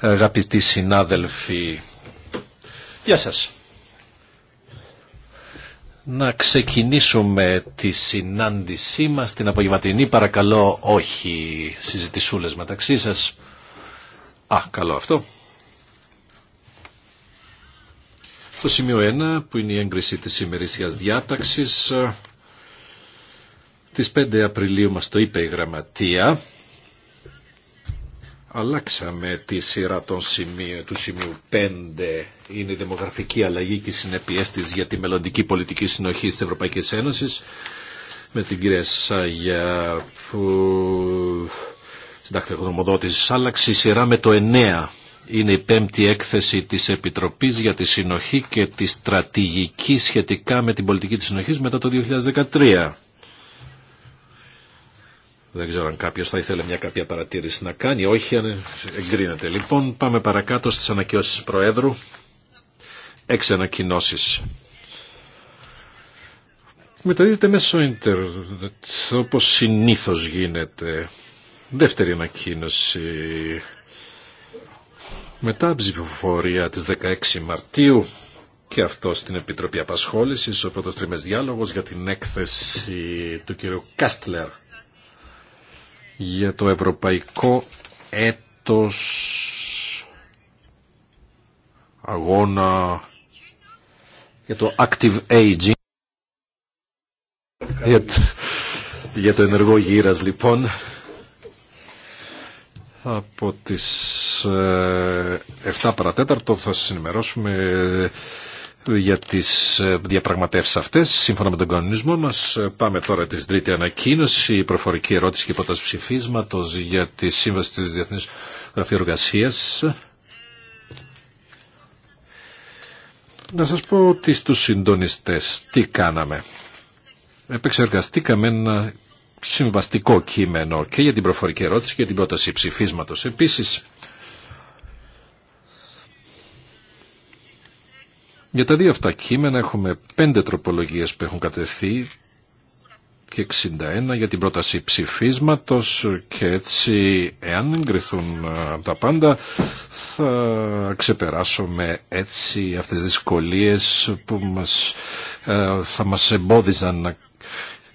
Αγαπητοί συνάδελφοι, γεια σας. Να ξεκινήσουμε τη συνάντησή μας την απογευματινή. Παρακαλώ όχι συζητησούλες μεταξύ σας. Α, καλό αυτό. Στο σημείο 1 που είναι η έγκριση της ημερήσιας διάταξης ε, της 5 Απριλίου μας το είπε η γραμματεία αλλάξαμε τη σειρά των σημείων, του σημείου 5. Είναι η δημογραφική αλλαγή και οι συνεπίε για τη μελλοντική πολιτική συνοχή της Ευρωπαϊκής Ένωσης με την κυρία Σάγια που συντάκτη ο άλλαξε η σειρά με το 9. Είναι η πέμπτη έκθεση της Επιτροπής για τη Συνοχή και τη Στρατηγική σχετικά με την πολιτική της συνοχής μετά το 2013. Δεν ξέρω αν κάποιο θα ήθελε μια κάποια παρατήρηση να κάνει. Όχι, εγκρίνεται. Λοιπόν, πάμε παρακάτω στις ανακοινώσεις Προέδρου. Έξι ανακοινώσεις. Μεταδίδεται μέσω ίντερνετ, όπω συνήθως γίνεται. Δεύτερη ανακοίνωση. Μετά ψηφοφορία τη 16 Μαρτίου και αυτό στην Επιτροπή απασχόληση ο πρώτο τρίμε διάλογο για την έκθεση του κ. Κάστλερ για το ευρωπαϊκό έτος αγώνα για το active aging για το, για το ενεργό γύρας λοιπόν από τις 7 ε, παρατέταρτο θα σας ενημερώσουμε ε, για τις ε, διαπραγματεύσεις αυτές. Σύμφωνα με τον κανονισμό μας ε, πάμε τώρα τη τρίτη ανακοίνωση, η προφορική ερώτηση και πρόταση ψηφίσματος για τη Σύμβαση της Διεθνής Γραφείου Να σας πω ότι στους συντονιστές τι κάναμε. Επεξεργαστήκαμε ένα συμβαστικό κείμενο και για την προφορική ερώτηση και για την πρόταση ψηφίσματος. Επίσης, Για τα δύο αυτά κείμενα έχουμε πέντε τροπολογίες που έχουν κατευθεί και 61 για την πρόταση ψηφίσματος και έτσι εάν εγκριθούν ε, τα πάντα θα ξεπεράσουμε έτσι αυτές τις δυσκολίες που μας, ε, θα μας εμπόδιζαν να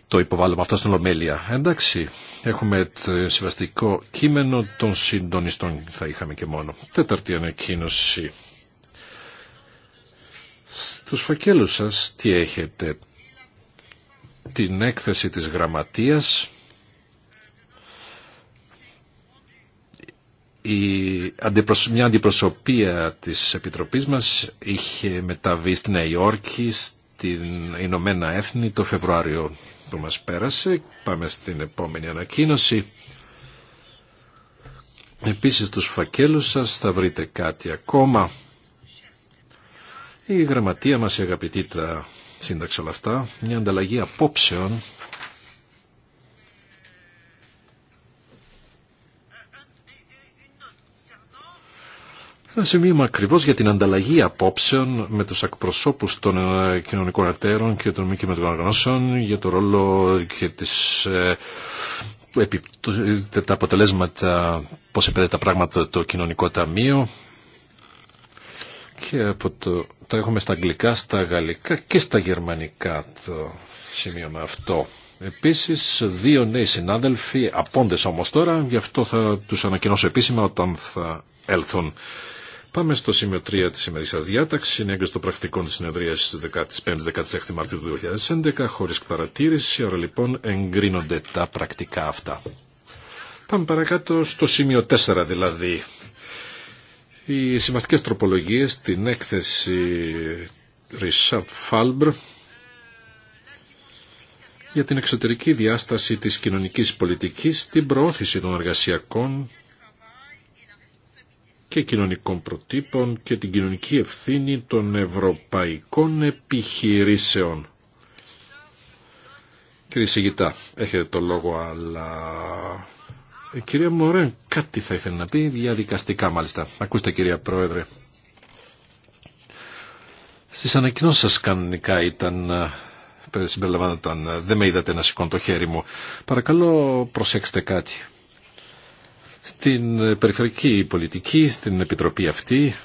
το υποβάλλουμε αυτό στην Ολομέλεια. Εντάξει, έχουμε το συμβαστικό κείμενο των συντονιστών θα είχαμε και μόνο. Τέταρτη ανακοίνωση. Στους φακέλους σας τι έχετε. Την έκθεση της γραμματείας, η μια αντιπροσωπεία της Επιτροπής μας είχε μεταβεί στη Νέα Υόρκη, στην Ηνωμένα Έθνη το Φεβρουάριο που μας πέρασε. Πάμε στην επόμενη ανακοίνωση. Επίσης τους φακέλους σας θα βρείτε κάτι ακόμα. Η γραμματεία μας, η αγαπητή, τα σύνταξε όλα αυτά. Μια ανταλλαγή απόψεων Ένα σημείο ακριβώ για την ανταλλαγή απόψεων με τους εκπροσώπου των ε, κοινωνικών εταίρων και των μη κοινωνικών οργανώσεων για το ρόλο και τις, ε, τα αποτελέσματα, πώς επηρεάζει τα πράγματα το κοινωνικό ταμείο και από το, έχουμε στα αγγλικά, στα γαλλικά και στα γερμανικά το σημείο με αυτό. Επίσης δύο νέοι συνάδελφοι, απόντες όμως τώρα, γι' αυτό θα τους ανακοινώσω επίσημα όταν θα έλθουν. Πάμε στο σημείο 3 της σημερινής σας διάταξης, συνέγκριση των πρακτικών της συνεδρίας της 15-16 Μαρτίου του 2011, χωρίς παρατήρηση, άρα λοιπόν εγκρίνονται τα πρακτικά αυτά. Πάμε παρακάτω στο σημείο 4 δηλαδή, οι συμβαστικές τροπολογίες στην έκθεση Ρισάρτ Φάλμπρ για την εξωτερική διάσταση της κοινωνικής πολιτικής, την προώθηση των εργασιακών και κοινωνικών προτύπων και την κοινωνική ευθύνη των ευρωπαϊκών επιχειρήσεων. Κύριε Σιγητά, έχετε το λόγο, αλλά ε, κυρία Μωρέ, κάτι θα ήθελα να πει, διαδικαστικά μάλιστα. Ακούστε κυρία Πρόεδρε. Στις ανακοινώσεις σας κανονικά ήταν ε, συμπεριλαμβάνονταν. Ε, δεν με είδατε να σηκώνω το χέρι μου. Παρακαλώ προσέξτε κάτι. Στην περιφερειακή πολιτική, στην επιτροπή αυτή,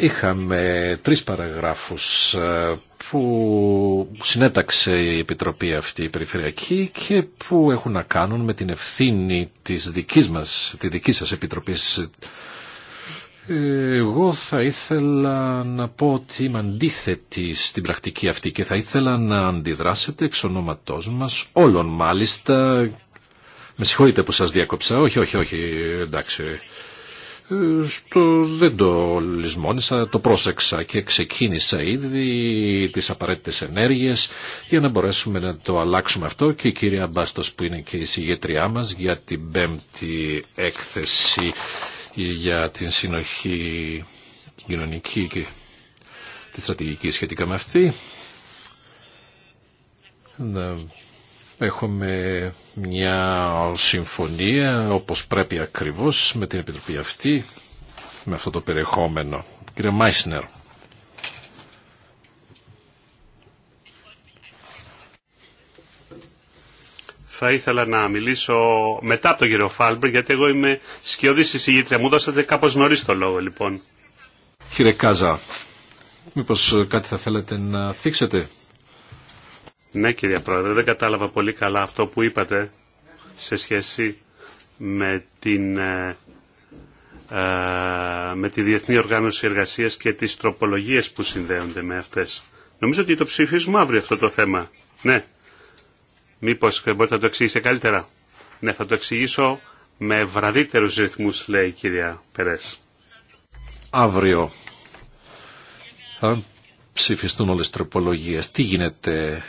είχαμε τρεις παραγράφους ε, που συνέταξε η Επιτροπή αυτή η Περιφερειακή και που έχουν να κάνουν με την ευθύνη της δικής μας, τη δική σας Επιτροπής. Εγώ θα ήθελα να πω ότι είμαι αντίθετη στην πρακτική αυτή και θα ήθελα να αντιδράσετε εξ ονόματός μας όλων μάλιστα. Με συγχωρείτε που σας διάκοψα. Όχι, όχι, όχι, εντάξει στο, δεν το λησμόνισα, το πρόσεξα και ξεκίνησα ήδη τις απαραίτητες ενέργειες για να μπορέσουμε να το αλλάξουμε αυτό και η κυρία Μπάστος που είναι και η συγγετριά μας για την πέμπτη έκθεση για την συνοχή κοινωνική και τη στρατηγική σχετικά με αυτή. Έχουμε μια συμφωνία όπως πρέπει ακριβώς με την Επιτροπή αυτή, με αυτό το περιεχόμενο. Κύριε Μάισνερ. θα ήθελα να μιλήσω μετά από τον κύριο Φάλμπερ, γιατί εγώ είμαι σκιωδής εισηγήτρια. Μου δώσατε κάπως νωρίς το λόγο, λοιπόν. Κύριε Κάζα, μήπως κάτι θα θέλετε να θίξετε. Ναι κύριε Πρόεδρε, δεν κατάλαβα πολύ καλά αυτό που είπατε σε σχέση με την ε, ε, με τη Διεθνή Οργάνωση Εργασίας και τις τροπολογίες που συνδέονται με αυτές. Νομίζω ότι το ψηφίσουμε αύριο αυτό το θέμα. Ναι. Μήπως μπορείτε να το εξηγήσετε καλύτερα. Ναι, θα το εξηγήσω με βραδύτερους ρυθμούς, λέει η κυρία Περές. Αύριο θα ψηφιστούν όλες τροπολογίες. Τι γίνεται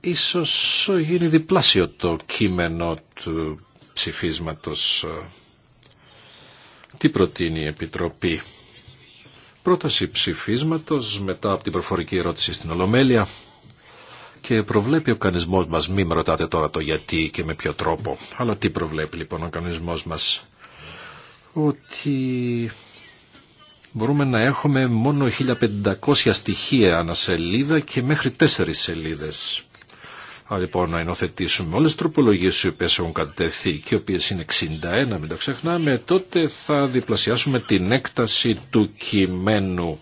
ίσως γίνει διπλάσιο το κείμενο του ψηφίσματος. Τι προτείνει η Επιτροπή. Πρόταση ψηφίσματος μετά από την προφορική ερώτηση στην Ολομέλεια και προβλέπει ο κανισμός μας, μην με ρωτάτε τώρα το γιατί και με ποιο τρόπο, αλλά τι προβλέπει λοιπόν ο κανισμός μας, ότι μπορούμε να έχουμε μόνο 1500 στοιχεία ανασελίδα και μέχρι 4 σελίδες λοιπόν να ενωθετήσουμε όλες τις τροπολογίες οι οποίες έχουν κατευθεί και οι οποίες είναι 61 μην τα ξεχνάμε, τότε θα διπλασιάσουμε την έκταση του κειμένου,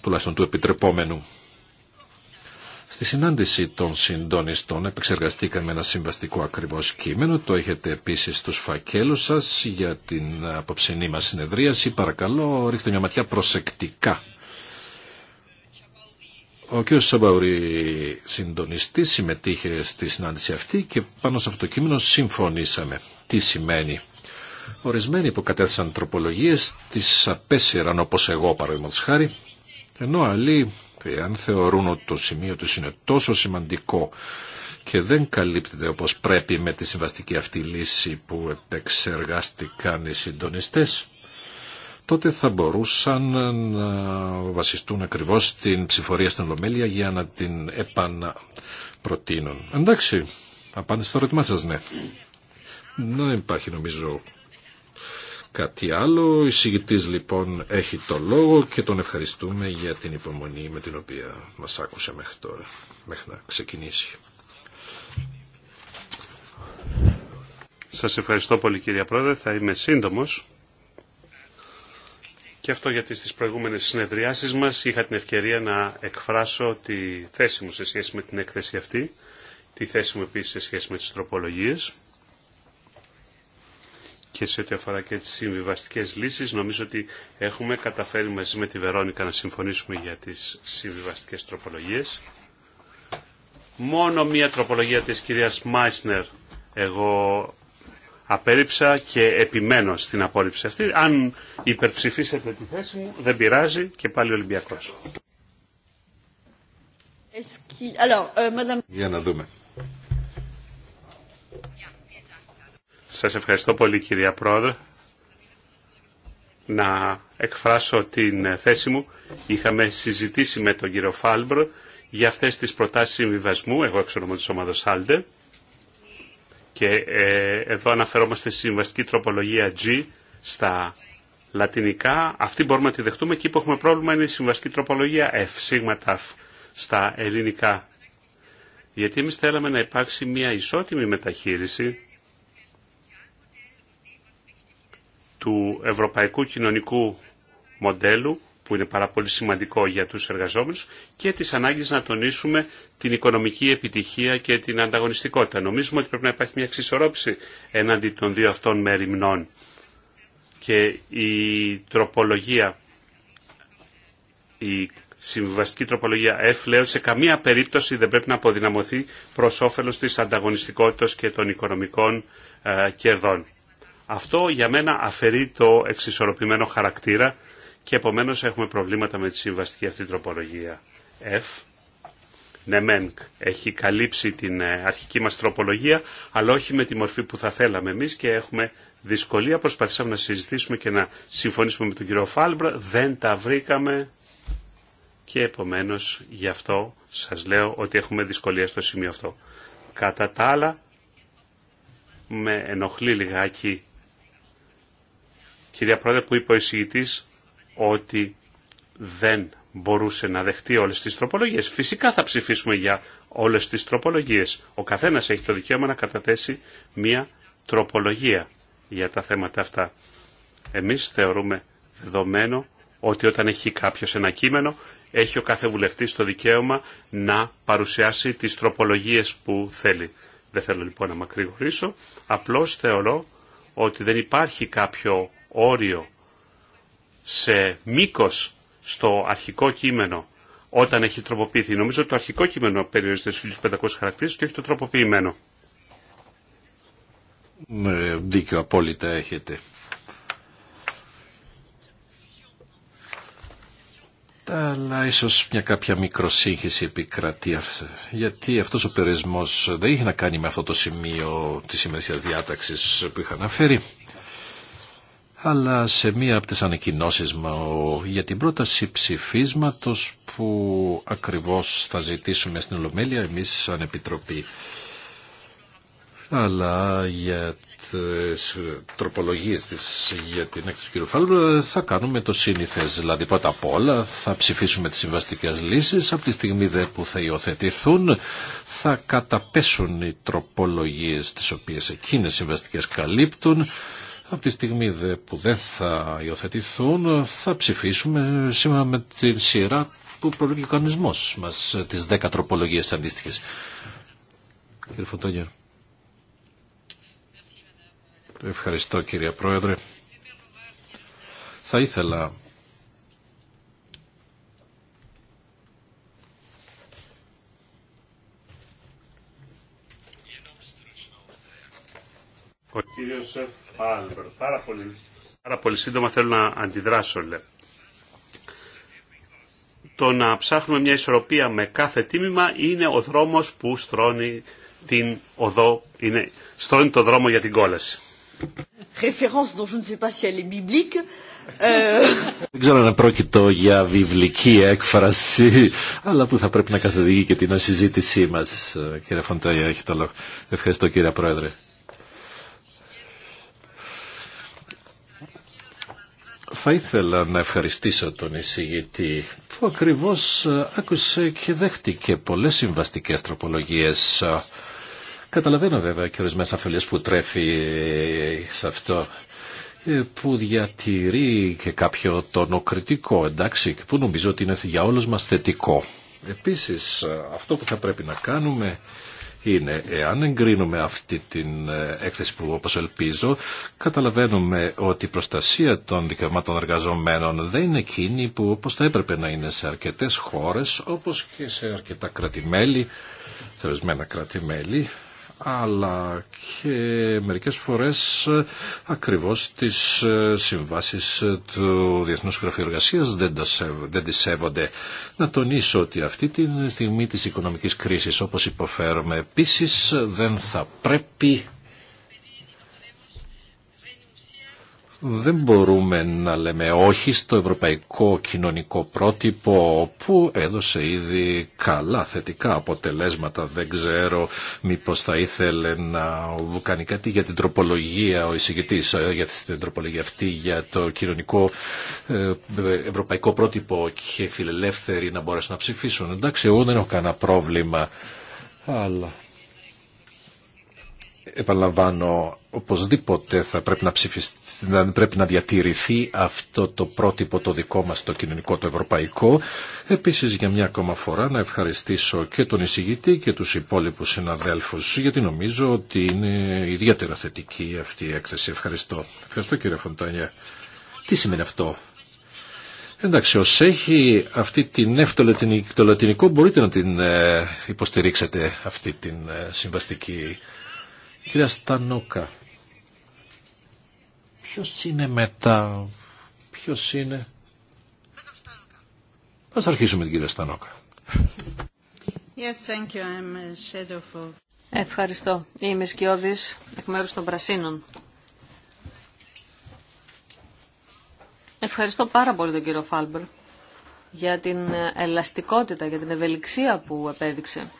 τουλάχιστον του επιτρεπόμενου. Στη συνάντηση των συντονιστών επεξεργαστήκαμε ένα συμβαστικό ακριβώς κείμενο. Το έχετε επίσης στους φακέλους σας για την απόψινή μας συνεδρίαση. Παρακαλώ ρίξτε μια ματιά προσεκτικά ο κ. Σαμπαουρή συντονιστή συμμετείχε στη συνάντηση αυτή και πάνω σε αυτό το κείμενο συμφωνήσαμε. Τι σημαίνει. Ορισμένοι που κατέθεσαν τροπολογίες τις απέσυραν όπως εγώ παραδείγματο χάρη, ενώ άλλοι, εάν θεωρούν ότι το σημείο του είναι τόσο σημαντικό και δεν καλύπτεται όπως πρέπει με τη συμβαστική αυτή λύση που επεξεργάστηκαν οι συντονιστές, τότε θα μπορούσαν να βασιστούν ακριβώς την ψηφορία στην Ολομέλεια για να την επαναπροτείνουν. Εντάξει, απάντησε το ερώτημά σας, ναι. Δεν υπάρχει νομίζω κάτι άλλο. Η εισηγητής, λοιπόν έχει το λόγο και τον ευχαριστούμε για την υπομονή με την οποία μας άκουσε μέχρι τώρα, μέχρι να ξεκινήσει. Σας ευχαριστώ πολύ κύριε Πρόεδρε, θα είμαι σύντομος. Και αυτό γιατί στις προηγούμενες συνεδριάσεις μας είχα την ευκαιρία να εκφράσω τη θέση μου σε σχέση με την έκθεση αυτή, τη θέση μου επίσης σε σχέση με τις τροπολογίες και σε ό,τι αφορά και τις συμβιβαστικές λύσεις. Νομίζω ότι έχουμε καταφέρει μαζί με τη Βερόνικα να συμφωνήσουμε για τις συμβιβαστικές τροπολογίες. Μόνο μία τροπολογία της κυρίας Μάισνερ εγώ απέριψα και επιμένω στην απόρριψη αυτή. Αν υπερψηφίσετε τη θέση μου, δεν πειράζει και πάλι ολυμπιακό. Euh, για να δούμε. Σας ευχαριστώ πολύ κυρία Πρόεδρε. Να εκφράσω την θέση μου. Είχαμε συζητήσει με τον κύριο Φάλμπρο για αυτές τις προτάσεις συμβιβασμού, εγώ εξ ονόμα της ομάδος Άλντε και ε, εδώ αναφερόμαστε στη συμβαστική τροπολογία G στα λατινικά. Αυτή μπορούμε να τη δεχτούμε. Εκεί που έχουμε πρόβλημα είναι η συμβαστική τροπολογία F, σίγμα ταφ, στα ελληνικά. Γιατί εμείς θέλαμε να υπάρξει μια ισότιμη μεταχείριση του ευρωπαϊκού κοινωνικού μοντέλου που είναι πάρα πολύ σημαντικό για τους εργαζόμενους και τις ανάγκες να τονίσουμε την οικονομική επιτυχία και την ανταγωνιστικότητα. Νομίζουμε ότι πρέπει να υπάρχει μια εξισορρόψη έναντι των δύο αυτών μεριμνών και η τροπολογία, η συμβιβαστική τροπολογία F ότι σε καμία περίπτωση δεν πρέπει να αποδυναμωθεί προς όφελος της ανταγωνιστικότητας και των οικονομικών ε, κερδών. Αυτό για μένα αφαιρεί το εξισορροπημένο χαρακτήρα και επομένως έχουμε προβλήματα με τη συμβαστική αυτή τροπολογία F. Ναι, μεν έχει καλύψει την ε, αρχική μας τροπολογία, αλλά όχι με τη μορφή που θα θέλαμε εμείς και έχουμε δυσκολία. Προσπαθήσαμε να συζητήσουμε και να συμφωνήσουμε με τον κύριο Φάλμπρα, δεν τα βρήκαμε και επομένως γι' αυτό σας λέω ότι έχουμε δυσκολία στο σημείο αυτό. Κατά τα άλλα, με ενοχλεί λιγάκι, κυρία Πρόεδρε, που είπε ο εισηγητής ότι δεν μπορούσε να δεχτεί όλες τις τροπολογίες. Φυσικά θα ψηφίσουμε για όλες τις τροπολογίες. Ο καθένας έχει το δικαίωμα να καταθέσει μία τροπολογία για τα θέματα αυτά. Εμείς θεωρούμε δεδομένο ότι όταν έχει κάποιος ένα κείμενο, έχει ο κάθε βουλευτής το δικαίωμα να παρουσιάσει τις τροπολογίες που θέλει. Δεν θέλω λοιπόν να μακρηγορήσω, απλώς θεωρώ ότι δεν υπάρχει κάποιο όριο σε μήκος στο αρχικό κείμενο όταν έχει τροποποιηθεί. Νομίζω ότι το αρχικό κείμενο περιορίζεται στους 1500 χαρακτήρες και όχι το τροποποιημένο. Δίκαιο, απόλυτα έχετε. αλλά ίσως μια κάποια μικροσύγχυση επικρατεί γιατί αυτός ο περισμός δεν είχε να κάνει με αυτό το σημείο της ημερησίας διάταξης που είχα αναφέρει αλλά σε μία από τις ανακοινώσεις για την πρόταση ψηφίσματος που ακριβώς θα ζητήσουμε στην Ολομέλεια εμείς σαν Επιτροπή αλλά για τις τροπολογίες της για την έκθεση του κ. Φάλου θα κάνουμε το σύνηθες. Δηλαδή πρώτα απ' όλα θα ψηφίσουμε τις συμβαστικές λύσεις. Από τη στιγμή που θα υιοθετηθούν θα καταπέσουν οι τροπολογίες τις οποίες εκείνες συμβαστικές καλύπτουν από τη στιγμή δε που δεν θα υιοθετηθούν θα ψηφίσουμε σήμερα με τη σειρά του προβλήθηκε ο μας τις 10 τροπολογίες αντίστοιχες. Κύριε Φωτόγερ. Ευχαριστώ κύριε Πρόεδρε. Θα ήθελα Ο κύριος Πάρα πολύ, πάρα πολύ σύντομα θέλω να αντιδράσω, Το να ψάχνουμε μια ισορροπία με κάθε τίμημα είναι ο δρόμος που στρώνει την οδό, είναι, στρώνει το δρόμο για την κόλαση. Δεν ξέρω αν πρόκειται για βιβλική έκφραση, αλλά που θα πρέπει να καθοδηγεί και την συζήτησή μας. Ε, κύριε Φοντάγια, έχει το λόγο. Ευχαριστώ κύριε Πρόεδρε. Θα ήθελα να ευχαριστήσω τον εισηγητή που ακριβώς ε, άκουσε και δέχτηκε πολλές συμβαστικές τροπολογίες. Καταλαβαίνω βέβαια και ορισμένε αφελίες που τρέφει ε, σε αυτό ε, που διατηρεί και κάποιο τόνο κριτικό, εντάξει, και που νομίζω ότι είναι για όλους μας θετικό. Επίσης, αυτό που θα πρέπει να κάνουμε είναι εάν εγκρίνουμε αυτή την ε, έκθεση που όπως ελπίζω καταλαβαίνουμε ότι η προστασία των δικαιωμάτων εργαζομένων δεν είναι εκείνη που όπως θα έπρεπε να είναι σε αρκετές χώρες όπως και σε αρκετά κρατημέλη, σε κρατημέλη αλλά και μερικές φορές ακριβώς τις ε, συμβάσεις ε, του Διεθνούς Γραφείου Εργασίας δεν, δεν σέβονται. Να τονίσω ότι αυτή τη στιγμή της οικονομικής κρίσης όπως υποφέρουμε επίσης ε, δεν θα πρέπει δεν μπορούμε να λέμε όχι στο ευρωπαϊκό κοινωνικό πρότυπο που έδωσε ήδη καλά θετικά αποτελέσματα. Δεν ξέρω μήπως θα ήθελε να κάνει κάτι για την τροπολογία ο εισηγητής, ε, για την τροπολογία αυτή, για το κοινωνικό ε, ευρωπαϊκό πρότυπο και φιλελεύθεροι να μπορέσουν να ψηφίσουν. Εντάξει, εγώ δεν έχω κανένα πρόβλημα. Αλλά επαναλαμβάνω, οπωσδήποτε θα πρέπει να, ψηφιστεί, να, πρέπει να διατηρηθεί αυτό το πρότυπο το δικό μας το κοινωνικό το ευρωπαϊκό. Επίσης για μια ακόμα φορά να ευχαριστήσω και τον εισηγητή και τους υπόλοιπους συναδέλφους γιατί νομίζω ότι είναι ιδιαίτερα θετική αυτή η έκθεση. Ευχαριστώ. Ευχαριστώ κύριε Φοντάνια. Τι σημαίνει αυτό. Εντάξει, ως έχει αυτή την εύτολο το λατινικό μπορείτε να την ε, υποστηρίξετε αυτή την ε, συμβαστική Κυρία Στανούκα, ποιος είναι μετά, ποιος είναι... Ας αρχίσουμε την κυρία Στανούκα. Yes, thank you. I'm a shadow Ευχαριστώ. Είμαι Σκιώδης εκ μέρους των Πρασίνων. Ευχαριστώ πάρα πολύ τον κύριο Φάλμπερ για την ελαστικότητα, για την ευελιξία που επέδειξε.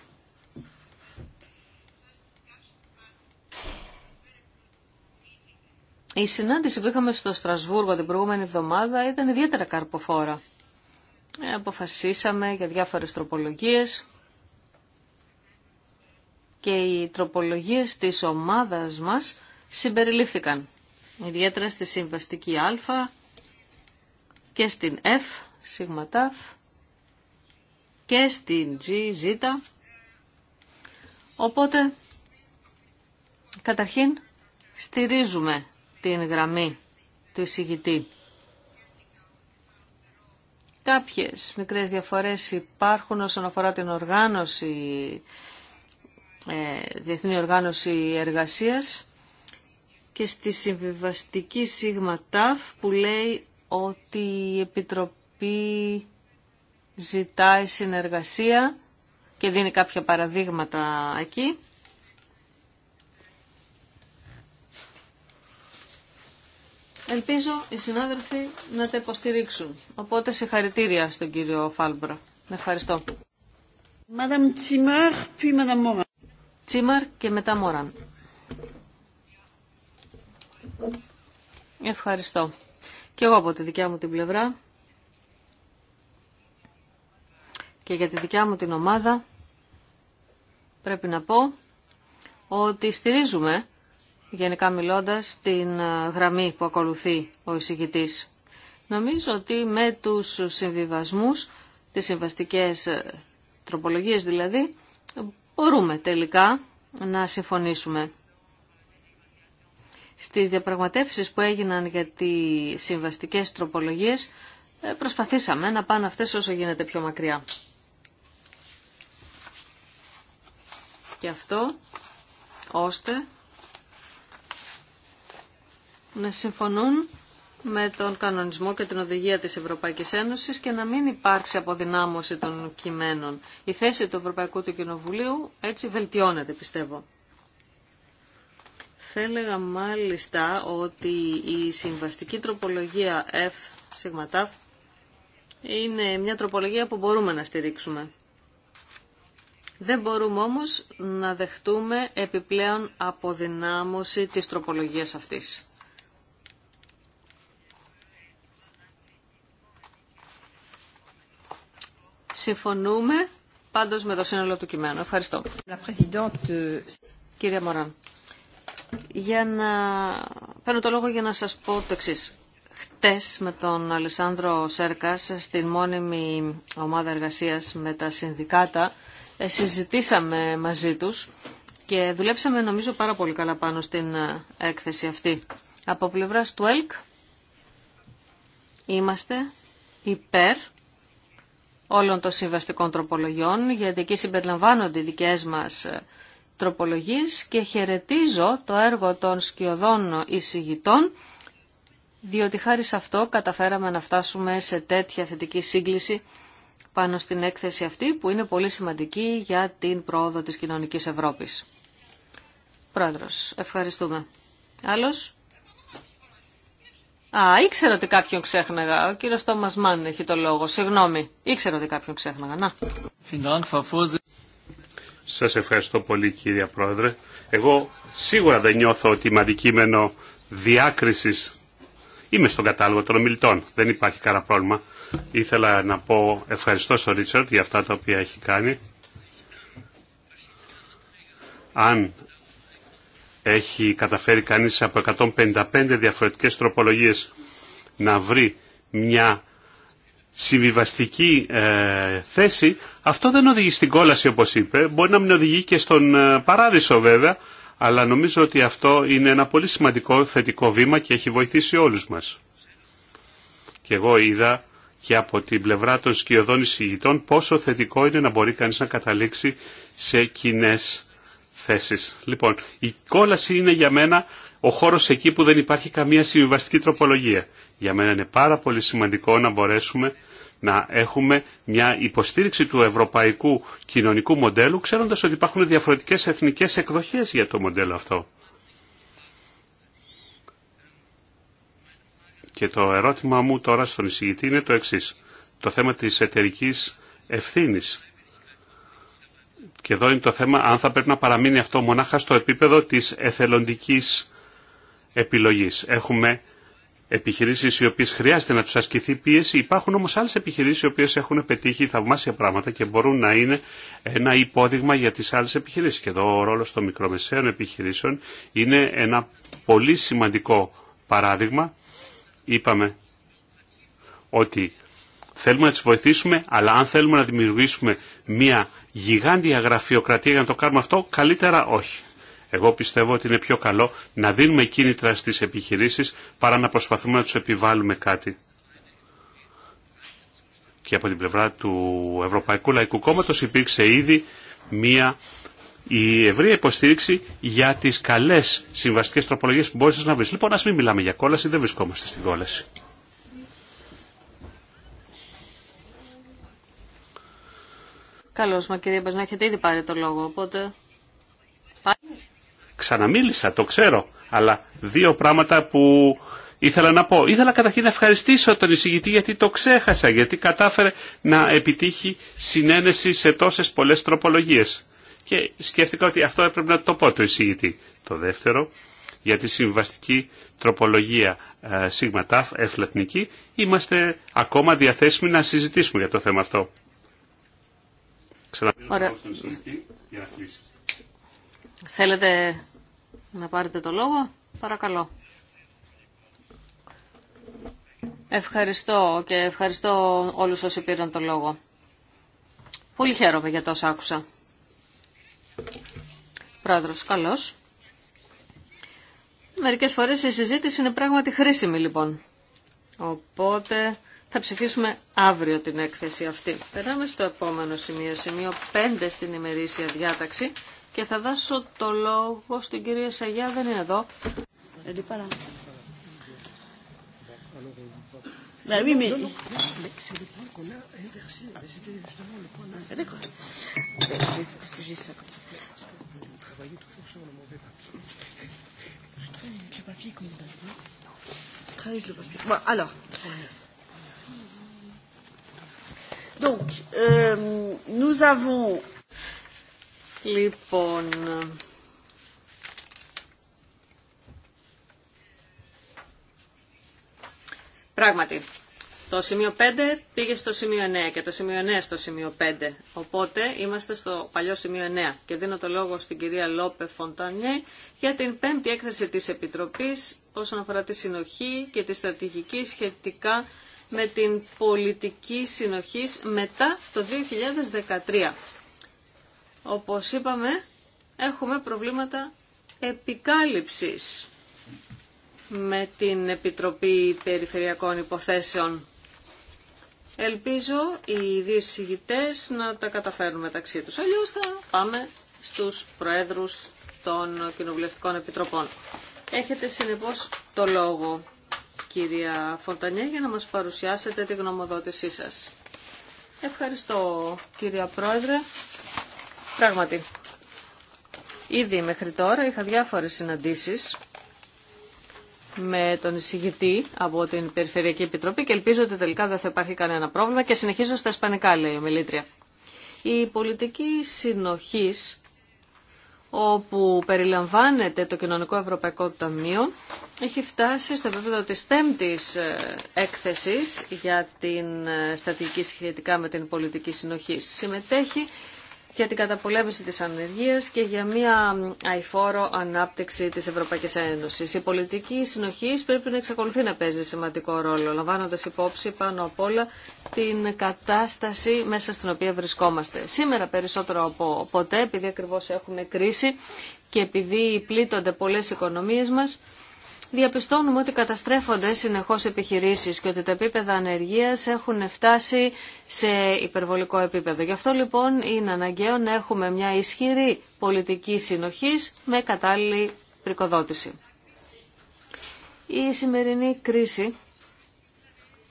Η συνάντηση που είχαμε στο Στρασβούργο την προηγούμενη εβδομάδα ήταν ιδιαίτερα καρποφόρα. Ε, αποφασίσαμε για διάφορες τροπολογίες και οι τροπολογίες της ομάδας μας συμπεριλήφθηκαν. Ιδιαίτερα στη συμβαστική Α και στην F, σίγμα και στην G, Z. Οπότε, καταρχήν, στηρίζουμε την γραμμή του εισηγητή. Κάποιες μικρές διαφορές υπάρχουν όσον αφορά την οργάνωση, ε, διεθνή οργάνωση εργασίας και στη συμβιβαστική σίγμα ΤΑΦ που λέει ότι η Επιτροπή ζητάει συνεργασία και δίνει κάποια παραδείγματα εκεί. Ελπίζω οι συνάδελφοι να τα υποστηρίξουν. Οπότε συγχαρητήρια στον κύριο Φάλμπρο. Ευχαριστώ. Τσίμαρ και μετά Μόραν. Ευχαριστώ. Και εγώ από τη δικιά μου την πλευρά και για τη δικιά μου την ομάδα πρέπει να πω ότι στηρίζουμε γενικά μιλώντας, την ε, γραμμή που ακολουθεί ο εισηγητής. Νομίζω ότι με τους συμβιβασμούς, τις συμβαστικές ε, τροπολογίες δηλαδή, μπορούμε τελικά να συμφωνήσουμε. Στις διαπραγματεύσεις που έγιναν για τις συμβαστικές τροπολογίες, ε, προσπαθήσαμε να πάνε αυτές όσο γίνεται πιο μακριά. Και αυτό ώστε να συμφωνούν με τον κανονισμό και την οδηγία της Ευρωπαϊκής Ένωσης και να μην υπάρξει αποδυνάμωση των κειμένων. Η θέση του Ευρωπαϊκού του Κοινοβουλίου έτσι βελτιώνεται πιστεύω. Θα έλεγα μάλιστα ότι η συμβαστική τροπολογία F σιγματάφ είναι μια τροπολογία που μπορούμε να στηρίξουμε. Δεν μπορούμε όμως να δεχτούμε επιπλέον αποδυνάμωση της τροπολογίας αυτής. Συμφωνούμε πάντως με το σύνολο του κειμένου. Ευχαριστώ. Κύριε Μωράν, για να... παίρνω το λόγο για να σας πω το εξής. Χτες με τον Αλεσάνδρο Σέρκας στην μόνιμη ομάδα εργασίας με τα συνδικάτα ε, συζητήσαμε μαζί τους και δουλέψαμε νομίζω πάρα πολύ καλά πάνω στην ε, έκθεση αυτή. Από πλευράς του ΕΛΚ είμαστε υπέρ όλων των συμβαστικών τροπολογιών, γιατί εκεί συμπεριλαμβάνονται οι δικές μας ε, τροπολογίες και χαιρετίζω το έργο των σκιωδών εισηγητών, διότι χάρη σε αυτό καταφέραμε να φτάσουμε σε τέτοια θετική σύγκληση πάνω στην έκθεση αυτή που είναι πολύ σημαντική για την πρόοδο της κοινωνικής Ευρώπης. Πρόεδρος, ευχαριστούμε. Άλλος? Α, ήξερα ότι κάποιον ξέχναγα. Ο κύριο Τόμα Μάν έχει το λόγο. Συγγνώμη, ήξερα ότι κάποιον ξέχναγα. Να. Σα ευχαριστώ πολύ κύριε Πρόεδρε. Εγώ σίγουρα δεν νιώθω ότι είμαι αντικείμενο διάκριση. Είμαι στον κατάλογο των ομιλητών. Δεν υπάρχει κανένα πρόβλημα. Ήθελα να πω ευχαριστώ στον Ρίτσαρτ για αυτά τα οποία έχει κάνει. Αν έχει καταφέρει κανείς από 155 διαφορετικές τροπολογίες να βρει μια συμβιβαστική ε, θέση, αυτό δεν οδηγεί στην κόλαση όπως είπε, μπορεί να μην οδηγεί και στον ε, παράδεισο βέβαια, αλλά νομίζω ότι αυτό είναι ένα πολύ σημαντικό θετικό βήμα και έχει βοηθήσει όλους μας. Και εγώ είδα και από την πλευρά των σκιωδών εισηγητών πόσο θετικό είναι να μπορεί κανείς να καταλήξει σε κοινές θέσεις. Λοιπόν, η κόλαση είναι για μένα ο χώρος εκεί που δεν υπάρχει καμία συμβιβαστική τροπολογία. Για μένα είναι πάρα πολύ σημαντικό να μπορέσουμε να έχουμε μια υποστήριξη του ευρωπαϊκού κοινωνικού μοντέλου, ξέροντας ότι υπάρχουν διαφορετικές εθνικές εκδοχές για το μοντέλο αυτό. Και το ερώτημα μου τώρα στον εισηγητή είναι το εξής. Το θέμα της εταιρική ευθύνης. Και εδώ είναι το θέμα αν θα πρέπει να παραμείνει αυτό μονάχα στο επίπεδο της εθελοντικής επιλογής. Έχουμε επιχειρήσεις οι οποίες χρειάζεται να τους ασκηθεί πίεση. Υπάρχουν όμως άλλες επιχειρήσεις οι οποίες έχουν πετύχει θαυμάσια πράγματα και μπορούν να είναι ένα υπόδειγμα για τις άλλες επιχειρήσεις. Και εδώ ο ρόλος των μικρομεσαίων επιχειρήσεων είναι ένα πολύ σημαντικό παράδειγμα. Είπαμε ότι θέλουμε να τις βοηθήσουμε, αλλά αν θέλουμε να δημιουργήσουμε μία γιγάντια γραφειοκρατία για να το κάνουμε αυτό, καλύτερα όχι. Εγώ πιστεύω ότι είναι πιο καλό να δίνουμε κίνητρα στις επιχειρήσεις παρά να προσπαθούμε να τους επιβάλλουμε κάτι. Και από την πλευρά του Ευρωπαϊκού Λαϊκού Κόμματος υπήρξε ήδη μία η ευρεία υποστήριξη για τις καλές συμβαστικές τροπολογίες που μπορείς να βρεις. Λοιπόν, ας μην μιλάμε για κόλαση, δεν βρισκόμαστε στην κόλαση. Καλώς, μα κύριε Μπαζνά, έχετε ήδη πάρει το λόγο, οπότε... Ξαναμίλησα, το ξέρω, αλλά δύο πράγματα που ήθελα να πω. Ήθελα καταρχήν να ευχαριστήσω τον εισηγητή γιατί το ξέχασα, γιατί κατάφερε να επιτύχει συνένεση σε τόσες πολλές τροπολογίες. Και σκέφτηκα ότι αυτό έπρεπε να το πω το εισηγητή. Το δεύτερο, για τη συμβαστική τροπολογία ε, ΣΥΓΜΑΤΑΦ ταφ, είμαστε ακόμα διαθέσιμοι να συζητήσουμε για το θέμα αυτό. Ωραία. Θέλετε να πάρετε το λόγο, παρακαλώ. Ευχαριστώ και ευχαριστώ όλους όσοι πήραν το λόγο. Πολύ χαίρομαι για τόσα άκουσα. Πρόεδρος, καλώς. Μερικές φορές η συζήτηση είναι πράγματι χρήσιμη λοιπόν. Οπότε θα ψηφίσουμε αύριο την έκθεση αυτή. Περάμε στο επόμενο σημείο, σημείο 5 στην ημερήσια διάταξη και θα δώσω το λόγο στην κυρία Σαγιά, δεν είναι εδώ. Alors, Donc, euh, nous avons... Λοιπόν, πράγματι, το σημείο 5 πήγε στο σημείο 9 και το σημείο 9 στο σημείο 5. Οπότε είμαστε στο παλιό σημείο 9 και δίνω το λόγο στην κυρία Λόπε Φοντανιέ για την πέμπτη έκθεση της Επιτροπής όσον αφορά τη συνοχή και τη στρατηγική σχετικά με την πολιτική συνοχής μετά το 2013. Όπως είπαμε, έχουμε προβλήματα επικάλυψης με την Επιτροπή Περιφερειακών Υποθέσεων. Ελπίζω οι δύο να τα καταφέρουν μεταξύ τους. Αλλιώς θα πάμε στους Προέδρους των Κοινοβουλευτικών Επιτροπών. Έχετε συνεπώς το λόγο κυρία Φοντανιέ, για να μας παρουσιάσετε τη γνωμοδότησή σας. Ευχαριστώ, κυρία Πρόεδρε. Πράγματι, ήδη μέχρι τώρα είχα διάφορες συναντήσεις με τον εισηγητή από την Περιφερειακή Επιτροπή και ελπίζω ότι τελικά δεν θα υπάρχει κανένα πρόβλημα και συνεχίζω στα ισπανικά, λέει η μιλήτρια. Η πολιτική συνοχής όπου περιλαμβάνεται το Κοινωνικό Ευρωπαϊκό Ταμείο, έχει φτάσει στο επίπεδο της πέμπτης ε, έκθεσης για την ε, στρατηγική σχετικά με την πολιτική συνοχή. Συμμετέχει για την καταπολέμηση της ανεργίας και για μια αηφόρο ανάπτυξη της Ευρωπαϊκής Ένωσης. Η πολιτική συνοχή πρέπει να εξακολουθεί να παίζει σημαντικό ρόλο, λαμβάνοντας υπόψη πάνω απ' όλα την κατάσταση μέσα στην οποία βρισκόμαστε. Σήμερα περισσότερο από ποτέ, επειδή ακριβώς έχουμε κρίση και επειδή πλήττονται πολλές οικονομίες μας, διαπιστώνουμε ότι καταστρέφονται συνεχώς επιχειρήσεις και ότι τα επίπεδα ανεργίας έχουν φτάσει σε υπερβολικό επίπεδο. Γι' αυτό λοιπόν είναι αναγκαίο να έχουμε μια ισχυρή πολιτική συνοχής με κατάλληλη πρικοδότηση. Η σημερινή κρίση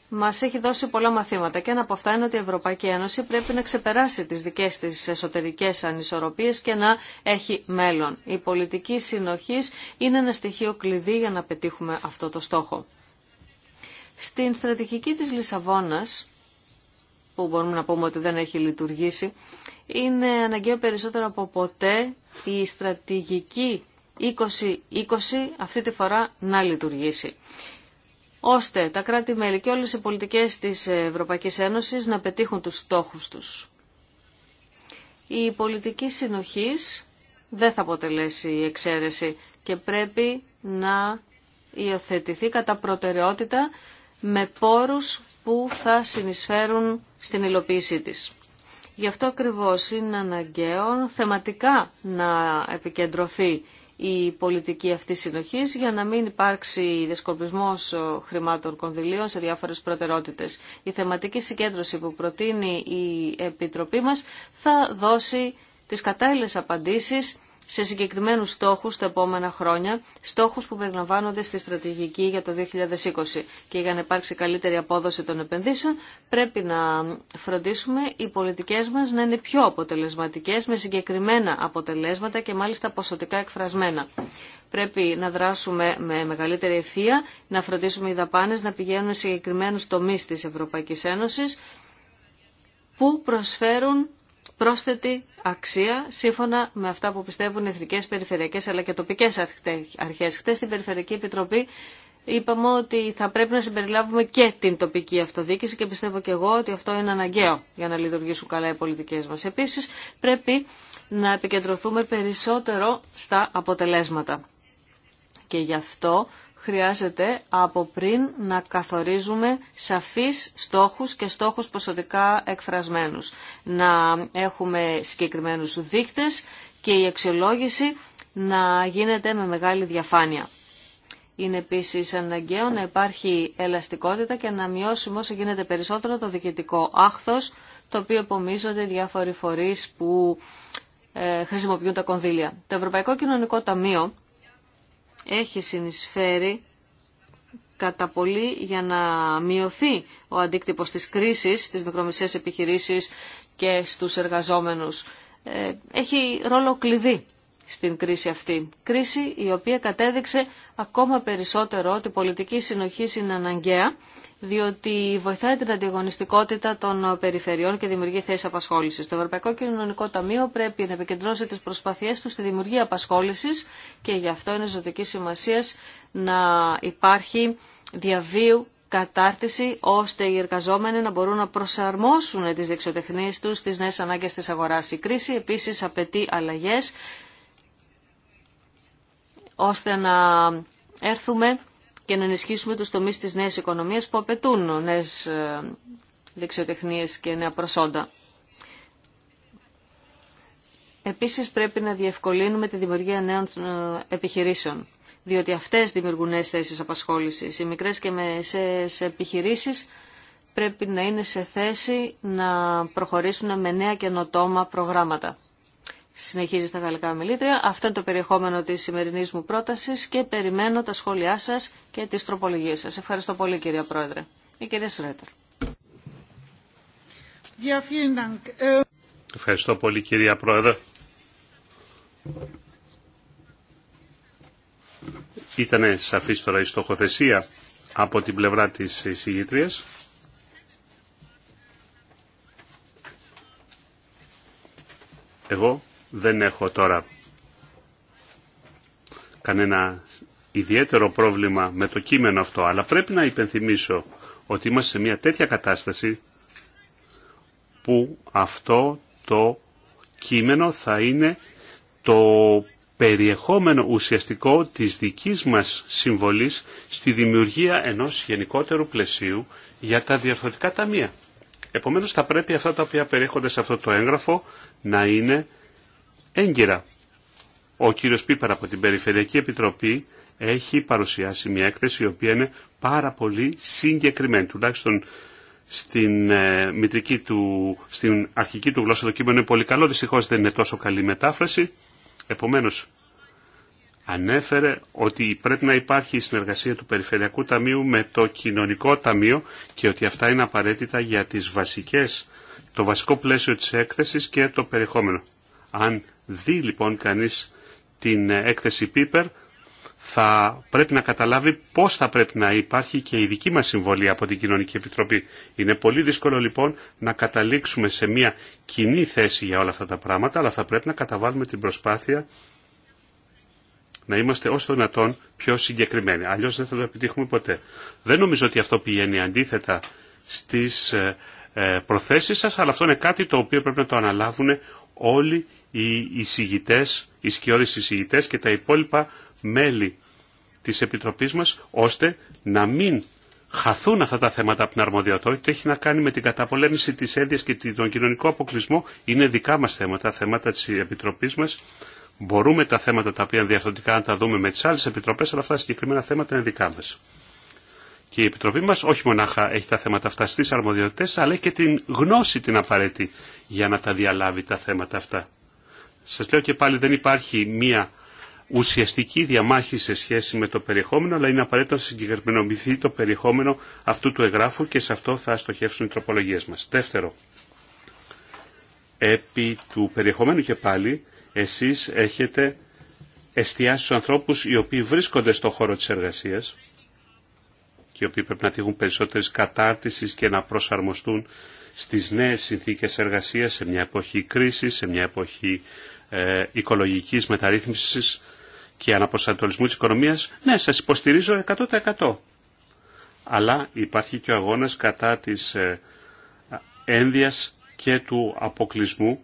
μας έχει δώσει πολλά μαθήματα και ένα από αυτά είναι ότι η Ευρωπαϊκή Ένωση πρέπει να ξεπεράσει τις δικές της εσωτερικές ανισορροπίες και να έχει μέλλον. Η πολιτική συνοχής είναι ένα στοιχείο κλειδί για να πετύχουμε αυτό το στόχο. Στην στρατηγική της Λισαβόνας, που μπορούμε να πούμε ότι δεν έχει λειτουργήσει, είναι αναγκαίο περισσότερο από ποτέ η στρατηγική 2020 αυτή τη φορά να λειτουργήσει ώστε τα κράτη-μέλη και όλες οι πολιτικές της Ευρωπαϊκής Ένωσης να πετύχουν τους στόχους τους. Η πολιτική συνοχής δεν θα αποτελέσει η εξαίρεση και πρέπει να υιοθετηθεί κατά προτεραιότητα με πόρους που θα συνεισφέρουν στην υλοποίησή της. Γι' αυτό ακριβώς είναι αναγκαίο θεματικά να επικεντρωθεί η πολιτική αυτή συνοχή για να μην υπάρξει δεσκοπισμό ε, χρημάτων κονδυλίων σε διάφορε προτεραιότητε. Η θεματική συγκέντρωση που προτείνει η Επιτροπή μα θα δώσει τι κατάλληλε απαντήσει σε συγκεκριμένους στόχους τα επόμενα χρόνια, στόχους που περιλαμβάνονται στη στρατηγική για το 2020. Και για να υπάρξει καλύτερη απόδοση των επενδύσεων πρέπει να φροντίσουμε οι πολιτικές μας να είναι πιο αποτελεσματικές με συγκεκριμένα αποτελέσματα και μάλιστα ποσοτικά εκφρασμένα. Πρέπει να δράσουμε με μεγαλύτερη ευθεία, να φροντίσουμε οι δαπάνες να πηγαίνουν σε συγκεκριμένους τομείς της Ευρωπαϊκής Ένωσης που προσφέρουν πρόσθετη αξία σύμφωνα με αυτά που πιστεύουν οι εθνικές, περιφερειακές αλλά και τοπικές αρχές. Χθε στην Περιφερειακή Επιτροπή είπαμε ότι θα πρέπει να συμπεριλάβουμε και την τοπική αυτοδιοίκηση και πιστεύω και εγώ ότι αυτό είναι αναγκαίο για να λειτουργήσουν καλά οι πολιτικές μας. Επίσης πρέπει να επικεντρωθούμε περισσότερο στα αποτελέσματα. Και γι' αυτό χρειάζεται από πριν να καθορίζουμε σαφείς στόχους και στόχους ποσοτικά εκφρασμένους. Να έχουμε συγκεκριμένους δείκτες και η αξιολόγηση να γίνεται με μεγάλη διαφάνεια. Είναι επίσης αναγκαίο να υπάρχει ελαστικότητα και να μειώσουμε όσο γίνεται περισσότερο το διοικητικό άχθος, το οποίο επομίζονται διάφοροι φορείς που ε, χρησιμοποιούν τα κονδύλια. Το Ευρωπαϊκό Κοινωνικό Ταμείο έχει συνεισφέρει κατά πολύ για να μειωθεί ο αντίκτυπος της κρίσης στις μικρομεσαίες επιχειρήσεις και στους εργαζόμενους. Ε, έχει ρόλο κλειδί στην κρίση αυτή. Κρίση η οποία κατέδειξε ακόμα περισσότερο ότι πολιτική συνοχή είναι αναγκαία διότι βοηθάει την αντιγωνιστικότητα των περιφερειών και δημιουργεί θέσει απασχόληση. Το Ευρωπαϊκό Κοινωνικό Ταμείο πρέπει να επικεντρώσει τι προσπαθίε του στη δημιουργία απασχόληση και γι' αυτό είναι ζωτική σημασία να υπάρχει διαβίου κατάρτιση ώστε οι εργαζόμενοι να μπορούν να προσαρμόσουν τις δεξιοτεχνίες τους στις νέες ανάγκες της αγοράς. Η κρίση επίσης απαιτεί αλλαγές ώστε να έρθουμε και να ενισχύσουμε τους τομείς της νέας οικονομίας που απαιτούν νέες ε, δεξιοτεχνίες και νέα προσόντα. Επίσης πρέπει να διευκολύνουμε τη δημιουργία νέων ε, επιχειρήσεων, διότι αυτές δημιουργούν νέες θέσεις απασχόλησης. Οι μικρές και μεσαίες επιχειρήσεις πρέπει να είναι σε θέση να προχωρήσουν με νέα καινοτόμα προγράμματα συνεχίζει στα γαλλικά μιλήτρια. Αυτό είναι το περιεχόμενο της σημερινής μου πρότασης και περιμένω τα σχόλιά σας και τις τροπολογίες σας. Ευχαριστώ πολύ κυρία Πρόεδρε. Η κυρία Σρέτερ. Ε, Ευχαριστώ πολύ κυρία Πρόεδρε. Ήταν σαφής τώρα η στοχοθεσία από την πλευρά της εισηγήτριας. Εγώ δεν έχω τώρα κανένα ιδιαίτερο πρόβλημα με το κείμενο αυτό, αλλά πρέπει να υπενθυμίσω ότι είμαστε σε μια τέτοια κατάσταση που αυτό το κείμενο θα είναι το περιεχόμενο ουσιαστικό της δικής μας συμβολής στη δημιουργία ενός γενικότερου πλαισίου για τα διαφορετικά ταμεία. Επομένως θα πρέπει αυτά τα οποία περιέχονται σε αυτό το έγγραφο να είναι έγκυρα. Ο κύριος Πίπερα από την Περιφερειακή Επιτροπή έχει παρουσιάσει μια έκθεση η οποία είναι πάρα πολύ συγκεκριμένη. Τουλάχιστον στην, ε, του, στην αρχική του γλώσσα το κείμενο είναι πολύ καλό. Δυστυχώς δεν είναι τόσο καλή μετάφραση. Επομένως, ανέφερε ότι πρέπει να υπάρχει η συνεργασία του Περιφερειακού Ταμείου με το Κοινωνικό Ταμείο και ότι αυτά είναι απαραίτητα για τις βασικές, το βασικό πλαίσιο της έκθεσης και το περιεχόμενο. Αν δει λοιπόν κανείς την ε, έκθεση Πίπερ, θα πρέπει να καταλάβει πώς θα πρέπει να υπάρχει και η δική μας συμβολή από την Κοινωνική Επιτροπή. Είναι πολύ δύσκολο λοιπόν να καταλήξουμε σε μια κοινή θέση για όλα αυτά τα πράγματα, αλλά θα πρέπει να καταβάλουμε την προσπάθεια να είμαστε όσο δυνατόν πιο συγκεκριμένοι. Αλλιώς δεν θα το επιτύχουμε ποτέ. Δεν νομίζω ότι αυτό πηγαίνει αντίθετα στις ε, ε, προθέσεις σας, αλλά αυτό είναι κάτι το οποίο πρέπει να το αναλάβουν όλοι οι εισηγητές, οι σκιώδεις εισηγητές και τα υπόλοιπα μέλη της Επιτροπής μας, ώστε να μην χαθούν αυτά τα θέματα από την έχει να κάνει με την καταπολέμηση της ένδυας και τον κοινωνικό αποκλεισμό είναι δικά μας θέματα, θέματα της Επιτροπής μας. Μπορούμε τα θέματα τα οποία διαφορετικά να τα δούμε με τις άλλες επιτροπές, αλλά αυτά τα συγκεκριμένα θέματα είναι δικά μας. Και η Επιτροπή μας όχι μονάχα έχει τα θέματα αυτά στις αρμοδιότητες, αλλά έχει και την γνώση την απαραίτητη για να τα διαλάβει τα θέματα αυτά. Σας λέω και πάλι δεν υπάρχει μία ουσιαστική διαμάχη σε σχέση με το περιεχόμενο, αλλά είναι απαραίτητο να συγκεκριμενοποιηθεί το περιεχόμενο αυτού του εγγράφου και σε αυτό θα στοχεύσουν οι τροπολογίες μας. Δεύτερο, επί του περιεχομένου και πάλι, εσείς έχετε εστιάσει στους ανθρώπους οι οποίοι βρίσκονται στον χώρο της εργασίας οι οποίοι πρέπει να τύχουν περισσότερη κατάρτισης και να προσαρμοστούν στις νέες συνθήκες εργασίας σε μια εποχή κρίσης, σε μια εποχή ε, οικολογικής μεταρρύθμισης και αναπροσανατολισμού της οικονομίας. Ναι, σας υποστηρίζω 100%. Αλλά υπάρχει και ο αγώνας κατά της ε, ένδυας και του αποκλεισμού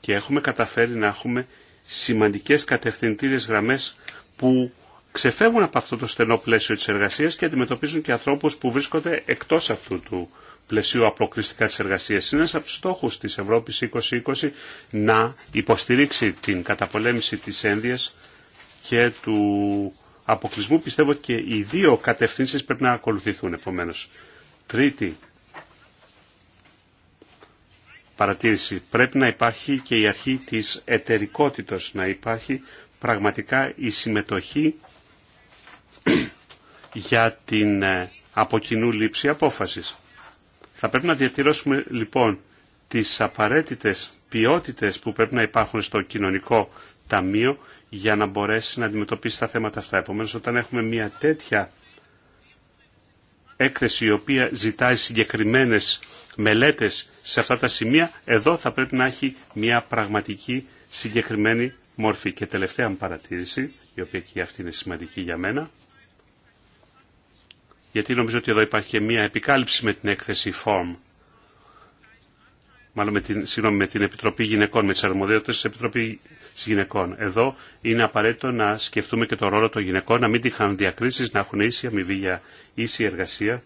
και έχουμε καταφέρει να έχουμε σημαντικές κατευθυντήριες γραμμές που ξεφεύγουν από αυτό το στενό πλαίσιο της εργασίας και αντιμετωπίζουν και ανθρώπους που βρίσκονται εκτός αυτού του πλαισίου αποκλειστικά της εργασίας. Είναι ένας από τους στόχους της Ευρώπης 2020 να υποστηρίξει την καταπολέμηση της ένδυας και του αποκλεισμού. Πιστεύω και οι δύο κατευθύνσεις πρέπει να ακολουθηθούν επομένως. Τρίτη παρατήρηση. Πρέπει να υπάρχει και η αρχή της εταιρικότητος, να υπάρχει πραγματικά η συμμετοχή για την ε, από κοινού λήψη απόφασης. Θα πρέπει να διατηρώσουμε λοιπόν τις απαραίτητες ποιότητες που πρέπει να υπάρχουν στο κοινωνικό ταμείο για να μπορέσει να αντιμετωπίσει τα θέματα αυτά. Επομένως όταν έχουμε μια τέτοια έκθεση η οποία ζητάει συγκεκριμένες μελέτες σε αυτά τα σημεία, εδώ θα πρέπει να έχει μια πραγματική συγκεκριμένη μορφή. Και τελευταία παρατήρηση, η οποία και αυτή είναι σημαντική για μένα, γιατί νομίζω ότι εδώ υπάρχει και μία επικάλυψη με την έκθεση FORM, μάλλον με την, συγγνώμη, με την Επιτροπή Γυναικών, με τι αρμοδιότητε τη επιτροπή Γυναικών. Εδώ είναι απαραίτητο να σκεφτούμε και το ρόλο των γυναικών, να μην τύχαν διακρίσεις, να έχουν ίση αμοιβή για ίση εργασία.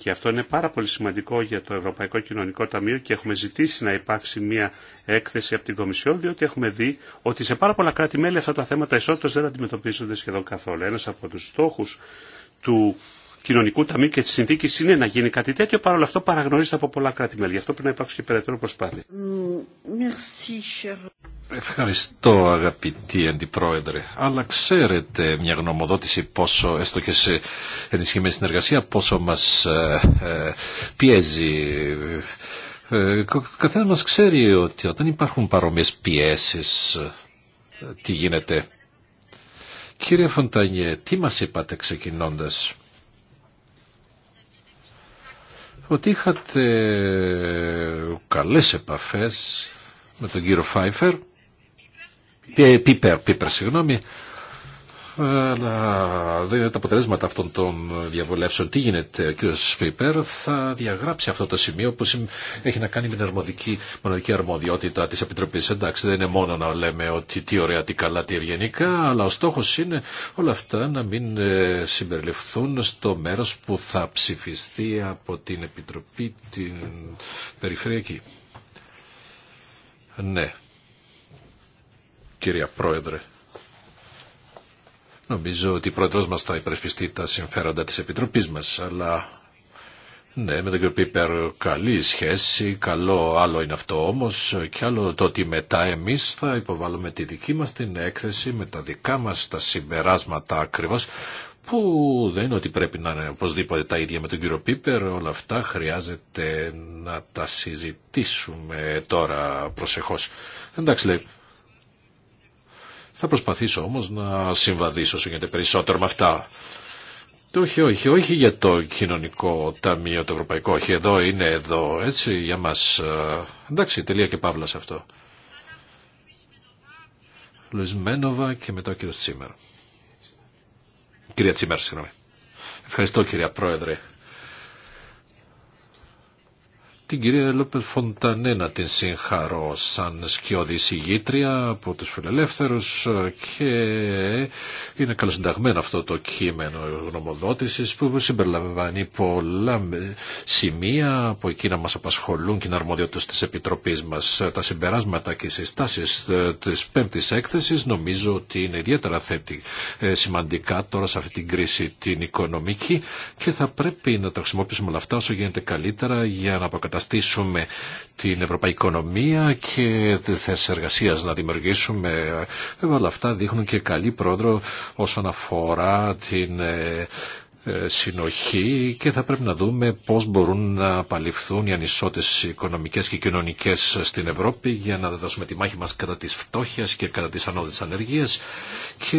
Και αυτό είναι πάρα πολύ σημαντικό για το Ευρωπαϊκό Κοινωνικό Ταμείο και έχουμε ζητήσει να υπάρξει μια έκθεση από την Κομισιόν, διότι έχουμε δει ότι σε πάρα πολλά κράτη-μέλη αυτά τα θέματα ισότητα δεν αντιμετωπίζονται σχεδόν καθόλου. Ένα από του στόχου του κοινωνικού ταμείου και τη συνθήκη είναι να γίνει κάτι τέτοιο. Παρ' όλα αυτό παραγνωρίζεται από πολλά κράτη-μέλη. Γι' αυτό πρέπει να υπάρξει και περαιτέρω προσπάθεια. Ευχαριστώ αγαπητή Αντιπρόεδρε. Αλλά ξέρετε μια γνωμοδότηση πόσο, έστω και σε ενισχυμένη συνεργασία, πόσο μας ε, ε, πιέζει. Ε, καθένα μας ξέρει ότι όταν υπάρχουν παρόμοιες πιέσεις, ε, τι γίνεται. Κύριε Φοντανιέ, τι μας είπατε ξεκινώντας ότι είχατε καλές επαφές με τον κύριο Φάιφερ, Πίπερ, Πίπερ συγγνώμη, αλλά δεν τα αποτελέσματα αυτών των διαβολεύσεων. Τι γίνεται, ο κ. Σπίπερ, θα διαγράψει αυτό το σημείο που έχει να κάνει με την αρμοδική, μοναδική αρμοδιότητα τη Επιτροπή. Εντάξει, δεν είναι μόνο να λέμε ότι τι ωραία, τι καλά, τι ευγενικά, αλλά ο στόχο είναι όλα αυτά να μην ε, συμπεριληφθούν στο μέρο που θα ψηφιστεί από την Επιτροπή την Περιφερειακή. Ναι. Κυρία Πρόεδρε. Νομίζω ότι η μας θα υπερασπιστεί τα συμφέροντα της Επιτροπής μας, αλλά ναι, με τον κύριο Πίπερ καλή σχέση, καλό άλλο είναι αυτό όμως και άλλο το ότι μετά εμείς θα υποβάλουμε τη δική μας την έκθεση με τα δικά μας τα συμπεράσματα ακριβώς που δεν είναι ότι πρέπει να είναι οπωσδήποτε τα ίδια με τον κύριο Πίπερ, όλα αυτά χρειάζεται να τα συζητήσουμε τώρα προσεχώς. Εντάξει λέει, θα προσπαθήσω όμως να συμβαδίσω όσο γίνεται περισσότερο με αυτά. Το όχι, όχι, όχι για το κοινωνικό ταμείο το ευρωπαϊκό, όχι εδώ είναι εδώ, έτσι για μας. Ε, εντάξει, τελεία και παύλα σε αυτό. Λουισμένοβα και μετά ο κύριος Τσίμερ. Κυρία Τσίμερ, συγγνώμη. Ευχαριστώ κυρία Πρόεδρε την κυρία Λόπε Φοντανέ να την συγχαρώ σαν σκιώδη συγγήτρια από τους φιλελεύθερους και είναι καλοσυνταγμένο αυτό το κείμενο γνωμοδότησης που συμπεριλαμβάνει πολλά σημεία από εκείνα μας απασχολούν και είναι αρμοδιότητες της Επιτροπής μας. Τα συμπεράσματα και συστάσεις της πέμπτης έκθεσης νομίζω ότι είναι ιδιαίτερα θέτη ε, σημαντικά τώρα σε αυτή την κρίση την οικονομική και θα πρέπει να τα χρησιμοποιήσουμε όλα αυτά όσο γίνεται καλύτερα για να αποκαταστήσουμε την ευρωπαϊκή οικονομία και θέση εργασία να δημιουργήσουμε. Βέβαια ε, όλα αυτά δείχνουν και καλή πρόοδο όσον αφορά την ε, ε, συνοχή και θα πρέπει να δούμε πώς μπορούν να απαλληφθούν οι ανισότητες οικονομικές και κοινωνικές στην Ευρώπη για να δώσουμε τη μάχη μας κατά της φτώχειας και κατά της ανώδης ανεργίας και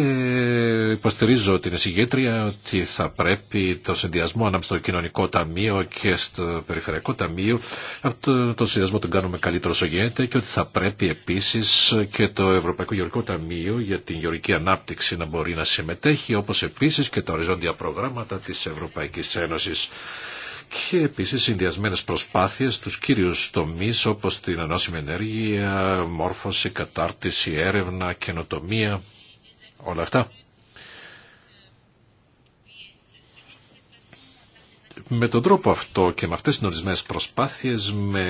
υποστηρίζω την εισηγήτρια ότι θα πρέπει το συνδυασμό ανάμεσα στο κοινωνικό ταμείο και στο περιφερειακό ταμείο αυτό το συνδυασμό τον κάνουμε καλύτερο όσο γίνεται και ότι θα πρέπει επίσης και το Ευρωπαϊκό Γεωργικό Ταμείο για την γεωργική ανάπτυξη να μπορεί να συμμετέχει όπως επίσης και τα οριζόντια προγράμματα Τη της Ευρωπαϊκής Ένωσης και επίσης συνδυασμένε προσπάθειες στους κύριους τομείς όπως την ανώσιμη ενέργεια, μόρφωση, κατάρτιση, έρευνα, καινοτομία, όλα αυτά. Με τον τρόπο αυτό και με αυτές τις νορισμένες προσπάθειες, με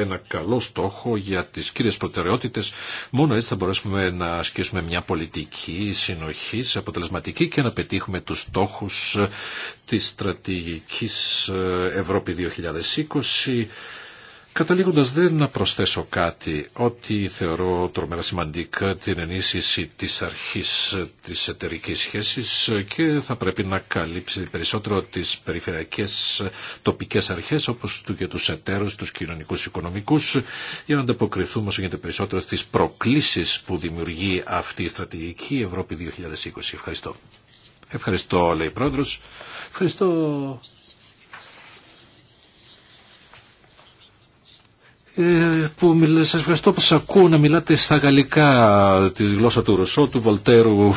ένα καλό στόχο για τις κύριες προτεραιότητες. Μόνο έτσι θα μπορέσουμε να ασκήσουμε μια πολιτική συνοχή αποτελεσματική και να πετύχουμε τους στόχους της στρατηγικής ε, Ευρώπη 2020 Καταλήγοντας δεν να προσθέσω κάτι ότι θεωρώ τρομερά σημαντικά την ενίσχυση της αρχής της εταιρικής σχέσης και θα πρέπει να καλύψει περισσότερο τις περιφερειακές τοπικές αρχές όπως του και τους εταίρους, τους κοινωνικούς οικονομικούς για να ανταποκριθούμε όσο γίνεται περισσότερο στις προκλήσεις που δημιουργεί αυτή η στρατηγική Ευρώπη 2020. Ευχαριστώ. Ευχαριστώ λέει πρόεδρος. Ευχαριστώ Ε, που σας ευχαριστώ που σας ακούω να μιλάτε στα γαλλικά τη γλώσσα του Ρωσό, του Βολτέρου.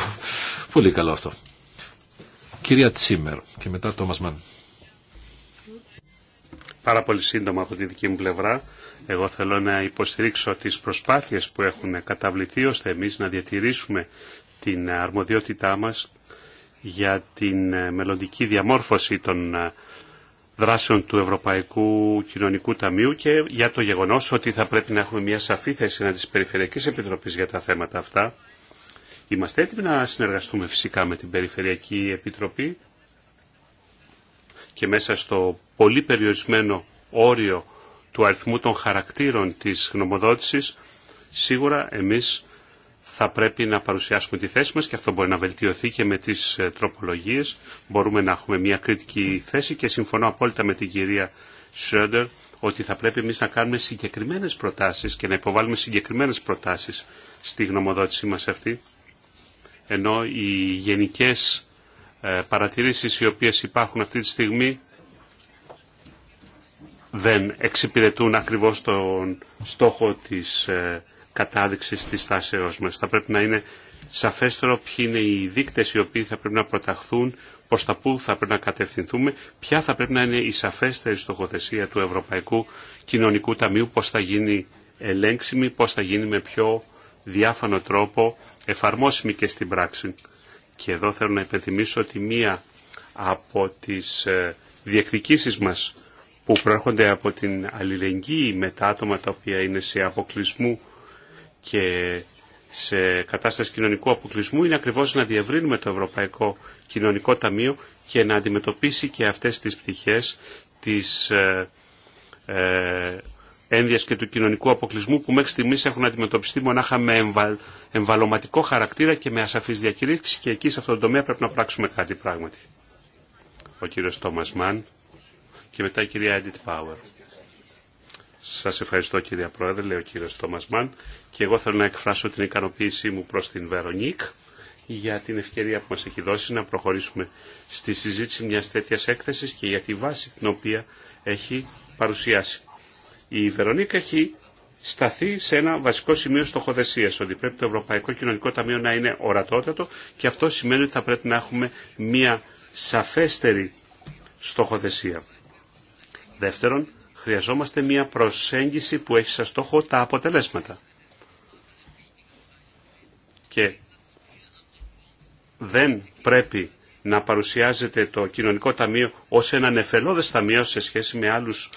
Πολύ καλό αυτό. Κυρία Τσίμερ και μετά το Μασμάν. Πάρα πολύ σύντομα από τη δική μου πλευρά. Εγώ θέλω να υποστηρίξω τις προσπάθειες που έχουν καταβληθεί ώστε εμείς να διατηρήσουμε την αρμοδιότητά μας για την ε, μελλοντική διαμόρφωση των ε, δράσεων του Ευρωπαϊκού Κοινωνικού Ταμείου και για το γεγονός ότι θα πρέπει να έχουμε μια σαφή θέση να της Περιφερειακής Επιτροπής για τα θέματα αυτά. Είμαστε έτοιμοι να συνεργαστούμε φυσικά με την Περιφερειακή Επιτροπή και μέσα στο πολύ περιορισμένο όριο του αριθμού των χαρακτήρων της γνωμοδότησης, σίγουρα εμείς θα πρέπει να παρουσιάσουμε τη θέση μας και αυτό μπορεί να βελτιωθεί και με τις ε, τροπολογίες. Μπορούμε να έχουμε μια κριτική θέση και συμφωνώ απόλυτα με την κυρία Σρόντερ ότι θα πρέπει εμείς να κάνουμε συγκεκριμένες προτάσεις και να υποβάλουμε συγκεκριμένες προτάσεις στη γνωμοδότησή μας αυτή. Ενώ οι γενικές ε, παρατηρήσεις οι οποίες υπάρχουν αυτή τη στιγμή δεν εξυπηρετούν ακριβώς τον στόχο της ε, κατάδειξης της τάσεω μας. Θα πρέπει να είναι σαφέστερο ποιοι είναι οι δείκτες οι οποίοι θα πρέπει να προταχθούν, προς τα πού θα πρέπει να κατευθυνθούμε, ποια θα πρέπει να είναι η σαφέστερη στοχοθεσία του Ευρωπαϊκού Κοινωνικού Ταμείου, πώς θα γίνει ελέγξιμη, πώς θα γίνει με πιο διάφανο τρόπο εφαρμόσιμη και στην πράξη. Και εδώ θέλω να υπενθυμίσω ότι μία από τις ε, διεκδικήσεις μας που προέρχονται από την αλληλεγγύη με τα άτομα τα οποία είναι σε αποκλεισμού και σε κατάσταση κοινωνικού αποκλεισμού είναι ακριβώς να διευρύνουμε το Ευρωπαϊκό Κοινωνικό Ταμείο και να αντιμετωπίσει και αυτές τις πτυχές της ε, ε ένδυας και του κοινωνικού αποκλεισμού που μέχρι στιγμής έχουν αντιμετωπιστεί μονάχα με εμβαλ, εμβαλωματικό χαρακτήρα και με ασαφείς διακηρύξεις και εκεί σε αυτό το τομέα πρέπει να πράξουμε κάτι πράγματι. Ο κύριος Τόμας Μαν και μετά η κυρία Edith Power. Σας ευχαριστώ κύριε Πρόεδρε, λέει ο κύριος Τόμας Μαν και εγώ θέλω να εκφράσω την ικανοποίησή μου προς την Βερονίκ για την ευκαιρία που μας έχει δώσει να προχωρήσουμε στη συζήτηση μιας τέτοιας έκθεσης και για τη βάση την οποία έχει παρουσιάσει. Η Βερονίκ έχει σταθεί σε ένα βασικό σημείο στοχοδεσία, ότι πρέπει το Ευρωπαϊκό Κοινωνικό Ταμείο να είναι ορατότατο και αυτό σημαίνει ότι θα πρέπει να έχουμε μια σαφέστερη στοχοδεσία. Δεύτερον, Χρειαζόμαστε μια προσέγγιση που έχει σαν στόχο τα αποτελέσματα. Και δεν πρέπει να παρουσιάζεται το κοινωνικό ταμείο ως ένα νεφελώδες ταμείο σε σχέση με, άλλους,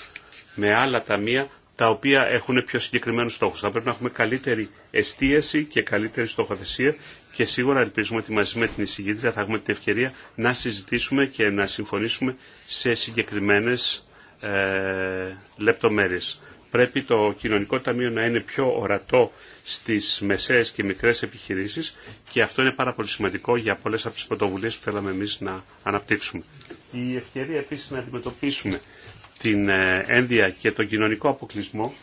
με άλλα ταμεία τα οποία έχουν πιο συγκεκριμένους στόχους. Θα πρέπει να έχουμε καλύτερη εστίαση και καλύτερη στοχοθεσία και σίγουρα ελπίζουμε ότι μαζί με την εισηγήτρια θα έχουμε την ευκαιρία να συζητήσουμε και να συμφωνήσουμε σε συγκεκριμένες ε, λεπτομέρειες. Πρέπει το κοινωνικό ταμείο να είναι πιο ορατό στις μεσαίες και μικρές επιχειρήσεις και αυτό είναι πάρα πολύ σημαντικό για πολλές από τις πρωτοβουλίες που θέλαμε εμείς να αναπτύξουμε. Η ευκαιρία επίσης να αντιμετωπίσουμε την ε, ένδια και τον κοινωνικό αποκλεισμό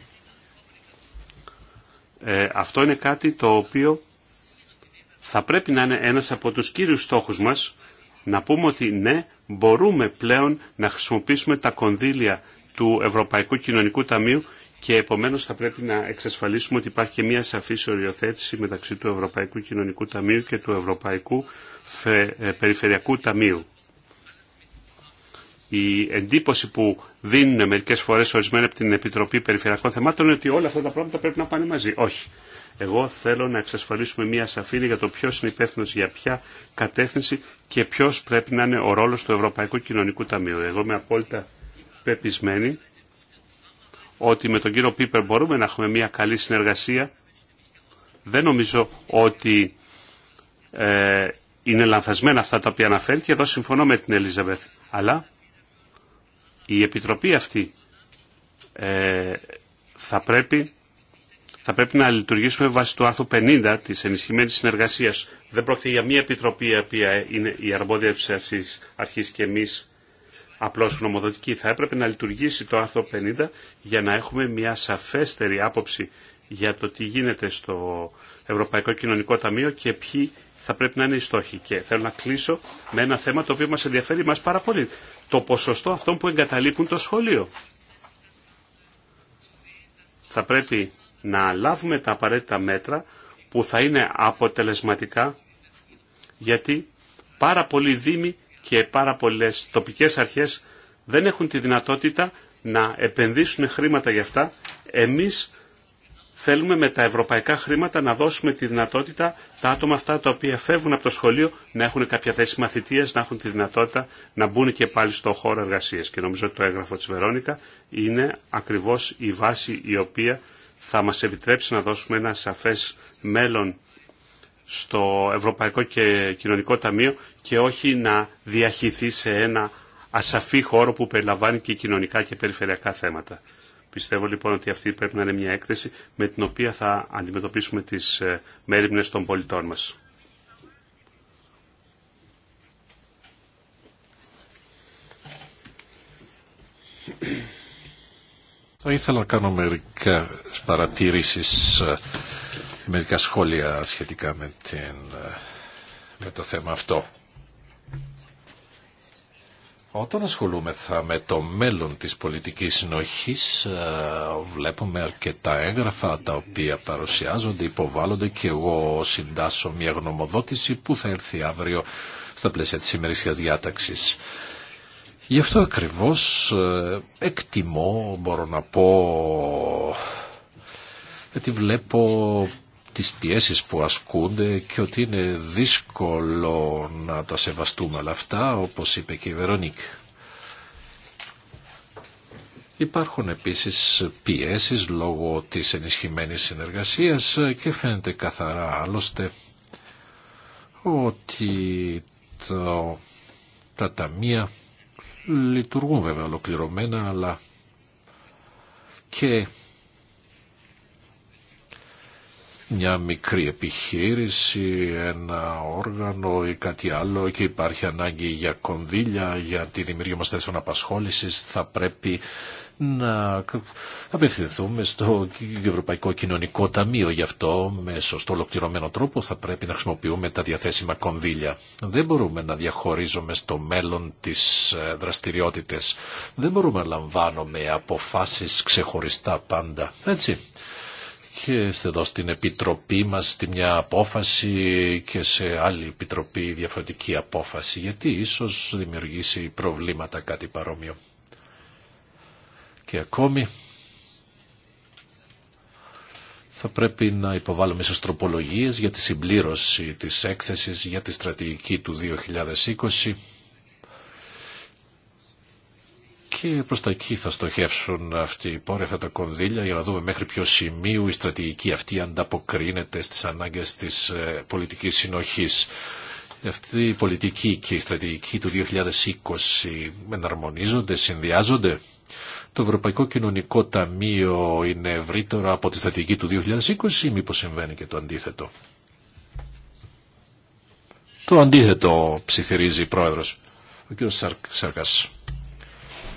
ε, αυτό είναι κάτι το οποίο θα πρέπει να είναι ένας από τους κύριους στόχους μας να πούμε ότι ναι, μπορούμε πλέον να χρησιμοποιήσουμε τα κονδύλια του Ευρωπαϊκού Κοινωνικού Ταμείου και επομένως θα πρέπει να εξασφαλίσουμε ότι υπάρχει και μια σαφής οριοθέτηση μεταξύ του Ευρωπαϊκού Κοινωνικού Ταμείου και του Ευρωπαϊκού ε, Περιφερειακού Ταμείου. Η εντύπωση που δίνουν μερικές φορές ορισμένα από την Επιτροπή Περιφερειακών Θεμάτων είναι ότι όλα αυτά τα πράγματα πρέπει να πάνε μαζί. Όχι. Εγώ θέλω να εξασφαλίσουμε μια σαφήνεια για το ποιο είναι υπεύθυνο για ποια κατεύθυνση και ποιο πρέπει να είναι ο ρόλο του Ευρωπαϊκού Κοινωνικού Ταμείου. Εγώ είμαι απόλυτα πεπισμένη ότι με τον κύριο Πίπερ μπορούμε να έχουμε μια καλή συνεργασία. Δεν νομίζω ότι ε, είναι λανθασμένα αυτά τα οποία αναφέρει και εδώ συμφωνώ με την Ελίζαβεθ. Αλλά η Επιτροπή αυτή ε, θα πρέπει θα πρέπει να λειτουργήσουμε βάσει του άρθρου 50 της ενισχυμένης συνεργασίας. Δεν πρόκειται για μια επιτροπή η οποία είναι η αρμόδια της αρχής, και εμείς απλώς γνωμοδοτική. Θα έπρεπε να λειτουργήσει το άρθρο 50 για να έχουμε μια σαφέστερη άποψη για το τι γίνεται στο Ευρωπαϊκό Κοινωνικό Ταμείο και ποιοι θα πρέπει να είναι οι στόχοι. Και θέλω να κλείσω με ένα θέμα το οποίο μας ενδιαφέρει μας πάρα πολύ. Το ποσοστό αυτών που εγκαταλείπουν το σχολείο. Θα πρέπει να λάβουμε τα απαραίτητα μέτρα που θα είναι αποτελεσματικά γιατί πάρα πολλοί δήμοι και πάρα πολλές τοπικές αρχές δεν έχουν τη δυνατότητα να επενδύσουν χρήματα για αυτά. Εμείς θέλουμε με τα ευρωπαϊκά χρήματα να δώσουμε τη δυνατότητα τα άτομα αυτά τα οποία φεύγουν από το σχολείο να έχουν κάποια θέση μαθητείας, να έχουν τη δυνατότητα να μπουν και πάλι στο χώρο εργασίας. Και νομίζω ότι το έγγραφο της Βερόνικα είναι ακριβώς η βάση η οποία θα μας επιτρέψει να δώσουμε ένα σαφές μέλλον στο Ευρωπαϊκό και Κοινωνικό Ταμείο και όχι να διαχυθεί σε ένα ασαφή χώρο που περιλαμβάνει και κοινωνικά και περιφερειακά θέματα. Πιστεύω λοιπόν ότι αυτή πρέπει να είναι μια έκθεση με την οποία θα αντιμετωπίσουμε τις ε, μέρημνες των πολιτών μας. Θα ήθελα να κάνω μερικά παρατήρησεις, ε, μερικά σχόλια σχετικά με, την, ε, το θέμα αυτό. Όταν ασχολούμεθα με το μέλλον της πολιτικής συνοχής ε, βλέπουμε αρκετά έγγραφα τα οποία παρουσιάζονται, υποβάλλονται και εγώ συντάσω μια γνωμοδότηση που θα έρθει αύριο στα πλαίσια της ημερήσιας διάταξης. Γι' αυτό ακριβώς ε, εκτιμώ, μπορώ να πω, γιατί βλέπω τις πιέσεις που ασκούνται και ότι είναι δύσκολο να τα σεβαστούμε όλα αυτά, όπως είπε και η Βερονίκ. Υπάρχουν επίσης πιέσεις λόγω της ενισχυμένης συνεργασίας και φαίνεται καθαρά άλλωστε ότι το, τα ταμεία λειτουργούν βέβαια ολοκληρωμένα, αλλά και μια μικρή επιχείρηση, ένα όργανο ή κάτι άλλο και υπάρχει ανάγκη για κονδύλια, για τη δημιουργία μας θέσεων απασχόλησης, θα πρέπει να απευθυνθούμε στο Ευρωπαϊκό Κοινωνικό Ταμείο. Γι' αυτό με σωστό ολοκληρωμένο τρόπο θα πρέπει να χρησιμοποιούμε τα διαθέσιμα κονδύλια. Δεν μπορούμε να διαχωρίζουμε στο μέλλον τις ε, δραστηριότητε. Δεν μπορούμε να λαμβάνουμε αποφάσεις ξεχωριστά πάντα. Έτσι και εδώ στην επιτροπή μας στη μια απόφαση και σε άλλη επιτροπή διαφορετική απόφαση γιατί ίσως δημιουργήσει προβλήματα κάτι παρόμοιο. Και ακόμη θα πρέπει να υποβάλουμε σε τροπολογίες για τη συμπλήρωση της έκθεσης για τη στρατηγική του 2020 και προς τα εκεί θα στοχεύσουν αυτή η πόρια, αυτά τα κονδύλια για να δούμε μέχρι ποιο σημείο η στρατηγική αυτή ανταποκρίνεται στις ανάγκες της ε, πολιτικής συνοχής. Αυτή η πολιτική και η στρατηγική του 2020 εναρμονίζονται, συνδυάζονται το Ευρωπαϊκό Κοινωνικό Ταμείο είναι ευρύτερο από τη στατική του 2020 ή μήπως συμβαίνει και το αντίθετο. Το αντίθετο ψιθυρίζει η πρόεδρος, ο κ. Σαρκάς.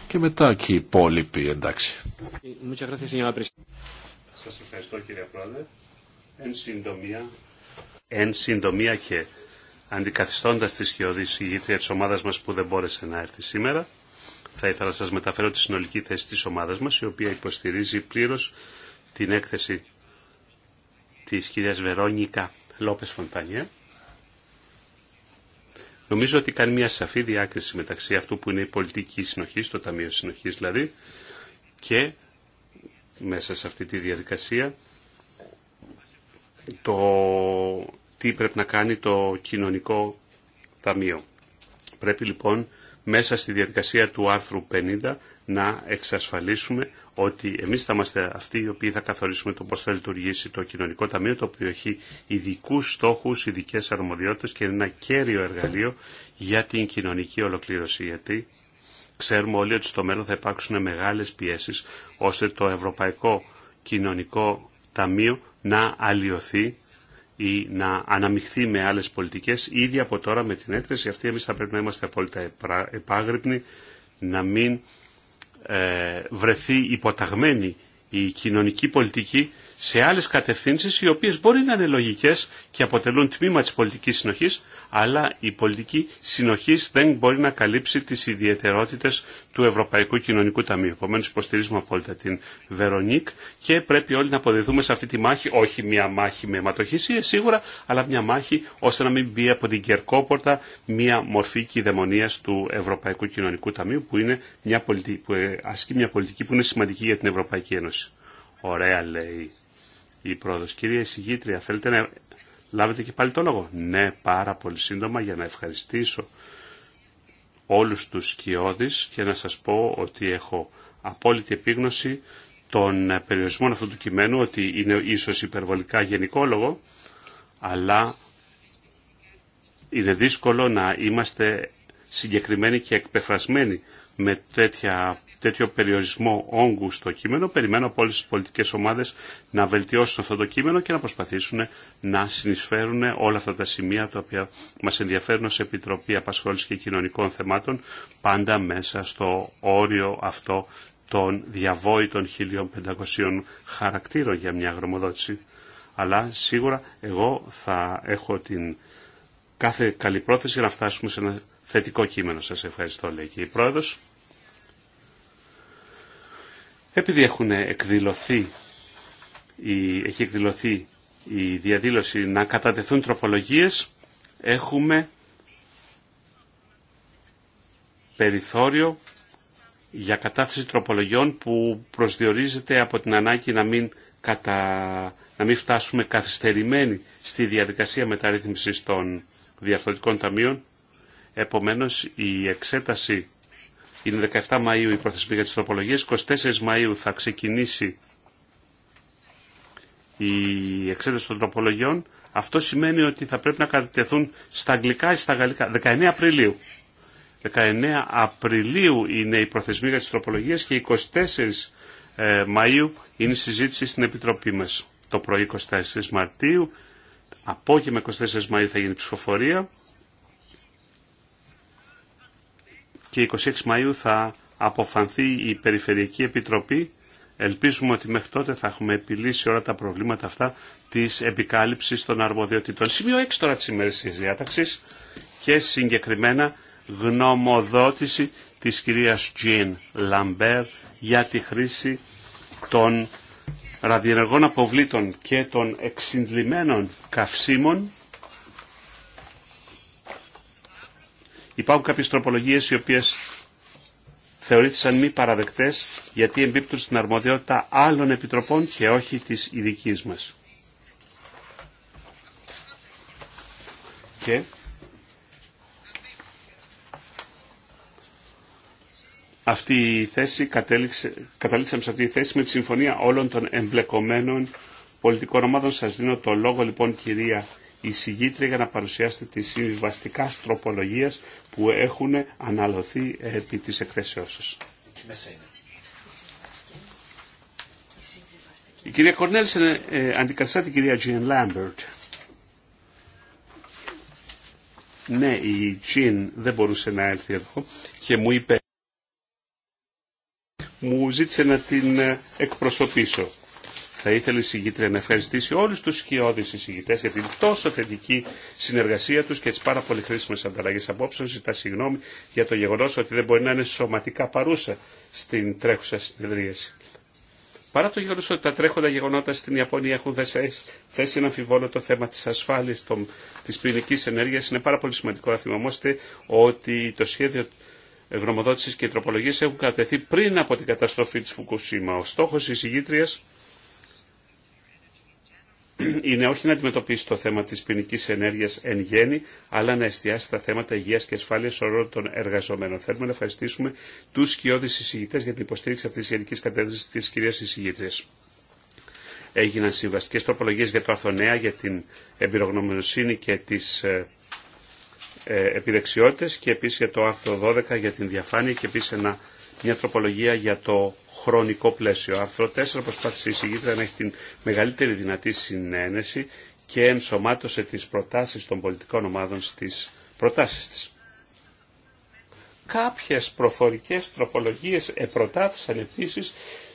Και μετά και οι υπόλοιποι, εντάξει. Σας ευχαριστώ κύριε Πρόεδρε. Εν συντομία, εν συντομία και αντικαθιστώντας τη σχεδόν ηγήτρια της ομάδας μας που δεν μπόρεσε να έρθει σήμερα, θα ήθελα να σας μεταφέρω τη συνολική θέση της ομάδας μας, η οποία υποστηρίζει πλήρως την έκθεση της κυρίας Βερόνικα Λόπες Φοντάνια. Νομίζω ότι κάνει μια σαφή διάκριση μεταξύ αυτού που είναι η πολιτική συνοχή, το Ταμείο Συνοχής δηλαδή, και μέσα σε αυτή τη διαδικασία το τι πρέπει να κάνει το κοινωνικό ταμείο. Πρέπει λοιπόν μέσα στη διαδικασία του άρθρου 50 να εξασφαλίσουμε ότι εμείς θα είμαστε αυτοί οι οποίοι θα καθορίσουμε το πώς θα λειτουργήσει το κοινωνικό ταμείο, το οποίο έχει ειδικού στόχους, ειδικέ αρμοδιότητες και είναι ένα κέριο εργαλείο για την κοινωνική ολοκλήρωση. Γιατί ξέρουμε όλοι ότι στο μέλλον θα υπάρξουν μεγάλες πιέσεις ώστε το Ευρωπαϊκό Κοινωνικό Ταμείο να αλλοιωθεί ή να αναμειχθεί με άλλε πολιτικές. Ήδη από τώρα με την έκθεση αυτή εμεί θα πρέπει να είμαστε απόλυτα επάγρυπνοι, να μην ε, βρεθεί υποταγμένη η κοινωνική πολιτική σε άλλες κατευθύνσεις οι οποίες μπορεί να είναι λογικές και αποτελούν τμήμα της πολιτικής συνοχής, αλλά η πολιτική συνοχής δεν μπορεί να καλύψει τις ιδιαιτερότητες του Ευρωπαϊκού Κοινωνικού Ταμείου. Επομένω υποστηρίζουμε απόλυτα την Βερονίκ και πρέπει όλοι να αποδεθούμε σε αυτή τη μάχη, όχι μια μάχη με αιματοχυσίες σίγουρα, αλλά μια μάχη ώστε να μην μπει από την κερκόπορτα μια μορφή κυδαιμονίας του Ευρωπαϊκού Κοινωνικού Ταμείου που, είναι μια πολιτική, που ε, ασκεί μια πολιτική που είναι σημαντική για την Ευρωπαϊκή Ένωση. Ωραία λέει η πρόοδο. Κυρία Εισηγήτρια, θέλετε να λάβετε και πάλι το λόγο. Ναι, πάρα πολύ σύντομα για να ευχαριστήσω όλους τους σκιώδεις και να σας πω ότι έχω απόλυτη επίγνωση των περιορισμών αυτού του κειμένου, ότι είναι ίσως υπερβολικά γενικόλογο, αλλά είναι δύσκολο να είμαστε συγκεκριμένοι και εκπεφρασμένοι με τέτοια τέτοιο περιορισμό όγκου στο κείμενο. Περιμένω από όλε τις πολιτικές ομάδες να βελτιώσουν αυτό το κείμενο και να προσπαθήσουν να συνεισφέρουν όλα αυτά τα σημεία τα οποία μας ενδιαφέρουν ω Επιτροπή απασχόληση και Κοινωνικών Θεμάτων πάντα μέσα στο όριο αυτό των διαβόητων 1500 χαρακτήρων για μια γρομοδότηση. Αλλά σίγουρα εγώ θα έχω την κάθε καλή πρόθεση να φτάσουμε σε ένα θετικό κείμενο. Σας ευχαριστώ, λέει και η Πρόεδρος. Επειδή έχουν εκδηλωθεί, η, έχει εκδηλωθεί η διαδήλωση να κατατεθούν τροπολογίες, έχουμε περιθώριο για κατάθεση τροπολογιών που προσδιορίζεται από την ανάγκη να μην, κατα... να μην φτάσουμε καθυστερημένοι στη διαδικασία μεταρρύθμισης των διαφορετικών ταμείων. Επομένως, η εξέταση είναι 17 Μαΐου η προθεσμία για τις τροπολογίες. 24 Μαΐου θα ξεκινήσει η εξέταση των τροπολογιών. Αυτό σημαίνει ότι θα πρέπει να κατατεθούν στα αγγλικά ή στα γαλλικά. 19 Απριλίου. 19 Απριλίου είναι η προθεσμία για τις τροπολογίες και 24 ε, Μαΐου είναι η συζήτηση στην Επιτροπή μας. Το πρωί 24 Μαρτίου, απόγευμα 24 Μαΐου θα γίνει η ψηφοφορία και 26 Μαΐου θα αποφανθεί η Περιφερειακή Επιτροπή. Ελπίζουμε ότι μέχρι τότε θα έχουμε επιλύσει όλα τα προβλήματα αυτά της επικάλυψης των αρμοδιοτήτων. Σημείο 6 τώρα της της διάταξης και συγκεκριμένα γνωμοδότηση της κυρίας Jean Λαμπέρ για τη χρήση των ραδιενεργών αποβλήτων και των εξυντλημένων καυσίμων Υπάρχουν κάποιε τροπολογίε οι οποίες θεωρήθησαν μη παραδεκτές γιατί εμπίπτουν στην αρμοδιότητα άλλων επιτροπών και όχι της ειδική μας. Και αυτή η θέση καταλήξαμε σε αυτή τη θέση με τη συμφωνία όλων των εμπλεκομένων πολιτικών ομάδων. Σας δίνω το λόγο λοιπόν κυρία εισηγήτρια για να παρουσιάσετε τις συμβαστικά τροπολογίες που έχουν αναλωθεί επί της εκθέσεώς σας. Η κυρία Κορνέλης ε, την κυρία Τζιν Λάμπερτ. Ναι, η Τζιν δεν μπορούσε να έρθει εδώ και μου είπε μου ζήτησε να την ε, εκπροσωπήσω. Θα ήθελε η συγγήτρια να ευχαριστήσει όλου του σκιώδει εισηγητέ για την τόσο θετική συνεργασία του και τι πάρα πολύ χρήσιμε ανταλλαγέ απόψεων. Ζητά συγγνώμη για το γεγονό ότι δεν μπορεί να είναι σωματικά παρούσα στην τρέχουσα συνεδρίαση. Παρά το γεγονό ότι τα τρέχοντα γεγονότα στην Ιαπωνία έχουν θέσει ένα αμφιβόλο το θέμα τη ασφάλεια τη πυρηνική ενέργεια, είναι πάρα πολύ σημαντικό να θυμόμαστε ότι το σχέδιο γνωμοδότηση και τροπολογία έχουν πριν από την καταστροφή τη Φουκουσίμα. Ο στόχο τη είναι όχι να αντιμετωπίσει το θέμα της ποινική ενέργειας εν γέννη, αλλά να εστιάσει στα θέματα υγείας και ασφάλειας όλων των εργαζομένων. Θέλουμε να ευχαριστήσουμε τους σκιώδεις εισηγητές για την υποστήριξη αυτής της γενικής κατεύθυνσης της κυρίας εισηγητής. Έγιναν συμβαστικές τροπολογίες για το άρθρο 9, για την εμπειρογνωμοσύνη και τις ε, ε, επιδεξιότητες και επίσης για το άρθρο 12 για την διαφάνεια και επίσης μια τροπολογία για το χρονικό πλαίσιο. Άρθρο 4 προσπάθησε η εισηγήτρια να έχει την μεγαλύτερη δυνατή συνένεση και ενσωμάτωσε τις προτάσεις των πολιτικών ομάδων στις προτάσεις της. Κάποιες προφορικές τροπολογίες επροτάθησαν επίση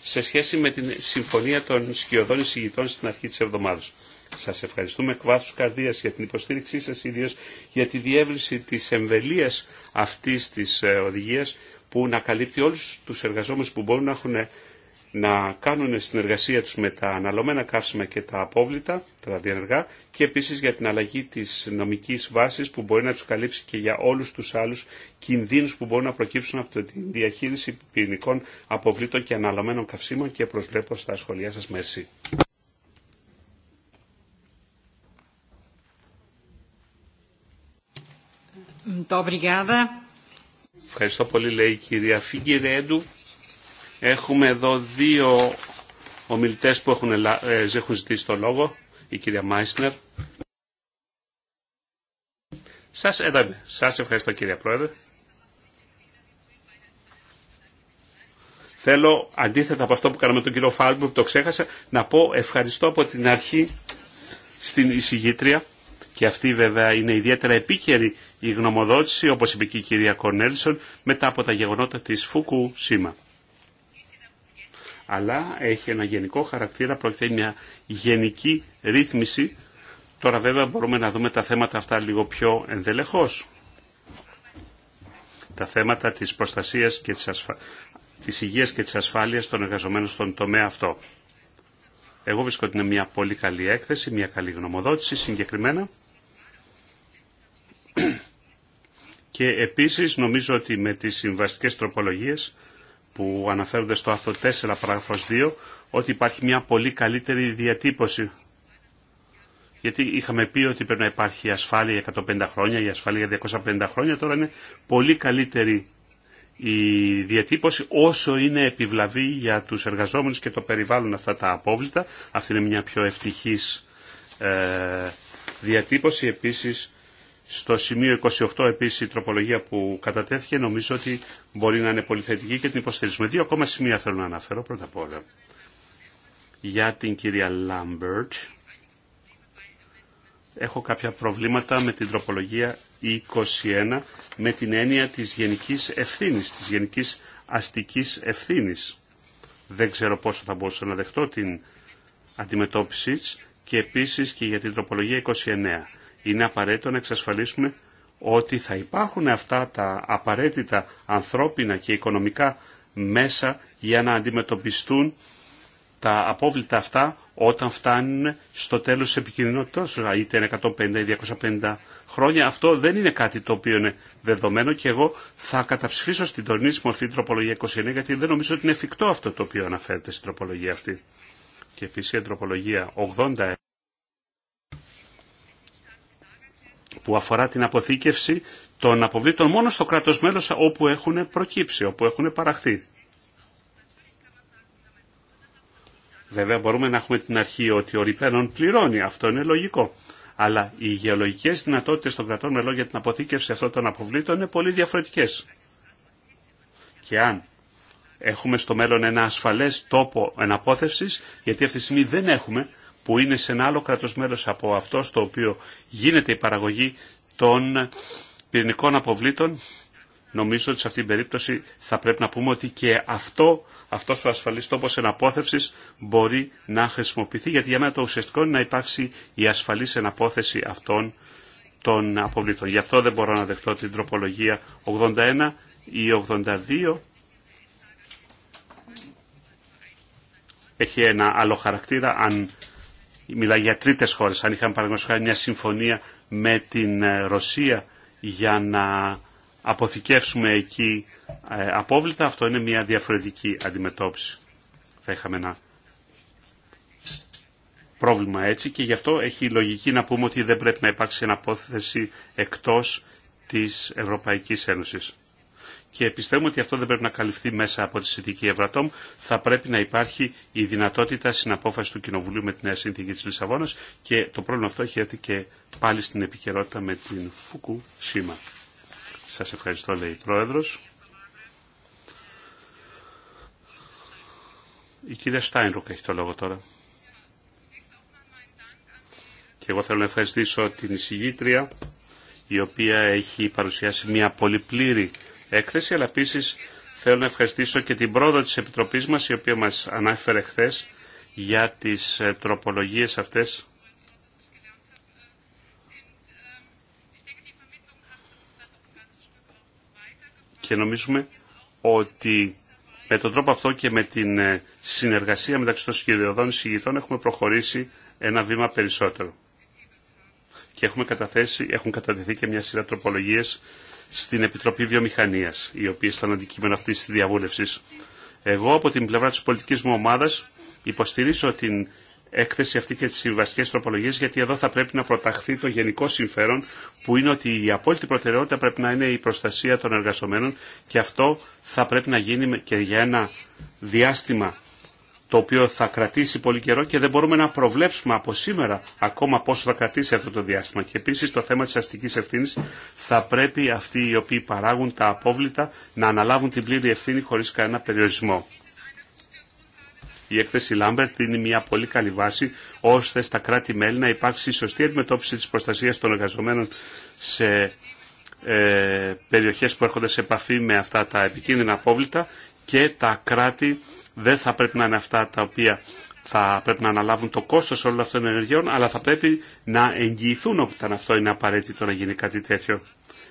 σε σχέση με την συμφωνία των σκιωδών εισηγητών στην αρχή της εβδομάδας. Σας ευχαριστούμε εκ βάθους καρδίας για την υποστήριξή σας, ιδίως για τη διεύρυνση της εμβελίας αυτής της ε, οδηγίας που να καλύπτει όλους τους εργαζόμενους που μπορούν να, έχουν, να κάνουν συνεργασία τους με τα αναλωμένα καύσιμα και τα απόβλητα, τα διενεργά, και επίσης για την αλλαγή της νομικής βάσης που μπορεί να τους καλύψει και για όλους τους άλλους κινδύνους που μπορούν να προκύψουν από τη διαχείριση πυρηνικών αποβλήτων και αναλωμένων καυσίμων και προσβλέπω στα σχολεία σας. Μερσή. Ευχαριστώ πολύ λέει η κυρία Φιγκυρέντου. Έχουμε εδώ δύο ομιλητές που έχουν, ε, έχουν ζητήσει το λόγο. Η κυρία Μάισνερ. Σας, έδαμε. Ε, σας ευχαριστώ κυρία Πρόεδρε. Θέλω, αντίθετα από αυτό που κάναμε τον κύριο Φάλμπουρ, που το ξέχασα, να πω ευχαριστώ από την αρχή στην εισηγήτρια και αυτή βέβαια είναι ιδιαίτερα επίκαιρη η γνωμοδότηση, όπως είπε και η κυρία Κορνέλσον, μετά από τα γεγονότα της Φούκου Σήμα. Αλλά έχει ένα γενικό χαρακτήρα, πρόκειται μια γενική ρύθμιση. Τώρα βέβαια μπορούμε να δούμε τα θέματα αυτά λίγο πιο ενδελεχώς. Τα θέματα της προστασίας και της, της υγείας και της ασφάλειας των εργαζομένων στον τομέα αυτό. Εγώ βρίσκω ότι είναι μια πολύ καλή έκθεση, μια καλή γνωμοδότηση συγκεκριμένα. Και επίσης νομίζω ότι με τις συμβαστικές τροπολογίες που αναφέρονται στο άρθρο 4 παράγραφος 2 ότι υπάρχει μια πολύ καλύτερη διατύπωση. Γιατί είχαμε πει ότι πρέπει να υπάρχει ασφάλεια για 150 χρόνια, η ασφάλεια για 250 χρόνια, τώρα είναι πολύ καλύτερη η διατύπωση όσο είναι επιβλαβή για τους εργαζόμενους και το περιβάλλον αυτά τα απόβλητα. Αυτή είναι μια πιο ευτυχής ε, διατύπωση. Επίσης στο σημείο 28 επίση η τροπολογία που κατατέθηκε νομίζω ότι μπορεί να είναι πολυθετική και την υποστηρίζουμε. Δύο ακόμα σημεία θέλω να αναφέρω πρώτα απ' όλα. Για την κυρία Λάμπερτ έχω κάποια προβλήματα με την τροπολογία 21 με την έννοια της γενικής ευθύνης, της γενικής αστικής ευθύνης. Δεν ξέρω πόσο θα μπορούσα να δεχτώ την αντιμετώπιση και επίσης και για την τροπολογία 29 είναι απαραίτητο να εξασφαλίσουμε ότι θα υπάρχουν αυτά τα απαραίτητα ανθρώπινα και οικονομικά μέσα για να αντιμετωπιστούν τα απόβλητα αυτά όταν φτάνουν στο τέλος της επικοινωνότητας, είτε είναι 150 ή 250 χρόνια. Αυτό δεν είναι κάτι το οποίο είναι δεδομένο και εγώ θα καταψηφίσω στην τωρινή μορφή τροπολογία 29 γιατί δεν νομίζω ότι είναι εφικτό αυτό το οποίο αναφέρεται στην τροπολογία αυτή. Και επίσης η τροπολογία 80%. που αφορά την αποθήκευση των αποβλήτων μόνο στο κράτος μέλος όπου έχουν προκύψει, όπου έχουν παραχθεί. Βέβαια μπορούμε να έχουμε την αρχή ότι ο Ριπένον πληρώνει, αυτό είναι λογικό. Αλλά οι γεωλογικές δυνατότητες των κρατών μελών για την αποθήκευση αυτών των αποβλήτων είναι πολύ διαφορετικές. Και αν έχουμε στο μέλλον ένα ασφαλές τόπο εναπόθευσης, γιατί αυτή τη στιγμή δεν έχουμε, που είναι σε ένα άλλο κράτος μέλος από αυτό στο οποίο γίνεται η παραγωγή των πυρηνικών αποβλήτων, νομίζω ότι σε αυτήν την περίπτωση θα πρέπει να πούμε ότι και αυτό, αυτός ο ασφαλής τόπος εναπόθεσης μπορεί να χρησιμοποιηθεί, γιατί για μένα το ουσιαστικό είναι να υπάρξει η ασφαλής εναπόθεση αυτών των αποβλήτων. Γι' αυτό δεν μπορώ να δεχτώ την τροπολογία 81 ή 82 έχει ένα άλλο χαρακτήρα αν μιλάει για τρίτες χώρες, αν είχαμε παραγωγικά μια συμφωνία με την ε, Ρωσία για να αποθηκεύσουμε εκεί ε, απόβλητα, αυτό είναι μια διαφορετική αντιμετώπιση. Θα είχαμε ένα πρόβλημα έτσι και γι' αυτό έχει λογική να πούμε ότι δεν πρέπει να υπάρξει αναπόθεση εκτός της Ευρωπαϊκής Ένωσης και πιστεύουμε ότι αυτό δεν πρέπει να καλυφθεί μέσα από τη συνθήκη Ευρατόμ. Θα πρέπει να υπάρχει η δυνατότητα συναπόφαση του Κοινοβουλίου με τη νέα συνθήκη τη Λισαβόνα και το πρόβλημα αυτό έχει έρθει και πάλι στην επικαιρότητα με την Φουκου Σήμα. Σα ευχαριστώ, λέει η Πρόεδρο. Η κυρία Στάινρουκ έχει το λόγο τώρα. Και εγώ θέλω να ευχαριστήσω την εισηγήτρια η οποία έχει παρουσιάσει μια πολύ πλήρη έκθεση, αλλά επίση θέλω να ευχαριστήσω και την πρόοδο της Επιτροπής μας, η οποία μας ανάφερε χθε για τις ε, τροπολογίες αυτές. Και νομίζουμε ότι με τον τρόπο αυτό και με την ε, συνεργασία μεταξύ των σχεδιοδών συγκεκριτών έχουμε προχωρήσει ένα βήμα περισσότερο. Και έχουμε καταθέσει, έχουν κατατεθεί και μια σειρά τροπολογίες στην Επιτροπή Βιομηχανίας, οι οποία ήταν αντικείμενο αυτής τη διαβούλευση. Εγώ από την πλευρά της πολιτικής μου ομάδας υποστηρίζω την έκθεση αυτή και τις συμβασικές τροπολογίες, γιατί εδώ θα πρέπει να προταχθεί το γενικό συμφέρον, που είναι ότι η απόλυτη προτεραιότητα πρέπει να είναι η προστασία των εργαζομένων και αυτό θα πρέπει να γίνει και για ένα διάστημα το οποίο θα κρατήσει πολύ καιρό και δεν μπορούμε να προβλέψουμε από σήμερα ακόμα πόσο θα κρατήσει αυτό το διάστημα. Και επίσης το θέμα της αστικής ευθύνης θα πρέπει αυτοί οι οποίοι παράγουν τα απόβλητα να αναλάβουν την πλήρη ευθύνη χωρίς κανένα περιορισμό. Η έκθεση Λάμπερτ είναι μια πολύ καλή βάση ώστε στα κράτη-μέλη να υπάρξει σωστή αντιμετώπιση της προστασίας των εργαζομένων σε ε, περιοχές που έρχονται σε επαφή με αυτά τα επικίνδυνα απόβλητα και τα κράτη δεν θα πρέπει να είναι αυτά τα οποία θα πρέπει να αναλάβουν το κόστος όλων αυτών των ενεργειών, αλλά θα πρέπει να εγγυηθούν όταν αυτό είναι απαραίτητο να γίνει κάτι τέτοιο.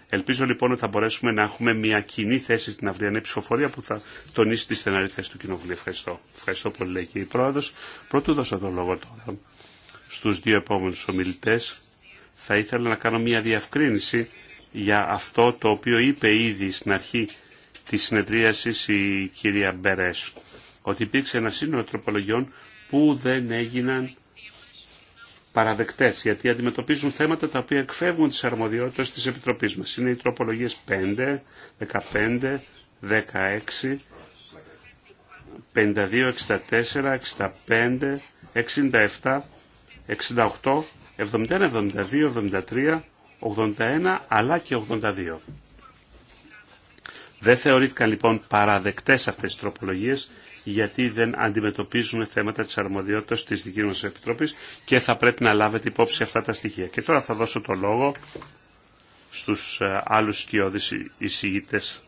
Ελπίζω λοιπόν ότι θα μπορέσουμε να έχουμε μια κοινή θέση στην αυριανή ψηφοφορία που θα τονίσει τη στεναρή θέση του Κοινοβουλίου. Ευχαριστώ. Ευχαριστώ πολύ, λέει και η πρόεδρο. Πρώτου δώσω τον λόγο τώρα στου δύο επόμενου ομιλητέ. Θα ήθελα να κάνω μια διευκρίνηση για αυτό το οποίο είπε ήδη στην αρχή τη συνεδρίαση η κυρία Μπερέσου ότι υπήρξε ένα σύνολο τροπολογιών που δεν έγιναν παραδεκτές, γιατί αντιμετωπίζουν θέματα τα οποία εκφεύγουν τις αρμοδιότητες της Επιτροπής μας. Είναι οι τροπολογίες 5, 15, 16, 52, 64, 65, 67, 68, 71, 72, 73, 81 αλλά και 82. Δεν θεωρήθηκαν λοιπόν παραδεκτές αυτές οι τροπολογίες γιατί δεν αντιμετωπίζουν θέματα της αρμοδιότητας της δικής μας Επιτροπής και θα πρέπει να λάβετε υπόψη αυτά τα στοιχεία. Και τώρα θα δώσω το λόγο στους ε, άλλους σκιώδεις εισηγητές.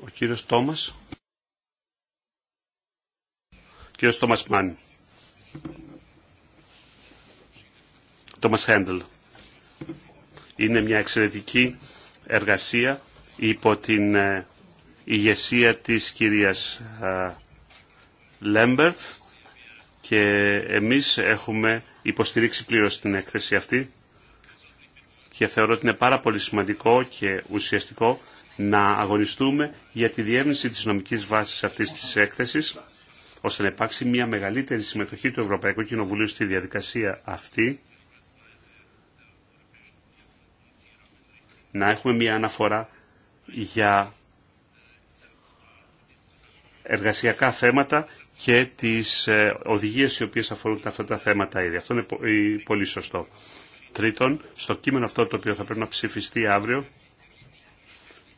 Ο κύριος Τόμας. Ο κύριος Τόμας Μάνι. Τόμας Χέντελ. Είναι μια εξαιρετική εργασία υπό την ε, ηγεσία της κυρίας ε, Λέμπερτ και εμείς έχουμε υποστηρίξει πλήρως την έκθεση αυτή και θεωρώ ότι είναι πάρα πολύ σημαντικό και ουσιαστικό να αγωνιστούμε για τη διεύνηση της νομικής βάσης αυτής της έκθεσης ώστε να υπάρξει μια μεγαλύτερη συμμετοχή του Ευρωπαϊκού Κοινοβουλίου στη διαδικασία αυτή να έχουμε μια αναφορά για εργασιακά θέματα και τις ε, οδηγίες οι οποίες αφορούν αυτά τα θέματα ήδη. Αυτό είναι πολύ σωστό. Τρίτον, στο κείμενο αυτό το οποίο θα πρέπει να ψηφιστεί αύριο,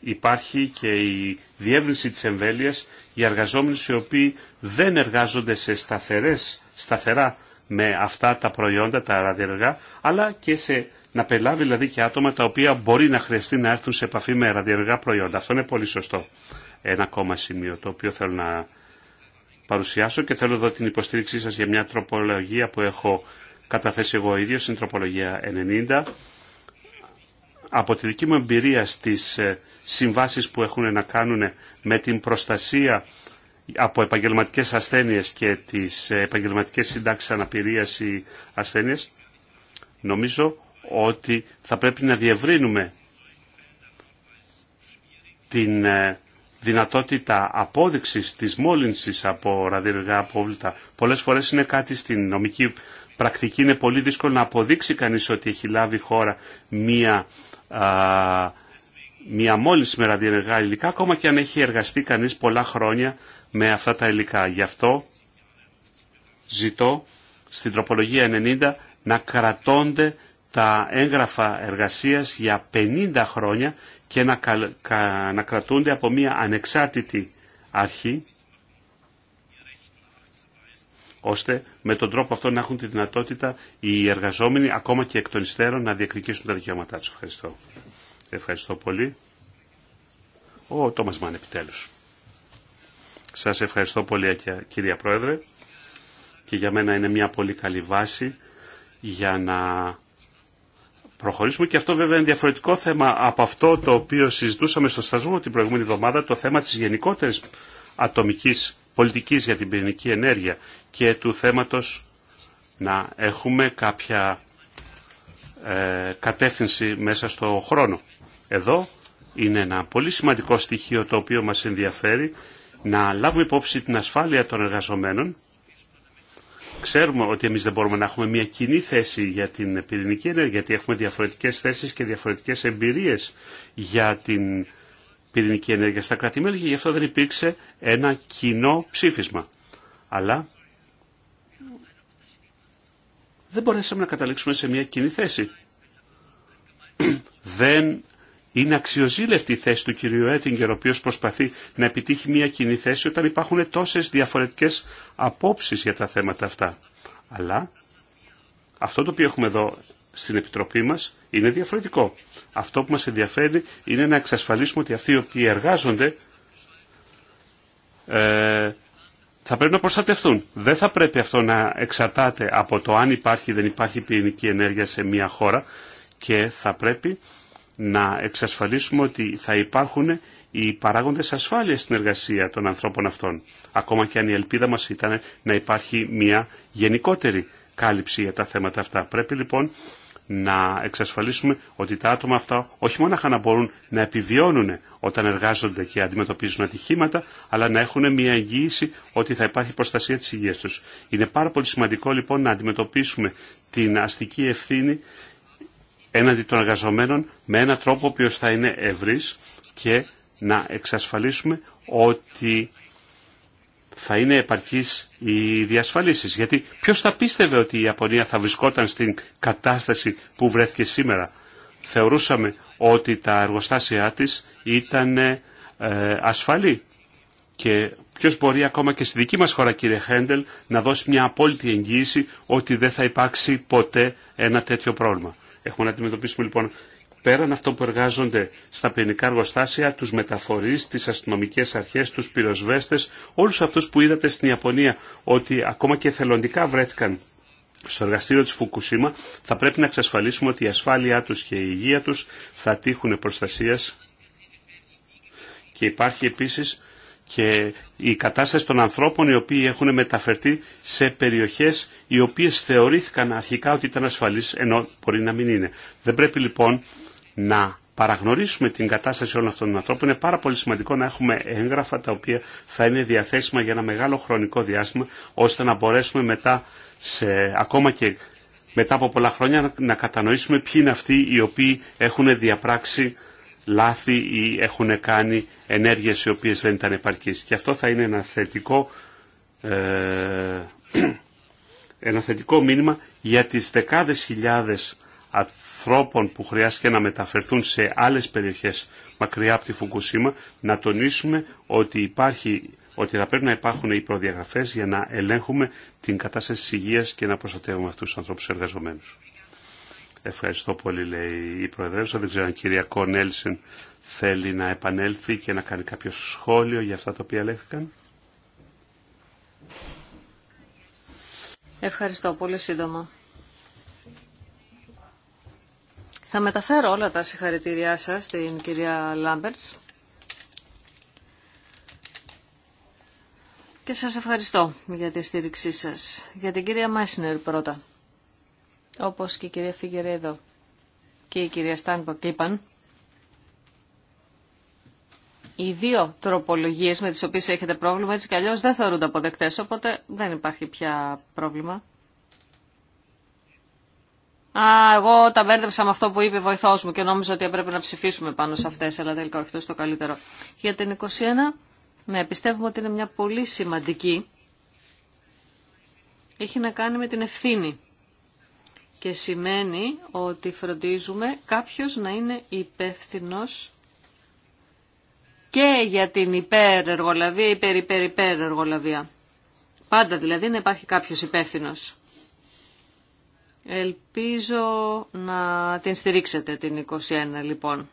υπάρχει και η διεύρυνση της εμβέλειας για εργαζόμενους οι οποίοι δεν εργάζονται σε σταθερές, σταθερά με αυτά τα προϊόντα, τα ραδιεργά, αλλά και σε να πελάβει δηλαδή και άτομα τα οποία μπορεί να χρειαστεί να έρθουν σε επαφή με ραδιεργά προϊόντα. Αυτό είναι πολύ σωστό. Ένα ακόμα σημείο το οποίο θέλω να παρουσιάσω και θέλω εδώ την υποστήριξή σας για μια τροπολογία που έχω καταθέσει εγώ ίδιος, στην τροπολογία 90. Από τη δική μου εμπειρία στις ε, συμβάσεις που έχουν να κάνουν με την προστασία από επαγγελματικές ασθένειες και τις ε, επαγγελματικές συντάξεις αναπηρίας ή ασθένειες, νομίζω ότι θα πρέπει να διευρύνουμε την ε, δυνατότητα απόδειξης της μόλυνσης από ραδιενεργά απόβλητα πολλές φορές είναι κάτι στην νομική πρακτική. Είναι πολύ δύσκολο να αποδείξει κανείς ότι έχει λάβει χώρα μία, α, μία μόλυνση με ραδιενεργά υλικά, ακόμα και αν έχει εργαστεί κανείς πολλά χρόνια με αυτά τα υλικά. Γι' αυτό ζητώ στην τροπολογία 90 να κρατώνται τα έγγραφα εργασίας για 50 χρόνια και να, κρατούνται από μια ανεξάρτητη αρχή ώστε με τον τρόπο αυτό να έχουν τη δυνατότητα οι εργαζόμενοι ακόμα και εκ των υστέρων να διεκδικήσουν τα δικαιώματά τους. Ευχαριστώ. Ευχαριστώ πολύ. Ο Τόμας Μαν επιτέλους. Σας ευχαριστώ πολύ κυρία Πρόεδρε και για μένα είναι μια πολύ καλή βάση για να προχωρήσουμε και αυτό βέβαια είναι διαφορετικό θέμα από αυτό το οποίο συζητούσαμε στο Στασβούργο την προηγούμενη εβδομάδα, το θέμα της γενικότερης ατομικής πολιτικής για την πυρηνική ενέργεια και του θέματος να έχουμε κάποια ε, κατεύθυνση μέσα στο χρόνο. Εδώ είναι ένα πολύ σημαντικό στοιχείο το οποίο μας ενδιαφέρει να λάβουμε υπόψη την ασφάλεια των εργαζομένων ξέρουμε ότι εμείς δεν μπορούμε να έχουμε μια κοινή θέση για την πυρηνική ενέργεια, γιατί έχουμε διαφορετικές θέσεις και διαφορετικές εμπειρίες για την πυρηνική ενέργεια στα κράτη-μέλη και γι' αυτό δεν υπήρξε ένα κοινό ψήφισμα. Αλλά δεν μπορέσαμε να καταλήξουμε σε μια κοινή θέση. δεν είναι αξιοζήλευτη η θέση του κυρίου Έτιγκερ, ο οποίο προσπαθεί να επιτύχει μια κοινή θέση όταν υπάρχουν τόσε διαφορετικέ απόψει για τα θέματα αυτά. Αλλά αυτό το οποίο έχουμε εδώ στην Επιτροπή μας είναι διαφορετικό. Αυτό που μας ενδιαφέρει είναι να εξασφαλίσουμε ότι αυτοί οι οποίοι εργάζονται ε, θα πρέπει να προστατευτούν. Δεν θα πρέπει αυτό να εξαρτάται από το αν υπάρχει ή δεν υπάρχει πυρηνική ενέργεια σε μια χώρα και θα πρέπει να εξασφαλίσουμε ότι θα υπάρχουν οι παράγοντες ασφάλειας στην εργασία των ανθρώπων αυτών. Ακόμα και αν η ελπίδα μας ήταν να υπάρχει μια γενικότερη κάλυψη για τα θέματα αυτά. Πρέπει λοιπόν να εξασφαλίσουμε ότι τα άτομα αυτά όχι μόνο να μπορούν να επιβιώνουν όταν εργάζονται και αντιμετωπίζουν ατυχήματα, αλλά να έχουν μια εγγύηση ότι θα υπάρχει προστασία της υγείας τους. Είναι πάρα πολύ σημαντικό λοιπόν να αντιμετωπίσουμε την αστική ευθύνη έναντι των εργαζομένων με έναν τρόπο ο οποίος θα είναι ευρύς και να εξασφαλίσουμε ότι θα είναι επαρκής οι διασφαλίσεις. Γιατί ποιος θα πίστευε ότι η Ιαπωνία θα βρισκόταν στην κατάσταση που βρέθηκε σήμερα. Θεωρούσαμε ότι τα εργοστάσια της ήταν ε, ασφαλή. Και ποιος μπορεί ακόμα και στη δική μας χώρα κύριε Χέντελ να δώσει μια απόλυτη εγγύηση ότι δεν θα υπάρξει ποτέ ένα τέτοιο πρόβλημα. Έχουμε να αντιμετωπίσουμε λοιπόν πέραν αυτό που εργάζονται στα πυρηνικά εργοστάσια, τους μεταφορείς, τις αστυνομικές αρχές, τους πυροσβέστες, όλους αυτούς που είδατε στην Ιαπωνία ότι ακόμα και θελοντικά βρέθηκαν στο εργαστήριο της Φουκουσίμα, θα πρέπει να εξασφαλίσουμε ότι η ασφάλειά τους και η υγεία τους θα τύχουν προστασίας. Και υπάρχει επίσης και η κατάσταση των ανθρώπων οι οποίοι έχουν μεταφερθεί σε περιοχές οι οποίες θεωρήθηκαν αρχικά ότι ήταν ασφαλείς ενώ μπορεί να μην είναι. Δεν πρέπει λοιπόν να παραγνωρίσουμε την κατάσταση όλων αυτών των ανθρώπων. Είναι πάρα πολύ σημαντικό να έχουμε έγγραφα τα οποία θα είναι διαθέσιμα για ένα μεγάλο χρονικό διάστημα ώστε να μπορέσουμε μετά σε, ακόμα και μετά από πολλά χρόνια να κατανοήσουμε ποιοι είναι αυτοί οι οποίοι έχουν διαπράξει λάθη ή έχουν κάνει ενέργειες οι οποίες δεν ήταν επαρκείς. Και αυτό θα είναι ένα θετικό, ε, ένα θετικό μήνυμα για τις δεκάδες χιλιάδες ανθρώπων που χρειάστηκε να μεταφερθούν σε άλλες περιοχές μακριά από τη Φουκουσίμα, να τονίσουμε ότι, υπάρχει, ότι θα πρέπει να υπάρχουν οι προδιαγραφές για να ελέγχουμε την κατάσταση της υγείας και να προστατεύουμε αυτούς τους ανθρώπους εργαζομένους. Ευχαριστώ πολύ, λέει η Προεδρεύουσα. Δεν ξέρω αν η κυρία Κονέλσεν θέλει να επανέλθει και να κάνει κάποιο σχόλιο για αυτά τα οποία λέχθηκαν. Ευχαριστώ πολύ σύντομα. Θα μεταφέρω όλα τα συγχαρητήριά σας στην κυρία Λάμπερτς. Και σας ευχαριστώ για τη στήριξή σας. Για την κυρία Μάισνερ πρώτα. Όπως και η κυρία Φιγερέδο και η κυρία Στάνκο είπαν, οι δύο τροπολογίες με τις οποίες έχετε πρόβλημα έτσι κι αλλιώς δεν θεωρούνται αποδεκτές, οπότε δεν υπάρχει πια πρόβλημα. Α, εγώ τα μπέρδευσα με αυτό που είπε βοηθό μου και νόμιζα ότι έπρεπε να ψηφίσουμε πάνω σε αυτέ, αλλά τελικά όχι τόσο το καλύτερο. Για την 21, ναι, πιστεύουμε ότι είναι μια πολύ σημαντική. Έχει να κάνει με την ευθύνη και σημαίνει ότι φροντίζουμε κάποιος να είναι υπεύθυνο και για την υπερεργολαβία, υπερ, υπερ, υπερ Πάντα δηλαδή να υπάρχει κάποιος υπεύθυνο. Ελπίζω να την στηρίξετε την 21 λοιπόν.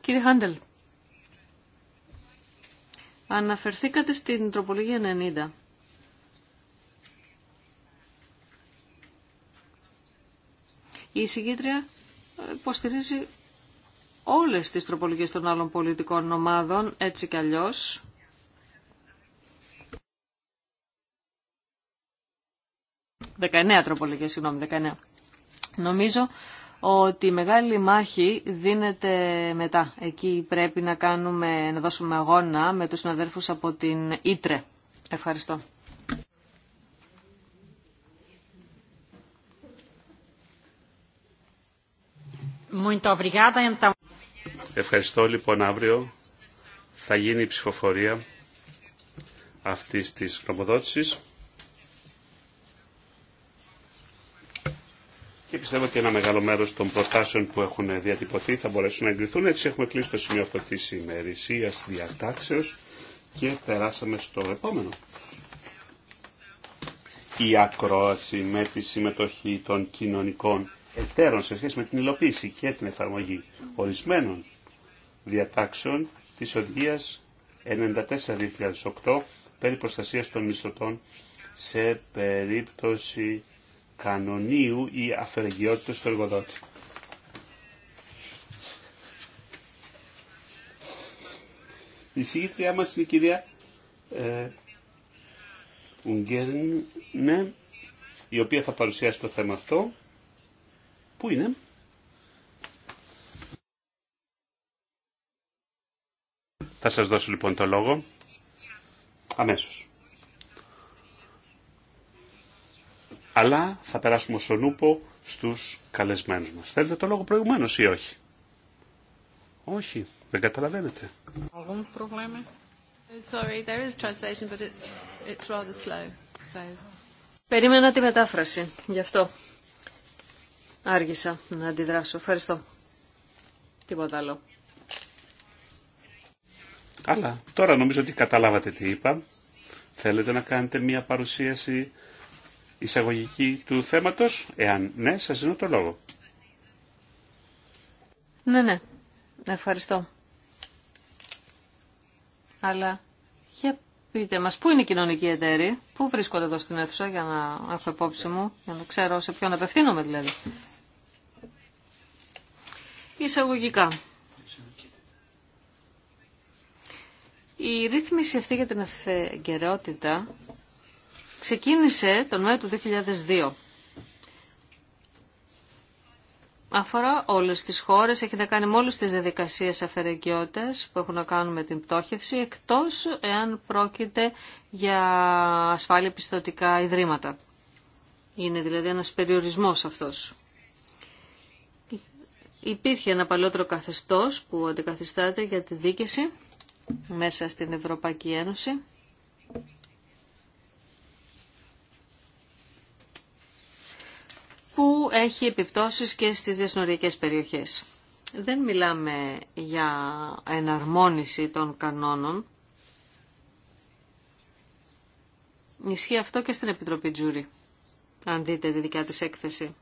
Κύριε Χάντελ. Αναφερθήκατε στην τροπολογία 90. Η συγκήτρια υποστηρίζει όλες τις τροπολογίες των άλλων πολιτικών ομάδων, έτσι κι αλλιώς. 19 τροπολογίες, συγγνώμη, 19. Νομίζω ότι η μεγάλη μάχη δίνεται μετά. Εκεί πρέπει να, κάνουμε, να δώσουμε αγώνα με τους συναδέρφους από την Ήτρε. Ευχαριστώ. Ευχαριστώ λοιπόν αύριο θα γίνει η ψηφοφορία αυτής της νομοδότησης. και πιστεύω ότι ένα μεγάλο μέρος των προτάσεων που έχουν διατυπωθεί θα μπορέσουν να εγκριθούν. Έτσι έχουμε κλείσει το σημείο αυτό της ημερησίας διατάξεως και περάσαμε στο επόμενο. Η ακρόαση με τη συμμετοχή των κοινωνικών εταίρων σε σχέση με την υλοποίηση και την εφαρμογή ορισμένων διατάξεων της οδηγίας 94-2008 περί προστασίας των μισθωτών σε περίπτωση κανονίου ή αφαιρεγιότητας του εργοδότη. Η συγγήτριά μας είναι η κυρία ε, Ουγγέρνε, η κυρια ε η οποια θα παρουσιάσει το θέμα αυτό. Πού είναι? Θα σας δώσω λοιπόν το λόγο αμέσως. αλλά θα περάσουμε στον ούπο στους καλεσμένους μας. Θέλετε το λόγο προηγουμένως ή όχι. Όχι, δεν καταλαβαίνετε. Περίμενα τη μετάφραση, γι' αυτό άργησα να αντιδράσω. Ευχαριστώ. Τίποτα άλλο. Αλλά τώρα νομίζω ότι καταλάβατε τι είπα. Θέλετε να κάνετε μια παρουσίαση εισαγωγική του θέματος. Εάν ναι, σας δίνω το λόγο. Ναι, ναι. Ευχαριστώ. Αλλά για πείτε μας, πού είναι η κοινωνική εταίρη, πού βρίσκονται εδώ στην αίθουσα για να έχω υπόψη μου, για να ξέρω σε ποιον απευθύνομαι δηλαδή. Εισαγωγικά. Η ρύθμιση αυτή για την ευκαιρεότητα ξεκίνησε τον Μάιο του 2002. Αφορά όλες τις χώρες, έχει να κάνει με όλες τις διαδικασίες που έχουν να κάνουν με την πτώχευση, εκτός εάν πρόκειται για ασφάλεια πιστοτικά ιδρύματα. Είναι δηλαδή ένας περιορισμός αυτός. Υπήρχε ένα παλαιότερο καθεστώς που αντικαθιστάται για τη δίκηση μέσα στην Ευρωπαϊκή Ένωση που έχει επιπτώσεις και στις διασυνοριακέ περιοχές. Δεν μιλάμε για εναρμόνιση των κανόνων. Ισχύει αυτό και στην Επιτροπή Τζούρι, αν δείτε τη δικιά της έκθεση.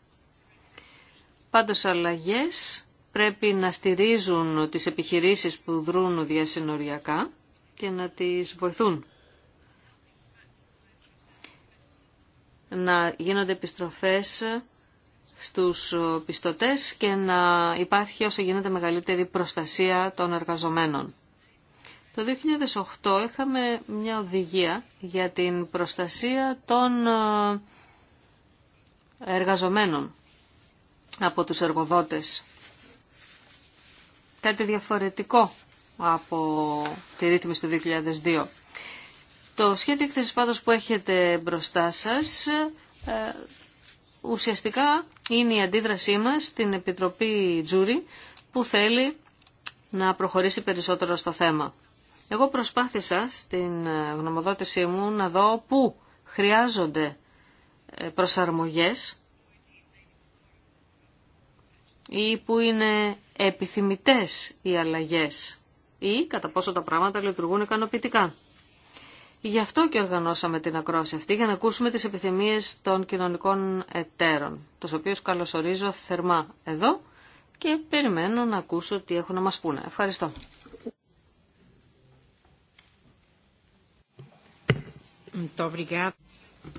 Πάντως αλλαγές πρέπει να στηρίζουν τις επιχειρήσεις που δρούν διασυνοριακά και να τις βοηθούν. Να γίνονται επιστροφές στους πιστωτές και να υπάρχει όσο γίνεται μεγαλύτερη προστασία των εργαζομένων. Το 2008 είχαμε μια οδηγία για την προστασία των ε, εργαζομένων από τους εργοδότες. Κάτι διαφορετικό από τη ρύθμιση του 2002. Το σχέδιο έκθεσης πάντως που έχετε μπροστά σας ε, ουσιαστικά είναι η αντίδρασή μας στην Επιτροπή Τζούρι που θέλει να προχωρήσει περισσότερο στο θέμα. Εγώ προσπάθησα στην ε, γνωμοδότησή μου να δω πού χρειάζονται ε, προσαρμογές ή που είναι επιθυμητές οι αλλαγές ή κατά πόσο τα πράγματα λειτουργούν ικανοποιητικά. Γι' αυτό και οργανώσαμε την ακρόαση αυτή, για να ακούσουμε τις επιθυμίες των κοινωνικών εταίρων, τους οποίους καλωσορίζω θερμά εδώ και περιμένω να ακούσω τι έχουν να μας πούνε. Ευχαριστώ.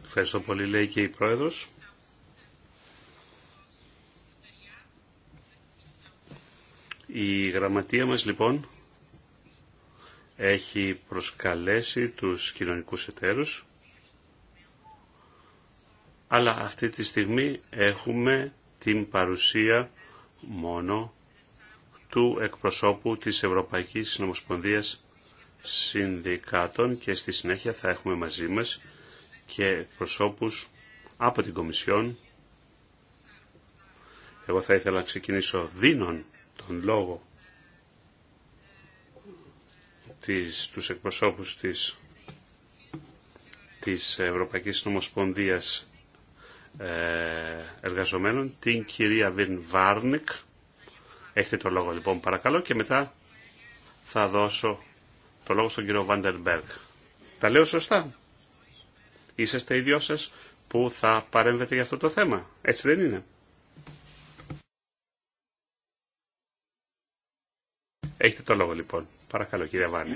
Ευχαριστώ πολύ, λέει και η Πρόεδρος. Η γραμματεία μας, λοιπόν, έχει προσκαλέσει τους κοινωνικούς εταίρους, αλλά αυτή τη στιγμή έχουμε την παρουσία μόνο του εκπροσώπου της Ευρωπαϊκής Συνομοσπονδίας Συνδικάτων και στη συνέχεια θα έχουμε μαζί μας και εκπροσώπους από την Κομισιόν. Εγώ θα ήθελα να ξεκινήσω δίνον τον λόγο τις, τους εκπροσώπους της, της Ευρωπαϊκής Νομοσπονδίας ε, Εργαζομένων, την κυρία Βιν Βάρνικ. Έχετε το λόγο λοιπόν παρακαλώ και μετά θα δώσω το λόγο στον κύριο Βάντερμπεργκ. Τα λέω σωστά. Είσαστε οι δυο σας που θα παρέμβετε για αυτό το θέμα. Έτσι δεν είναι. Έχετε το λόγο λοιπόν. Παρακαλώ κύριε Βάνη.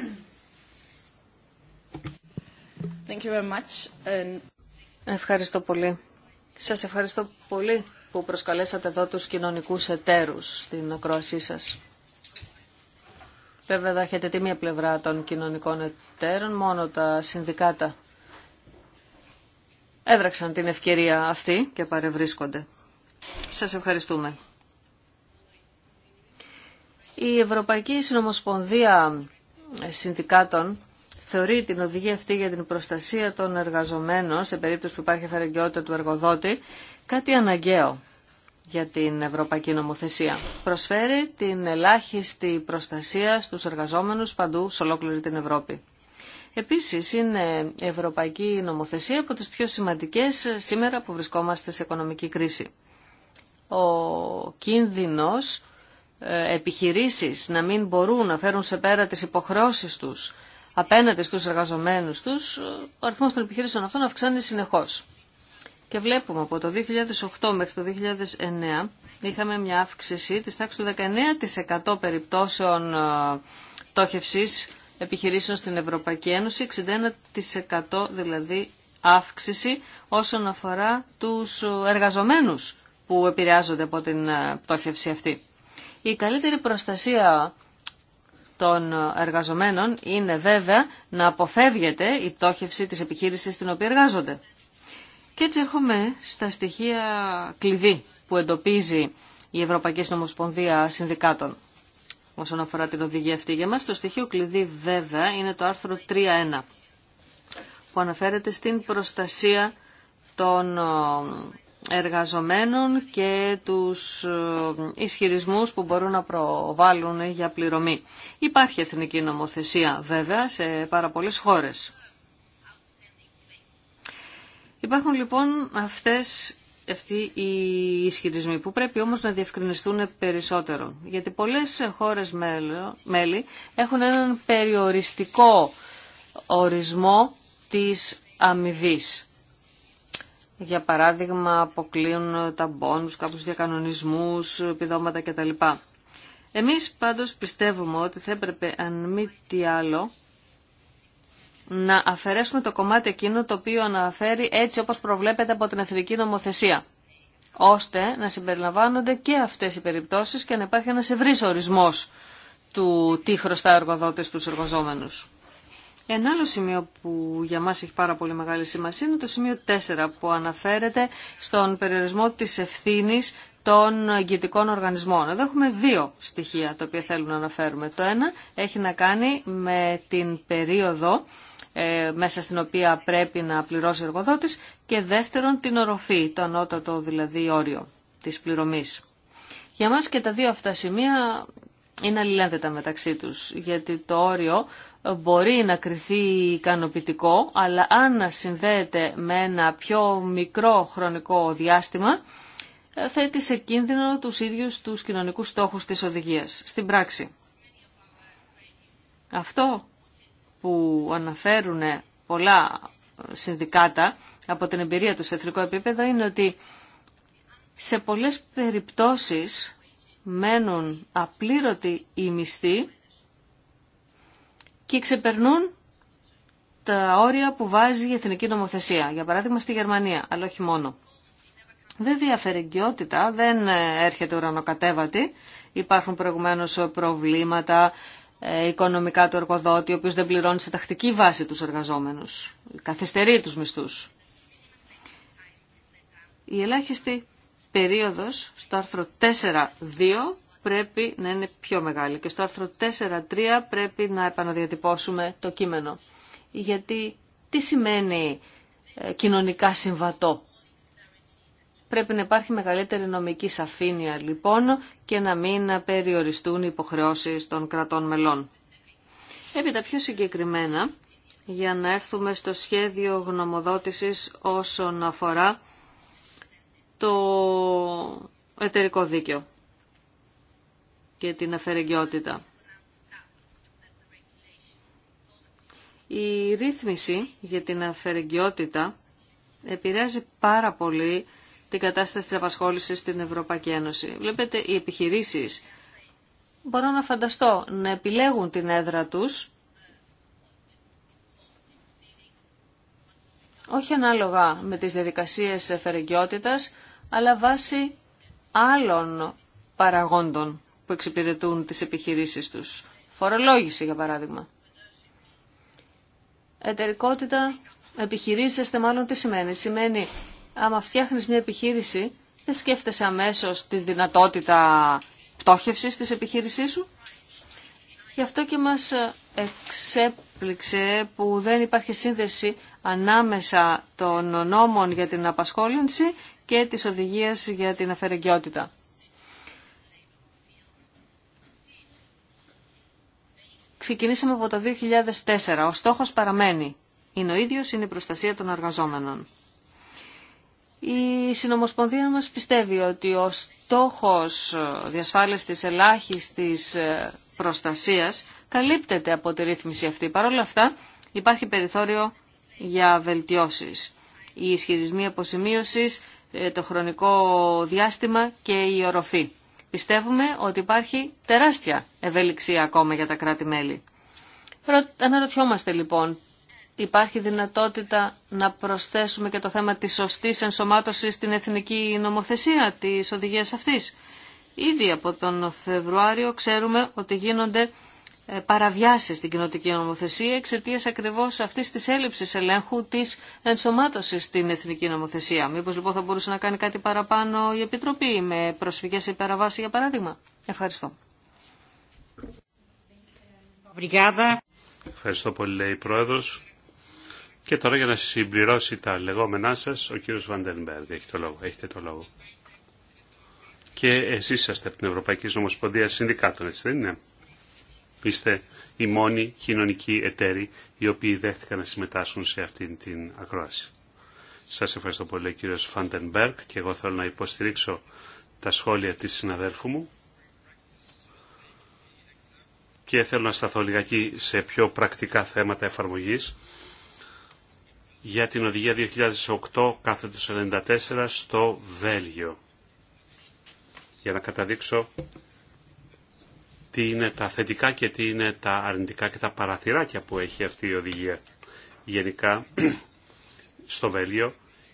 Ευχαριστώ πολύ. Σας ευχαριστώ πολύ που προσκαλέσατε εδώ τους κοινωνικούς εταίρους στην ακρόασή σας. Βέβαια, έχετε τη μία πλευρά των κοινωνικών εταίρων, μόνο τα συνδικάτα έδραξαν την ευκαιρία αυτή και παρευρίσκονται. Σας ευχαριστούμε. Η Ευρωπαϊκή Συνομοσπονδία Συνδικάτων θεωρεί την οδηγία αυτή για την προστασία των εργαζομένων σε περίπτωση που υπάρχει αφαιρεγκαιότητα του εργοδότη κάτι αναγκαίο για την Ευρωπαϊκή Νομοθεσία. Προσφέρει την ελάχιστη προστασία στους εργαζόμενους παντού σε ολόκληρη την Ευρώπη. Επίσης είναι η Ευρωπαϊκή Νομοθεσία από τις πιο σημαντικές σήμερα που βρισκόμαστε σε οικονομική κρίση. Ο κίνδυνος ε, επιχειρήσεις να μην μπορούν να φέρουν σε πέρα τις υποχρεώσεις τους απέναντι στους εργαζομένους τους, ε, ο αριθμός των επιχειρήσεων αυτών αυξάνει συνεχώς. Και βλέπουμε από το 2008 μέχρι το 2009 είχαμε μια αύξηση της τάξης του 19% περιπτώσεων ε, τόχευσης επιχειρήσεων στην Ευρωπαϊκή Ένωση, 61% δηλαδή αύξηση όσον αφορά τους εργαζομένους που επηρεάζονται από την πτώχευση αυτή. Η καλύτερη προστασία των εργαζομένων είναι βέβαια να αποφεύγεται η πτώχευση της επιχείρησης στην οποία εργάζονται. Και έτσι έρχομαι στα στοιχεία κλειδί που εντοπίζει η Ευρωπαϊκή Συνομοσπονδία Συνδικάτων. Όσον αφορά την οδηγία αυτή για μας, το στοιχείο κλειδί βέβαια είναι το άρθρο 3.1 που αναφέρεται στην προστασία των εργαζομένων και τους ε, ισχυρισμούς που μπορούν να προβάλλουν για πληρωμή. Υπάρχει εθνική νομοθεσία βέβαια σε πάρα πολλές χώρες. Υπάρχουν λοιπόν αυτές, αυτοί οι ισχυρισμοί που πρέπει όμως να διευκρινιστούν περισσότερο. Γιατί πολλές χώρες μέλη έχουν έναν περιοριστικό ορισμό της αμοιβή για παράδειγμα αποκλείουν τα μπόνους, κάποιους διακανονισμούς, επιδόματα κτλ. Εμείς πάντως πιστεύουμε ότι θα έπρεπε αν μη τι άλλο να αφαιρέσουμε το κομμάτι εκείνο το οποίο αναφέρει έτσι όπως προβλέπεται από την εθνική νομοθεσία ώστε να συμπεριλαμβάνονται και αυτές οι περιπτώσεις και να υπάρχει ένας ευρύς ορισμός του τι χρωστά εργοδότες τους ένα άλλο σημείο που για μας έχει πάρα πολύ μεγάλη σημασία είναι το σημείο 4 που αναφέρεται στον περιορισμό της ευθύνη των εγγυητικών οργανισμών. Εδώ έχουμε δύο στοιχεία τα οποία θέλουμε να αναφέρουμε. Το ένα έχει να κάνει με την περίοδο ε, μέσα στην οποία πρέπει να πληρώσει ο εργοδότης και δεύτερον την οροφή, το ανώτατο δηλαδή όριο της πληρωμής. Για μας και τα δύο αυτά σημεία είναι αλληλένδετα μεταξύ τους, γιατί το όριο μπορεί να κριθεί ικανοποιητικό, αλλά αν συνδέεται με ένα πιο μικρό χρονικό διάστημα, ε, θέτει σε κίνδυνο τους ίδιους τους κοινωνικούς στόχους της οδηγίας. Στην πράξη. Αυτό που αναφέρουν πολλά ε, συνδικάτα από την εμπειρία του σε εθνικό επίπεδο είναι ότι σε πολλές περιπτώσεις μένουν απλήρωτοι οι μισθοί και ξεπερνούν τα όρια που βάζει η εθνική νομοθεσία. Για παράδειγμα στη Γερμανία, αλλά όχι μόνο. Δεν διαφέρει δεν ε, έρχεται ουρανοκατέβατη. Υπάρχουν προηγουμένως ε, προβλήματα ε, οικονομικά του εργοδότη, ο οποίος δεν πληρώνει σε τακτική βάση τους εργαζόμενους. Καθυστερεί τους μισθούς. Η ελάχιστη περίοδος στο άρθρο 4.2 πρέπει να είναι πιο μεγάλη. Και στο άρθρο 4.3 πρέπει να επαναδιατυπώσουμε το κείμενο. Γιατί τι σημαίνει ε, κοινωνικά συμβατό. Πρέπει να υπάρχει μεγαλύτερη νομική σαφήνεια λοιπόν και να μην περιοριστούν οι υποχρεώσεις των κρατών μελών. Έπειτα πιο συγκεκριμένα, για να έρθουμε στο σχέδιο γνωμοδότησης όσον αφορά το εταιρικό δίκαιο για την αφαιρεγγιότητα. Η ρύθμιση για την αφαιρεγκαιότητα επηρεάζει πάρα πολύ την κατάσταση της απασχόλησης στην Ευρωπαϊκή Ένωση. Βλέπετε, οι επιχειρήσεις μπορώ να φανταστώ να επιλέγουν την έδρα τους όχι ανάλογα με τις διαδικασίες αφαιρεγκαιότητας αλλά βάσει άλλων παραγόντων που εξυπηρετούν τις επιχειρήσεις τους. Φορολόγηση, για παράδειγμα. Εταιρικότητα, επιχειρήσεστε μάλλον τι σημαίνει. Σημαίνει, άμα φτιάχνεις μια επιχείρηση, δεν σκέφτεσαι αμέσως τη δυνατότητα πτώχευσης της επιχείρησής σου. Γι' αυτό και μας εξέπληξε που δεν υπάρχει σύνδεση ανάμεσα των νόμων για την απασχόληση και της οδηγίας για την αφαιρεγκαιότητα. ξεκινήσαμε από το 2004. Ο στόχος παραμένει. Είναι ο ίδιος, είναι η προστασία των εργαζόμενων. Η Συνομοσπονδία μας πιστεύει ότι ο στόχος διασφάλισης της ελάχιστης ε, προστασίας καλύπτεται από τη ρύθμιση αυτή. Παρ' όλα αυτά υπάρχει περιθώριο για βελτιώσεις. Οι ισχυρισμοί αποσημείωσης, ε, το χρονικό διάστημα και η οροφή. Πιστεύουμε ότι υπάρχει τεράστια ευελιξία ακόμα για τα κράτη-μέλη. Αναρωτιόμαστε λοιπόν, υπάρχει δυνατότητα να προσθέσουμε και το θέμα της σωστής ενσωμάτωσης στην εθνική νομοθεσία της οδηγίας αυτής. Ήδη από τον Φεβρουάριο ξέρουμε ότι γίνονται ε, παραβιάσεις στην κοινοτική νομοθεσία εξαιτία ακριβώ αυτή τη έλλειψη ελέγχου τη ενσωμάτωση στην εθνική νομοθεσία. Μήπω λοιπόν θα μπορούσε να κάνει κάτι παραπάνω η Επιτροπή με προσφυγές υπεραβάση για παράδειγμα. Ευχαριστώ. Ευχαριστώ πολύ λέει η Πρόεδρος. Και τώρα για να συμπληρώσει τα λεγόμενά σα, ο κύριο Βαντενμπέργκ έχει το λόγο. Έχετε το λόγο. Και εσείς είσαστε από την Ευρωπαϊκή Νομοσπονδία Συνδικάτων, έτσι δεν είναι είστε οι μόνοι κοινωνικοί εταίροι οι οποίοι δέχτηκαν να συμμετάσχουν σε αυτήν την ακρόαση. Σας ευχαριστώ πολύ κύριος Φαντενμπέρκ και εγώ θέλω να υποστηρίξω τα σχόλια της συναδέλφου μου και θέλω να σταθώ λιγάκι σε πιο πρακτικά θέματα εφαρμογής για την οδηγία 2008 κάθετος 94 στο Βέλγιο για να καταδείξω τι είναι τα θετικά και τι είναι τα αρνητικά και τα παραθυράκια που έχει αυτή η οδηγία. Γενικά, στο Βέλιο,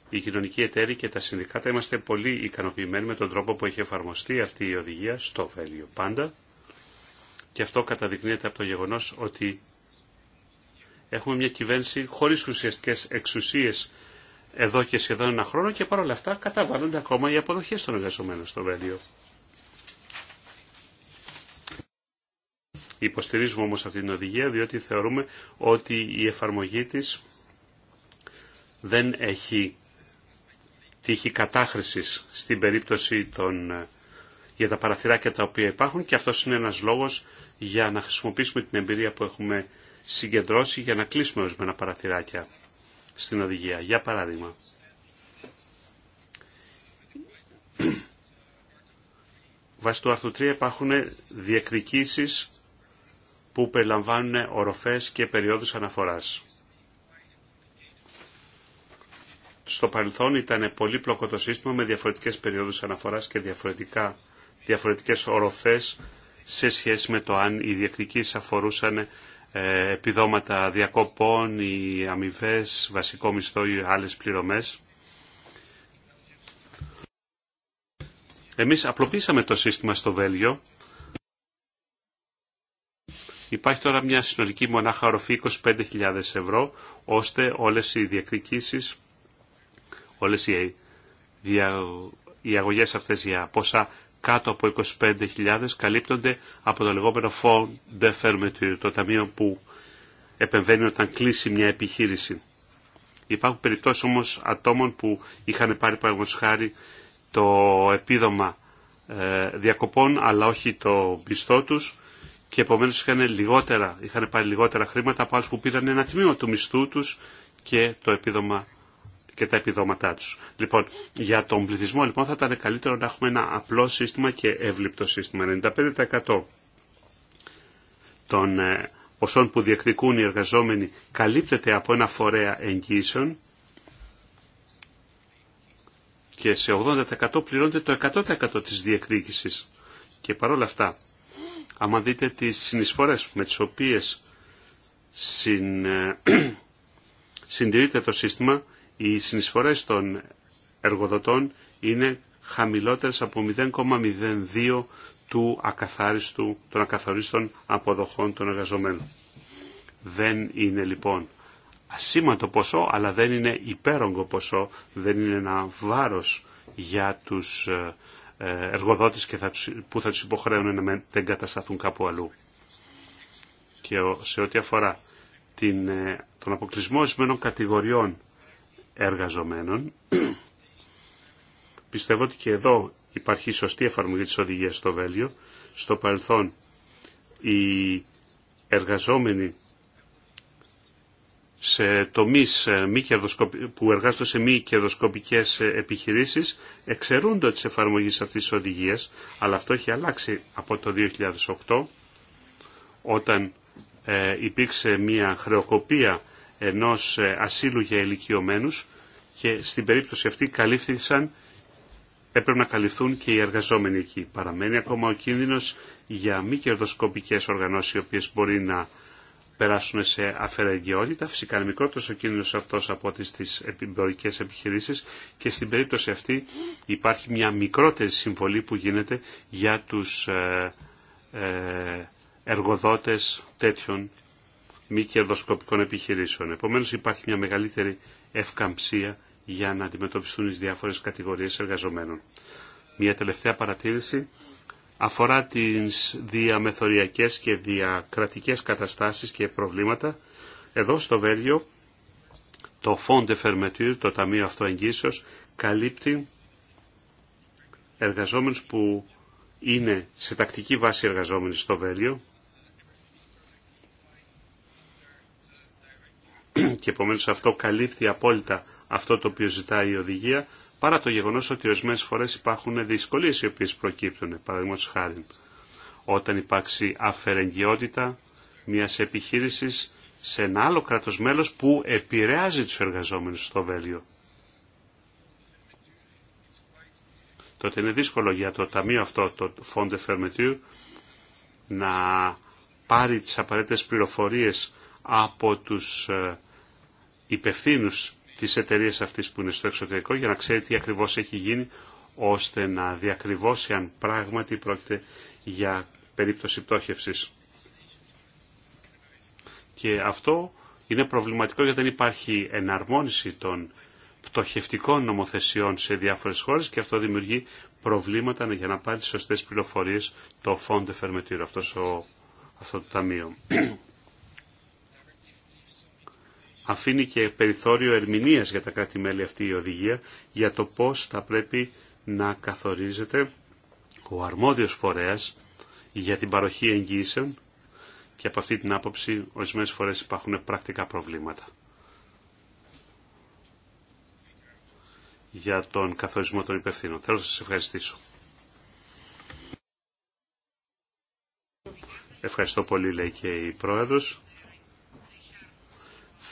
η κοινωνική εταίροι και τα συνδικάτα είμαστε πολύ ικανοποιημένοι με τον τρόπο που έχει εφαρμοστεί αυτή η οδηγία στο Βέλιο πάντα. Και αυτό καταδεικνύεται από το γεγονός ότι έχουμε μια κυβέρνηση χωρίς ουσιαστικές εξουσίες εδώ και σχεδόν ένα χρόνο και παρόλα αυτά καταβάλλονται ακόμα οι αποδοχές των εργαζομένων στο Βέλιο. Υποστηρίζουμε όμως αυτή την οδηγία διότι θεωρούμε ότι η εφαρμογή της δεν έχει τύχη κατάχρησης στην περίπτωση των, για τα παραθυράκια τα οποία υπάρχουν και αυτός είναι ένας λόγος για να χρησιμοποιήσουμε την εμπειρία που έχουμε συγκεντρώσει για να κλείσουμε ορισμένα παραθυράκια στην οδηγία. Για παράδειγμα, βάσει του άρθρου 3 υπάρχουν διεκδικήσεις που περιλαμβάνουν οροφές και περιόδους αναφοράς. Στο παρελθόν ήταν πολύπλοκο το σύστημα με διαφορετικές περιόδους αναφοράς και διαφορετικά, διαφορετικές οροφές σε σχέση με το αν οι διεκδικήσεις αφορούσαν ε, επιδόματα διακοπών ή αμοιβέ, βασικό μισθό ή άλλες πληρωμές. Εμείς απλοποίησαμε το σύστημα στο Βέλγιο Υπάρχει τώρα μια συνολική μονάχα οροφή 25.000 ευρώ, ώστε όλες οι διεκδικήσεις, όλες οι, δια, οι αγωγές αυτές για ποσά κάτω από 25.000 καλύπτονται από το λεγόμενο Fond de Fermeture, το ταμείο που επεμβαίνει όταν κλείσει μια επιχείρηση. Υπάρχουν περιπτώσεις όμως ατόμων που είχαν πάρει παραγωγός χάρη το επίδομα ε, διακοπών αλλά όχι το πιστό τους και επομένως είχαν, λιγότερα, είχαν πάρει λιγότερα χρήματα από άλλους που πήραν ένα τμήμα του μισθού τους και, το επίδομα, και τα επιδόματά τους. Λοιπόν, για τον πληθυσμό λοιπόν θα ήταν καλύτερο να έχουμε ένα απλό σύστημα και εύληπτο σύστημα. 95% των ε, ποσών που διεκδικούν οι εργαζόμενοι καλύπτεται από ένα φορέα εγγύσεων και σε 80% πληρώνεται το 100% της διεκδίκησης. Και παρόλα αυτά, άμα δείτε τις συνεισφορές με τις οποίες συν, ε, συντηρείται το σύστημα, οι συνεισφορές των εργοδοτών είναι χαμηλότερες από 0,02 του ακαθάριστου, των ακαθαρίστων αποδοχών των εργαζομένων. Δεν είναι λοιπόν ασήμαντο ποσό, αλλά δεν είναι υπέρογκο ποσό, δεν είναι ένα βάρος για τους ε, ε, εργοδότης και θα, που θα τους υποχρέουν να δεν κατασταθούν κάπου αλλού. Και σε ό,τι αφορά την, ε, τον αποκλεισμό ορισμένων κατηγοριών εργαζομένων, πιστεύω ότι και εδώ υπάρχει σωστή εφαρμογή της οδηγίας στο Βέλιο. Στο παρελθόν οι εργαζόμενοι σε τομείς ε, που εργάζονται σε μη κερδοσκοπικές ε, επιχειρήσεις εξαιρούνται τις εφαρμογή αυτής της οδηγίας, αλλά αυτό έχει αλλάξει από το 2008 όταν ε, υπήρξε μια χρεοκοπία ενός ε, ασύλου για ηλικιωμένους και στην περίπτωση αυτή καλύφθησαν, έπρεπε να καλυφθούν και οι εργαζόμενοι εκεί. Παραμένει ακόμα ο κίνδυνος για μη κερδοσκοπικές οργανώσεις οι οποίες μπορεί να περάσουν σε αφαιρεγγιότητα. Φυσικά είναι μικρότερο ο κίνδυνο αυτό από ό,τι στι εμπορικέ επιχειρήσει και στην περίπτωση αυτή υπάρχει μια μικρότερη συμβολή που γίνεται για του ε, ε, εργοδότε τέτοιων μη κερδοσκοπικών επιχειρήσεων. Επομένω υπάρχει μια μεγαλύτερη ευκαμψία για να αντιμετωπιστούν οι διάφορε κατηγορίε εργαζομένων. Μια τελευταία παρατήρηση αφορά τις διαμεθοριακές και διακρατικές καταστάσεις και προβλήματα. Εδώ στο Βέλγιο το Fond de Fermeture, το Ταμείο Αυτοεγγύσεως, καλύπτει εργαζόμενους που είναι σε τακτική βάση εργαζόμενοι στο Βέλγιο και επομένως αυτό καλύπτει απόλυτα αυτό το οποίο ζητάει η οδηγία παρά το γεγονός ότι ορισμένε φορές υπάρχουν δυσκολίε οι οποίε προκύπτουν, Παραδείγματο χάρη, όταν υπάρξει αφαιρεγγιότητα μια επιχείρηση σε ένα άλλο κράτο μέλος που επηρεάζει τους εργαζόμενους στο Βέλιο. Τότε είναι δύσκολο για το ταμείο αυτό, το de Fermeture, να πάρει τις απαραίτητες πληροφορίες από τους ε, υπευθύνους τι εταιρείας αυτής που είναι στο εξωτερικό για να ξέρει τι ακριβώς έχει γίνει ώστε να διακριβώσει αν πράγματι πρόκειται για περίπτωση πτώχευσης. Και αυτό είναι προβληματικό γιατί δεν υπάρχει εναρμόνιση των πτωχευτικών νομοθεσιών σε διάφορες χώρες και αυτό δημιουργεί προβλήματα για να πάρει τις σωστές πληροφορίες το Fond de αυτός αυτό το ταμείο αφήνει και περιθώριο ερμηνείας για τα κράτη-μέλη αυτή η οδηγία για το πώς θα πρέπει να καθορίζεται ο αρμόδιος φορέας για την παροχή εγγύησεων και από αυτή την άποψη ορισμένε φορές υπάρχουν πρακτικά προβλήματα. για τον καθορισμό των υπευθύνων. Θέλω να σας ευχαριστήσω. Ευχαριστώ πολύ, λέει και η Πρόεδρος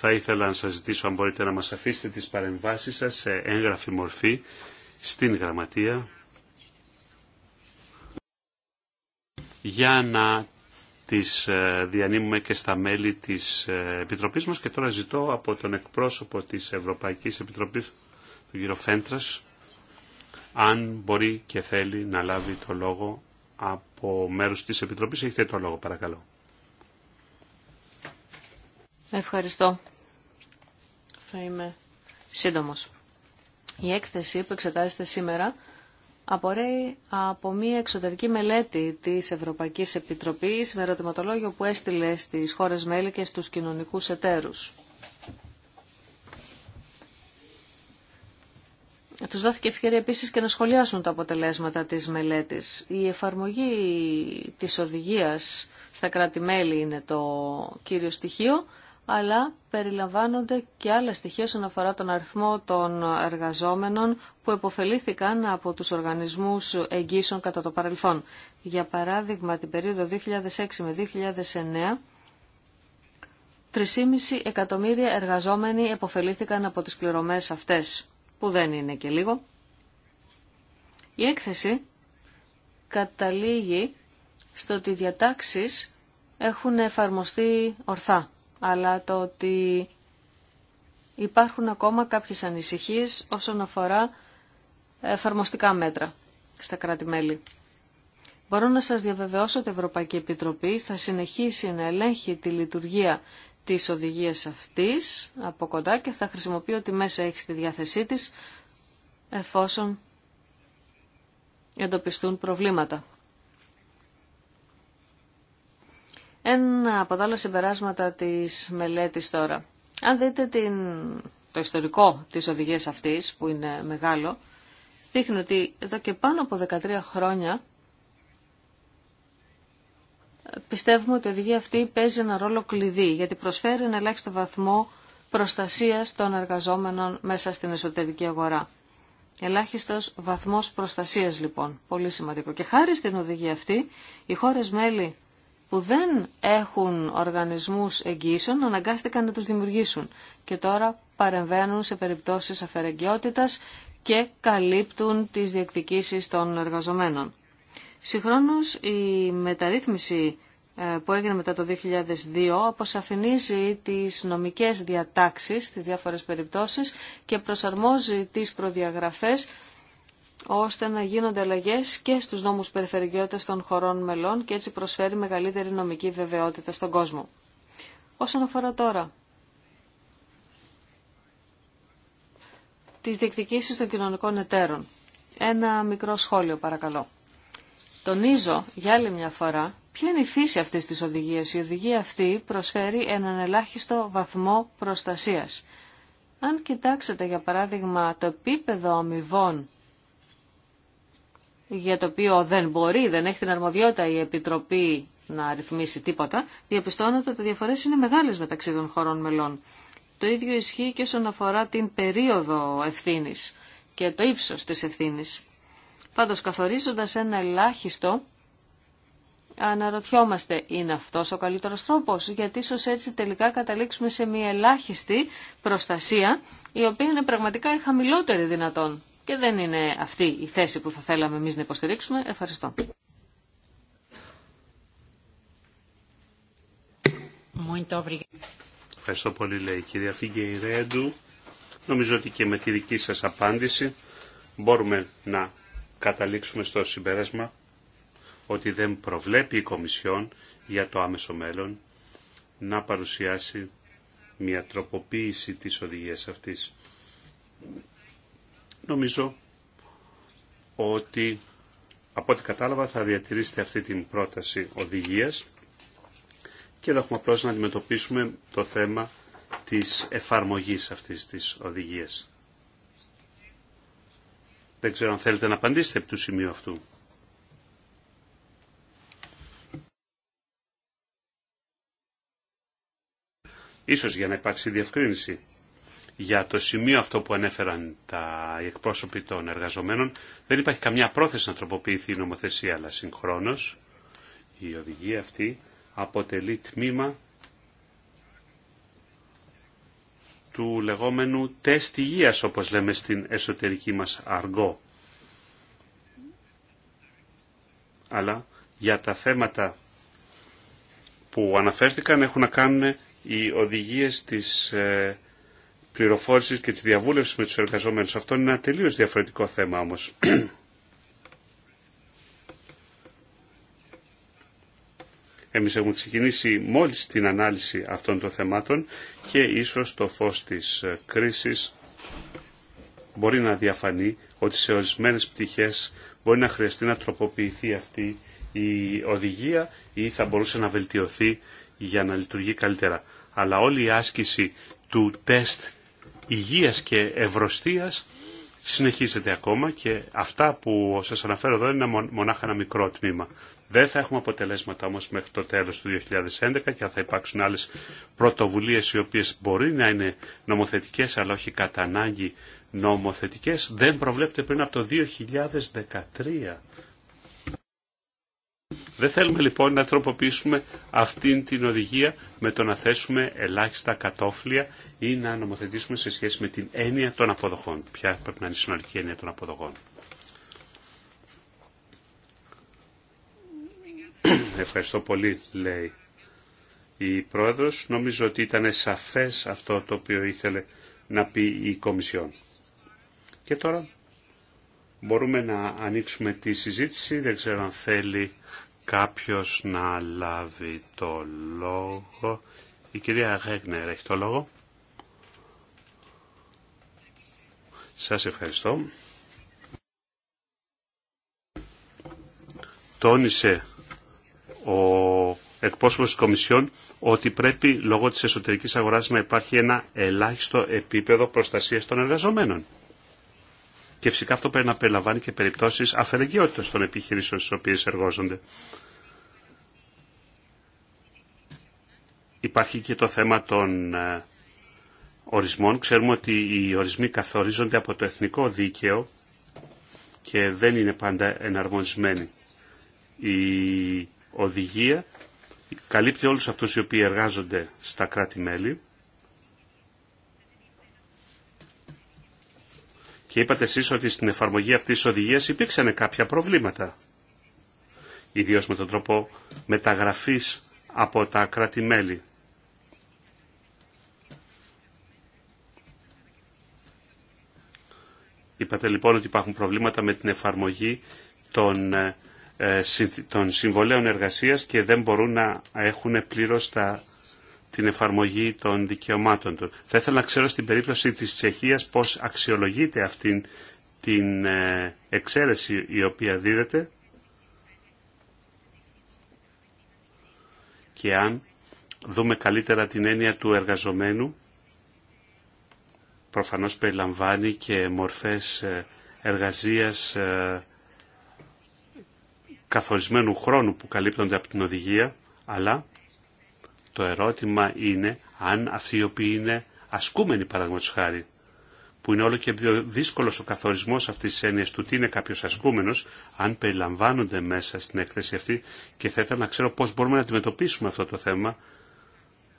θα ήθελα να σας ζητήσω αν μπορείτε να μας αφήσετε τις παρεμβάσεις σας σε έγγραφη μορφή στην γραμματεία για να τις ε, διανύμουμε και στα μέλη της ε, Επιτροπής μας και τώρα ζητώ από τον εκπρόσωπο της Ευρωπαϊκής Επιτροπής, τον κύριο Φέντρας, αν μπορεί και θέλει να λάβει το λόγο από μέρους της Επιτροπής. Έχετε το λόγο, παρακαλώ. Ευχαριστώ. Θα είμαι σύντομος. Η έκθεση που εξετάζεται σήμερα απορρέει από μια εξωτερική μελέτη της Ευρωπαϊκής Επιτροπής με ερωτηματολόγιο που έστειλε στις χώρες μέλη και στους κοινωνικούς εταίρους. Τους δόθηκε ευκαιρία επίσης και να σχολιάσουν τα αποτελέσματα της μελέτης. Η εφαρμογή της οδηγίας στα κράτη-μέλη είναι το κύριο στοιχείο αλλά περιλαμβάνονται και άλλα στοιχεία όσον αφορά τον αριθμό των εργαζόμενων που επωφελήθηκαν από τους οργανισμούς εγγύσεων κατά το παρελθόν. Για παράδειγμα, την περίοδο 2006 με 2009, 3,5 εκατομμύρια εργαζόμενοι επωφελήθηκαν από τις πληρωμές αυτές, που δεν είναι και λίγο. Η έκθεση καταλήγει στο ότι οι διατάξεις έχουν εφαρμοστεί ορθά αλλά το ότι υπάρχουν ακόμα κάποιες ανησυχίες όσον αφορά εφαρμοστικά μέτρα στα κράτη-μέλη. Μπορώ να σας διαβεβαιώσω ότι η Ευρωπαϊκή Επιτροπή θα συνεχίσει να ελέγχει τη λειτουργία της οδηγίας αυτής από κοντά και θα χρησιμοποιεί ό,τι μέσα έχει στη διάθεσή της εφόσον εντοπιστούν προβλήματα. Ένα από τα άλλα συμπεράσματα της μελέτης τώρα. Αν δείτε την... το ιστορικό της οδηγίας αυτής, που είναι μεγάλο, δείχνει ότι εδώ και πάνω από 13 χρόνια πιστεύουμε ότι η οδηγία αυτή παίζει ένα ρόλο κλειδί, γιατί προσφέρει ένα ελάχιστο βαθμό προστασίας των εργαζόμενων μέσα στην εσωτερική αγορά. Ελάχιστος βαθμός προστασίας λοιπόν, πολύ σημαντικό. Και χάρη στην οδηγία αυτή, οι χώρες μέλη που δεν έχουν οργανισμούς εγγύσεων αναγκάστηκαν να τους δημιουργήσουν και τώρα παρεμβαίνουν σε περιπτώσεις αφαιρεγκαιότητας και καλύπτουν τις διεκδικήσεις των εργαζομένων. Συγχρόνως η μεταρρύθμιση ε, που έγινε μετά το 2002 αποσαφηνίζει τις νομικές διατάξεις στις διάφορες περιπτώσεις και προσαρμόζει τις προδιαγραφές ώστε να γίνονται αλλαγέ και στους νόμους περιφερειότητας των χωρών μελών και έτσι προσφέρει μεγαλύτερη νομική βεβαιότητα στον κόσμο. Όσον αφορά τώρα τις διεκδικήσεις των κοινωνικών εταίρων. Ένα μικρό σχόλιο παρακαλώ. Τονίζω για άλλη μια φορά ποια είναι η φύση αυτής της οδηγίας. Η οδηγία αυτή προσφέρει έναν ελάχιστο βαθμό προστασίας. Αν κοιτάξετε για παράδειγμα το επίπεδο αμοιβών για το οποίο δεν μπορεί, δεν έχει την αρμοδιότητα η Επιτροπή να ρυθμίσει τίποτα, διαπιστώνεται ότι οι διαφορέ είναι μεγάλε μεταξύ των χωρών μελών. Το ίδιο ισχύει και όσον αφορά την περίοδο ευθύνη και το ύψο τη ευθύνη. Πάντως καθορίζοντα ένα ελάχιστο, αναρωτιόμαστε είναι αυτό ο καλύτερο τρόπο, γιατί ίσω έτσι τελικά καταλήξουμε σε μια ελάχιστη προστασία, η οποία είναι πραγματικά η χαμηλότερη δυνατόν και δεν είναι αυτή η θέση που θα θέλαμε εμείς να υποστηρίξουμε. Ευχαριστώ. Ευχαριστώ πολύ, λέει η κυρία Ρέντου. Νομίζω ότι και με τη δική σας απάντηση μπορούμε να καταλήξουμε στο συμπέρασμα ότι δεν προβλέπει η Κομισιόν για το άμεσο μέλλον να παρουσιάσει μια τροποποίηση της οδηγίας αυτής. Νομίζω ότι από ό,τι κατάλαβα θα διατηρήσετε αυτή την πρόταση οδηγίας και θα έχουμε απλώ να αντιμετωπίσουμε το θέμα της εφαρμογής αυτής της οδηγίας. Δεν ξέρω αν θέλετε να απαντήσετε από το σημείο αυτού. Ίσως για να υπάρξει διευκρίνηση για το σημείο αυτό που ανέφεραν τα εκπρόσωποι των εργαζομένων, δεν υπάρχει καμιά πρόθεση να τροποποιηθεί η νομοθεσία, αλλά συγχρόνως η οδηγία αυτή αποτελεί τμήμα του λεγόμενου τεστ υγείας, όπως λέμε στην εσωτερική μας αργό. Αλλά για τα θέματα που αναφέρθηκαν έχουν να κάνουν οι οδηγίες της ε, και τη διαβούλευση με του εργαζόμενου. Αυτό είναι ένα τελείω διαφορετικό θέμα όμως. Εμείς έχουμε ξεκινήσει μόλις την ανάλυση αυτών των θεμάτων και ίσως το φως της κρίσης μπορεί να διαφανεί ότι σε ορισμένες πτυχές μπορεί να χρειαστεί να τροποποιηθεί αυτή η οδηγία ή θα μπορούσε να βελτιωθεί για να λειτουργεί καλύτερα. Αλλά όλη η άσκηση του τεστ υγείας και ευρωστίας συνεχίζεται ακόμα και αυτά που σας αναφέρω εδώ είναι μονάχα ένα μικρό τμήμα. Δεν θα έχουμε αποτελέσματα όμως μέχρι το τέλος του 2011 και θα υπάρξουν άλλες πρωτοβουλίες οι οποίες μπορεί να είναι νομοθετικές αλλά όχι κατά ανάγκη νομοθετικές. Δεν προβλέπεται πριν από το 2013 δεν θέλουμε λοιπόν να τροποποιήσουμε αυτήν την οδηγία με το να θέσουμε ελάχιστα κατόφλια ή να νομοθετήσουμε σε σχέση με την έννοια των αποδοχών. Ποια πρέπει να είναι η συνολική έννοια των αποδοχών. Ευχαριστώ πολύ, λέει η Πρόεδρος. Νομίζω ότι ήταν σαφές αυτό το οποίο ήθελε να πει η Κομισιόν. Και τώρα μπορούμε να ανοίξουμε τη συζήτηση. Δεν ξέρω αν θέλει κάποιος να λάβει το λόγο. Η κυρία Ρέγνερ έχει το λόγο. Σας ευχαριστώ. Τόνισε ο εκπρόσωπος της Κομισιόν ότι πρέπει λόγω της εσωτερικής αγοράς να υπάρχει ένα ελάχιστο επίπεδο προστασίας των εργαζομένων. Και φυσικά αυτό πρέπει να περιλαμβάνει και περιπτώσει αφαιρεγκαιότητα των επιχειρήσεων στι οποίε εργάζονται. Υπάρχει και το θέμα των ε, ορισμών. Ξέρουμε ότι οι ορισμοί καθορίζονται από το εθνικό δίκαιο και δεν είναι πάντα εναρμονισμένοι. Η οδηγία καλύπτει όλους αυτούς οι οποίοι εργάζονται στα κράτη-μέλη Και είπατε εσείς ότι στην εφαρμογή αυτής της οδηγίας υπήρξαν κάποια προβλήματα. Ιδίως με τον τρόπο μεταγραφής από τα κράτη-μέλη. Είπατε λοιπόν ότι υπάρχουν προβλήματα με την εφαρμογή των, ε, των συμβολέων εργασίας και δεν μπορούν να έχουν πλήρως τα την εφαρμογή των δικαιωμάτων του. Θα ήθελα να ξέρω στην περίπτωση της Τσεχίας πώς αξιολογείται αυτήν την ε, εξαίρεση η οποία δίδεται και αν δούμε καλύτερα την έννοια του εργαζομένου προφανώς περιλαμβάνει και μορφές ε, εργασίας ε, καθορισμένου χρόνου που καλύπτονται από την οδηγία αλλά το ερώτημα είναι αν αυτοί οι οποίοι είναι ασκούμενοι παραδείγματο χάρη, που είναι όλο και πιο δύσκολο ο καθορισμό αυτή τη έννοια του τι είναι κάποιο ασκούμενο, αν περιλαμβάνονται μέσα στην έκθεση αυτή και θα ήθελα να ξέρω πώ μπορούμε να αντιμετωπίσουμε αυτό το θέμα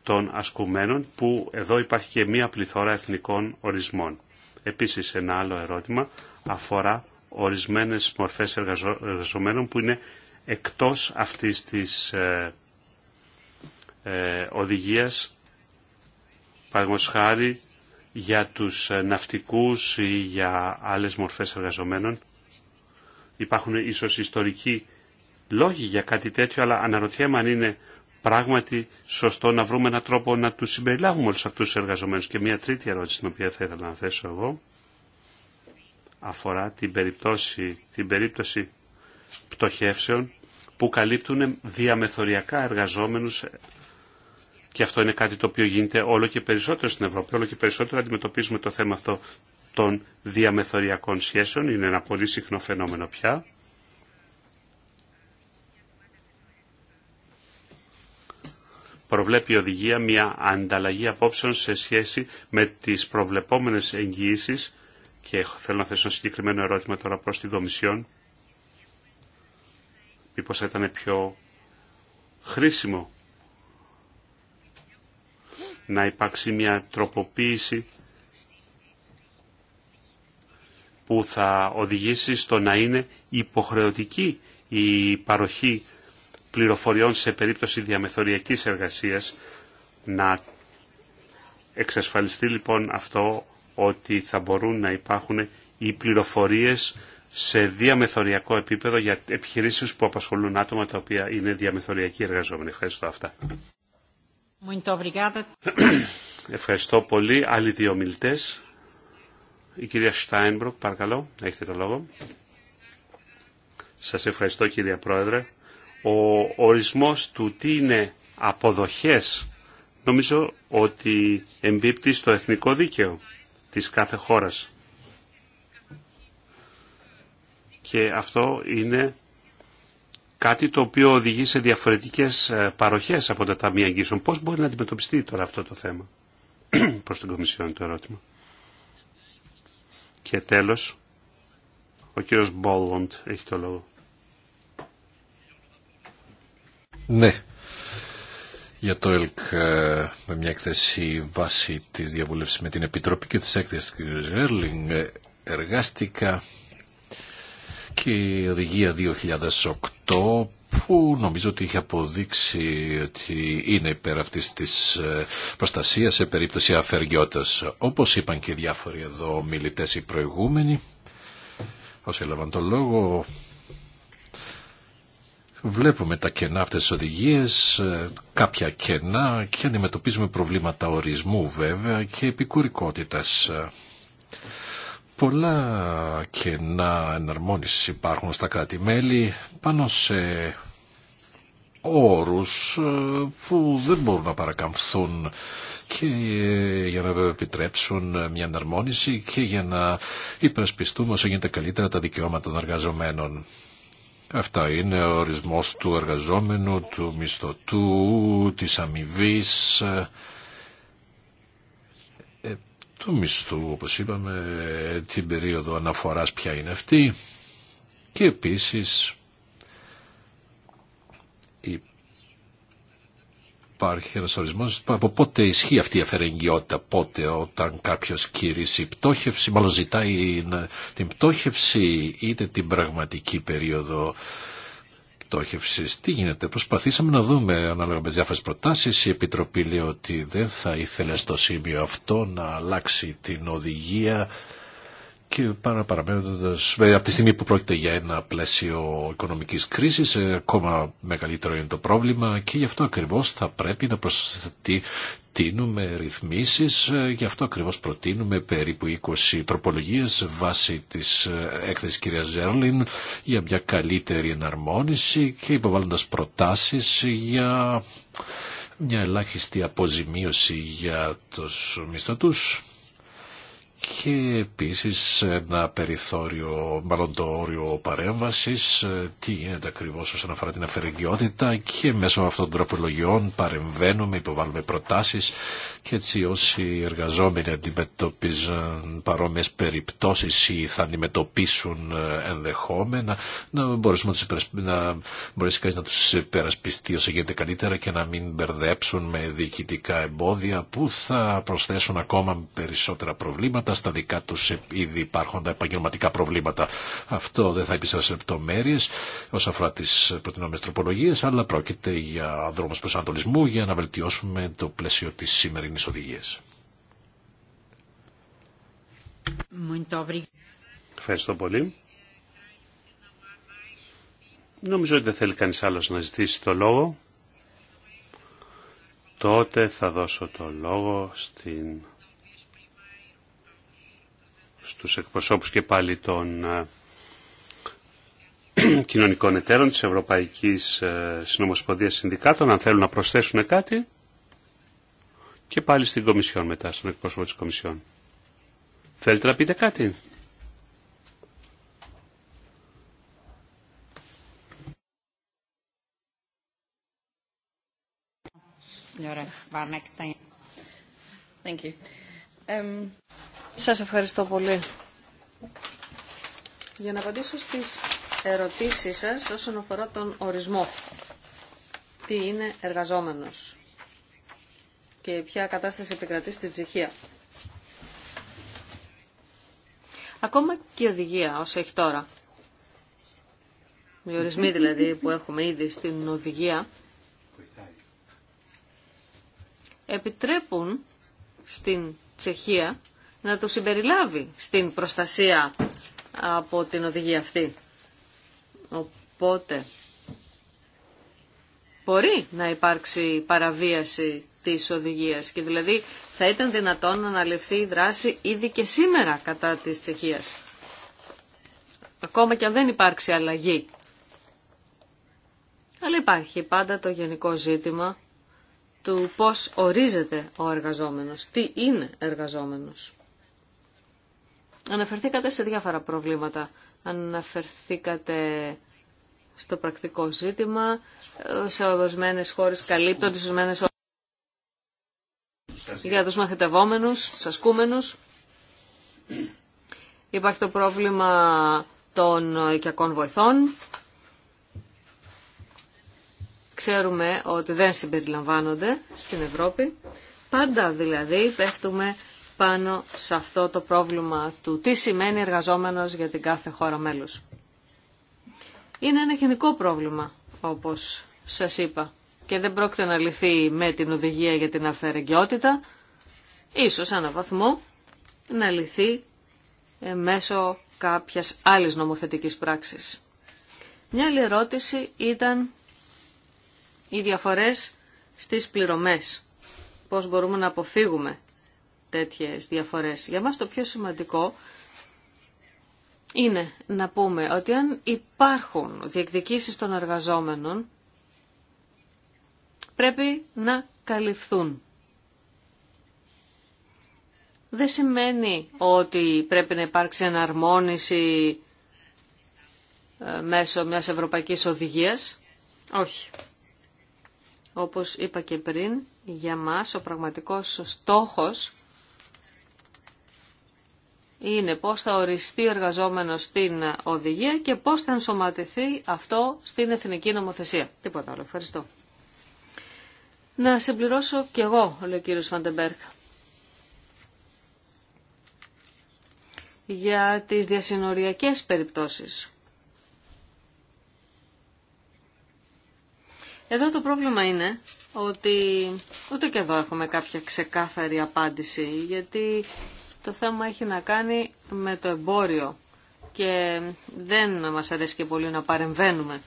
των ασκουμένων, που εδώ υπάρχει και μία πληθώρα εθνικών ορισμών. Επίσης, ένα άλλο ερώτημα αφορά ορισμένες μορφές εργαζομένων που είναι εκτός αυτής της ε, ε, οδηγίας, χάρη για τους ε, ναυτικούς ή για άλλες μορφές εργαζομένων. Υπάρχουν ίσως ιστορικοί λόγοι για κάτι τέτοιο, αλλά αναρωτιέμαι αν είναι πράγματι σωστό να βρούμε έναν τρόπο να τους συμπεριλάβουμε όλους αυτούς τους εργαζομένους. Και μια τρίτη ερώτηση την οποία θα ήθελα να θέσω εγώ αφορά την περίπτωση, την περίπτωση πτωχεύσεων που καλύπτουν διαμεθοριακά εργαζόμενους και αυτό είναι κάτι το οποίο γίνεται όλο και περισσότερο στην Ευρώπη. Όλο και περισσότερο αντιμετωπίζουμε το θέμα αυτό των διαμεθοριακών σχέσεων. Είναι ένα πολύ συχνό φαινόμενο πια. Προβλέπει η οδηγία μια ανταλλαγή απόψεων σε σχέση με τις προβλεπόμενες εγγυήσεις και θέλω να θέσω ένα συγκεκριμένο ερώτημα τώρα προς την Κομισιόν. Μήπως θα ήταν πιο χρήσιμο να υπάρξει μια τροποποίηση που θα οδηγήσει στο να είναι υποχρεωτική η παροχή πληροφοριών σε περίπτωση διαμεθοριακής εργασίας να εξασφαλιστεί λοιπόν αυτό ότι θα μπορούν να υπάρχουν οι πληροφορίες σε διαμεθοριακό επίπεδο για επιχειρήσεις που απασχολούν άτομα τα οποία είναι διαμεθοριακοί εργαζόμενοι. Ευχαριστώ αυτά. Ευχαριστώ πολύ. Άλλοι δύο μιλητέ. Η κυρία Στάινμπρουκ, παρακαλώ, έχετε το λόγο. Σας ευχαριστώ κυρία Πρόεδρε. Ο ορισμός του τι είναι αποδοχές νομίζω ότι εμπίπτει στο εθνικό δίκαιο της κάθε χώρας. Και αυτό είναι Κάτι το οποίο οδηγεί σε διαφορετικές ε, παροχές από τα ταμεία εγγύσεων. Πώς μπορεί να αντιμετωπιστεί τώρα αυτό το θέμα προς την Κομισιόν το ερώτημα. Και τέλος, ο κύριος Μπόλοντ έχει το λόγο. Ναι, για το ΕΛΚ ε, με μια έκθεση βάση της διαβούλευσης με την Επιτροπή και της έκθεσης του κ. Ζέρλινγκ ε, εργάστηκα και η οδηγία 2008 που νομίζω ότι είχε αποδείξει ότι είναι υπέρ αυτής της ε, προστασίας σε περίπτωση αφεργιώτας. Όπως είπαν και διάφοροι εδώ μιλητές οι προηγούμενοι, όσοι έλαβαν τον λόγο, βλέπουμε τα κενά αυτές τις οδηγίες, ε, κάποια κενά και αντιμετωπίζουμε προβλήματα ορισμού βέβαια και επικουρικότητας. Πολλά κενά εναρμόνιση υπάρχουν στα κράτη-μέλη πάνω σε όρους ε, που δεν μπορούν να παρακαμφθούν και για να επιτρέψουν μια εναρμόνιση και για να υπερασπιστούμε όσο γίνεται καλύτερα τα δικαιώματα των εργαζομένων. Αυτά είναι ο ορισμός του εργαζόμενου, του μισθωτού, της αμοιβή του μισθού, όπως είπαμε, την περίοδο αναφοράς ποια είναι αυτή και επίσης υπάρχει ένας ορισμός από πότε ισχύει αυτή η αφαιρεγγιότητα, πότε όταν κάποιος κηρύσει πτώχευση, μάλλον ζητάει την πτώχευση είτε την πραγματική περίοδο τι γίνεται, προσπαθήσαμε να δούμε ανάλογα με διάφορε προτάσει. Η Επιτροπή λέει ότι δεν θα ήθελε στο σημείο αυτό να αλλάξει την οδηγία και παρα, παραμένοντα από τη στιγμή που πρόκειται για ένα πλαίσιο οικονομική κρίση, ακόμα μεγαλύτερο είναι το πρόβλημα και γι' αυτό ακριβώ θα πρέπει να προσθεθεί προτείνουμε ρυθμίσεις, ε, γι' αυτό ακριβώς προτείνουμε περίπου 20 τροπολογίες βάσει της ε, έκθεσης κυρία Ζέρλιν για μια καλύτερη εναρμόνιση και υποβάλλοντας προτάσεις για μια ελάχιστη αποζημίωση για τους μισθωτούς και επίσης ένα περιθώριο, μάλλον το όριο παρέμβασης, ε, τι γίνεται ακριβώς όσον αφορά την αφαιρεγγιότητα και μέσω αυτών των τροπολογιών παρεμβαίνουμε, υποβάλλουμε προτάσεις και έτσι όσοι εργαζόμενοι αντιμετωπίζουν παρόμοιες περιπτώσεις ή θα αντιμετωπίσουν ε, ενδεχόμενα να, μπορέσουμε να μπορέσει κανείς να τους περασπιστεί όσο γίνεται καλύτερα και να μην μπερδέψουν με διοικητικά εμπόδια που θα προσθέσουν ακόμα περισσότερα προβλήματα στα δικά του ε, ήδη υπάρχοντα επαγγελματικά προβλήματα. Αυτό δεν θα επιστρέψει σε λεπτομέρειε όσον αφορά τις προτινόμενε τροπολογίε, αλλά πρόκειται για δρόμους προσανατολισμού για να βελτιώσουμε το πλαίσιο τη σημερινή οδηγία. Ευχαριστώ πολύ. Νομίζω ότι δεν θέλει κανείς άλλος να ζητήσει το λόγο. Τότε θα δώσω το λόγο στην στους εκπροσώπους και πάλι των ε, κοινωνικών εταίρων της Ευρωπαϊκής ε, Συνομοσπονδίας Συνδικάτων, αν θέλουν να προσθέσουν κάτι, και πάλι στην Κομισιόν μετά, στον εκπρόσωπο της Κομισιόν. Θέλετε να πείτε κάτι. Σας ευχαριστώ πολύ. Για να απαντήσω στις ερωτήσεις σας όσον αφορά τον ορισμό. Τι είναι εργαζόμενος και ποια κατάσταση επικρατεί στην Τσεχία. Ακόμα και η οδηγία όσο έχει τώρα. Οι ορισμοί δηλαδή που έχουμε ήδη στην οδηγία επιτρέπουν στην Τσεχία να το συμπεριλάβει στην προστασία από την οδηγία αυτή. Οπότε μπορεί να υπάρξει παραβίαση της οδηγίας και δηλαδή θα ήταν δυνατόν να αναλυφθεί η δράση ήδη και σήμερα κατά της Τσεχίας. Ακόμα και αν δεν υπάρξει αλλαγή. Αλλά υπάρχει πάντα το γενικό ζήτημα του πώς ορίζεται ο εργαζόμενος, τι είναι εργαζόμενος. Αναφερθήκατε σε διάφορα προβλήματα. Αναφερθήκατε στο πρακτικό ζήτημα, σε ορισμένε χώρε καλύπτονται, σε ορισμένε για τους μαθητευόμενους, τους ασκούμενους. Υπάρχει το πρόβλημα των οικιακών βοηθών. Ξέρουμε ότι δεν συμπεριλαμβάνονται στην Ευρώπη. Πάντα δηλαδή πέφτουμε πάνω σε αυτό το πρόβλημα του τι σημαίνει εργαζόμενος για την κάθε χώρα μέλους. Είναι ένα γενικό πρόβλημα, όπως σας είπα, και δεν πρόκειται να λυθεί με την οδηγία για την Αυθαιρεγκαιότητα. ίσως ένα βαθμό να λυθεί ε, μέσω κάποιας άλλης νομοθετικής πράξης. Μια άλλη ερώτηση ήταν οι διαφορές στις πληρωμές. Πώς μπορούμε να αποφύγουμε τέτοιες διαφορές. Για μας το πιο σημαντικό είναι να πούμε ότι αν υπάρχουν διεκδικήσεις των εργαζόμενων, πρέπει να καλυφθούν. Δεν σημαίνει ότι πρέπει να υπάρξει εναρμόνιση ε, μέσω μιας ευρωπαϊκής οδηγίας. Όχι. Όπως είπα και πριν, για μας ο πραγματικός στόχος είναι πώς θα οριστεί ο εργαζόμενος στην οδηγία και πώς θα ενσωματωθεί αυτό στην εθνική νομοθεσία. Τίποτα άλλο. Ευχαριστώ. Να συμπληρώσω κι εγώ, λέει ο κύριος Φαντεμπέρκ, για τις διασυνοριακές περιπτώσεις. Εδώ το πρόβλημα είναι ότι ούτε και εδώ έχουμε κάποια ξεκάθαρη απάντηση, γιατί το θέμα έχει να κάνει με το εμπόριο και δεν μας αρέσει και πολύ να παρεμβαίνουμε.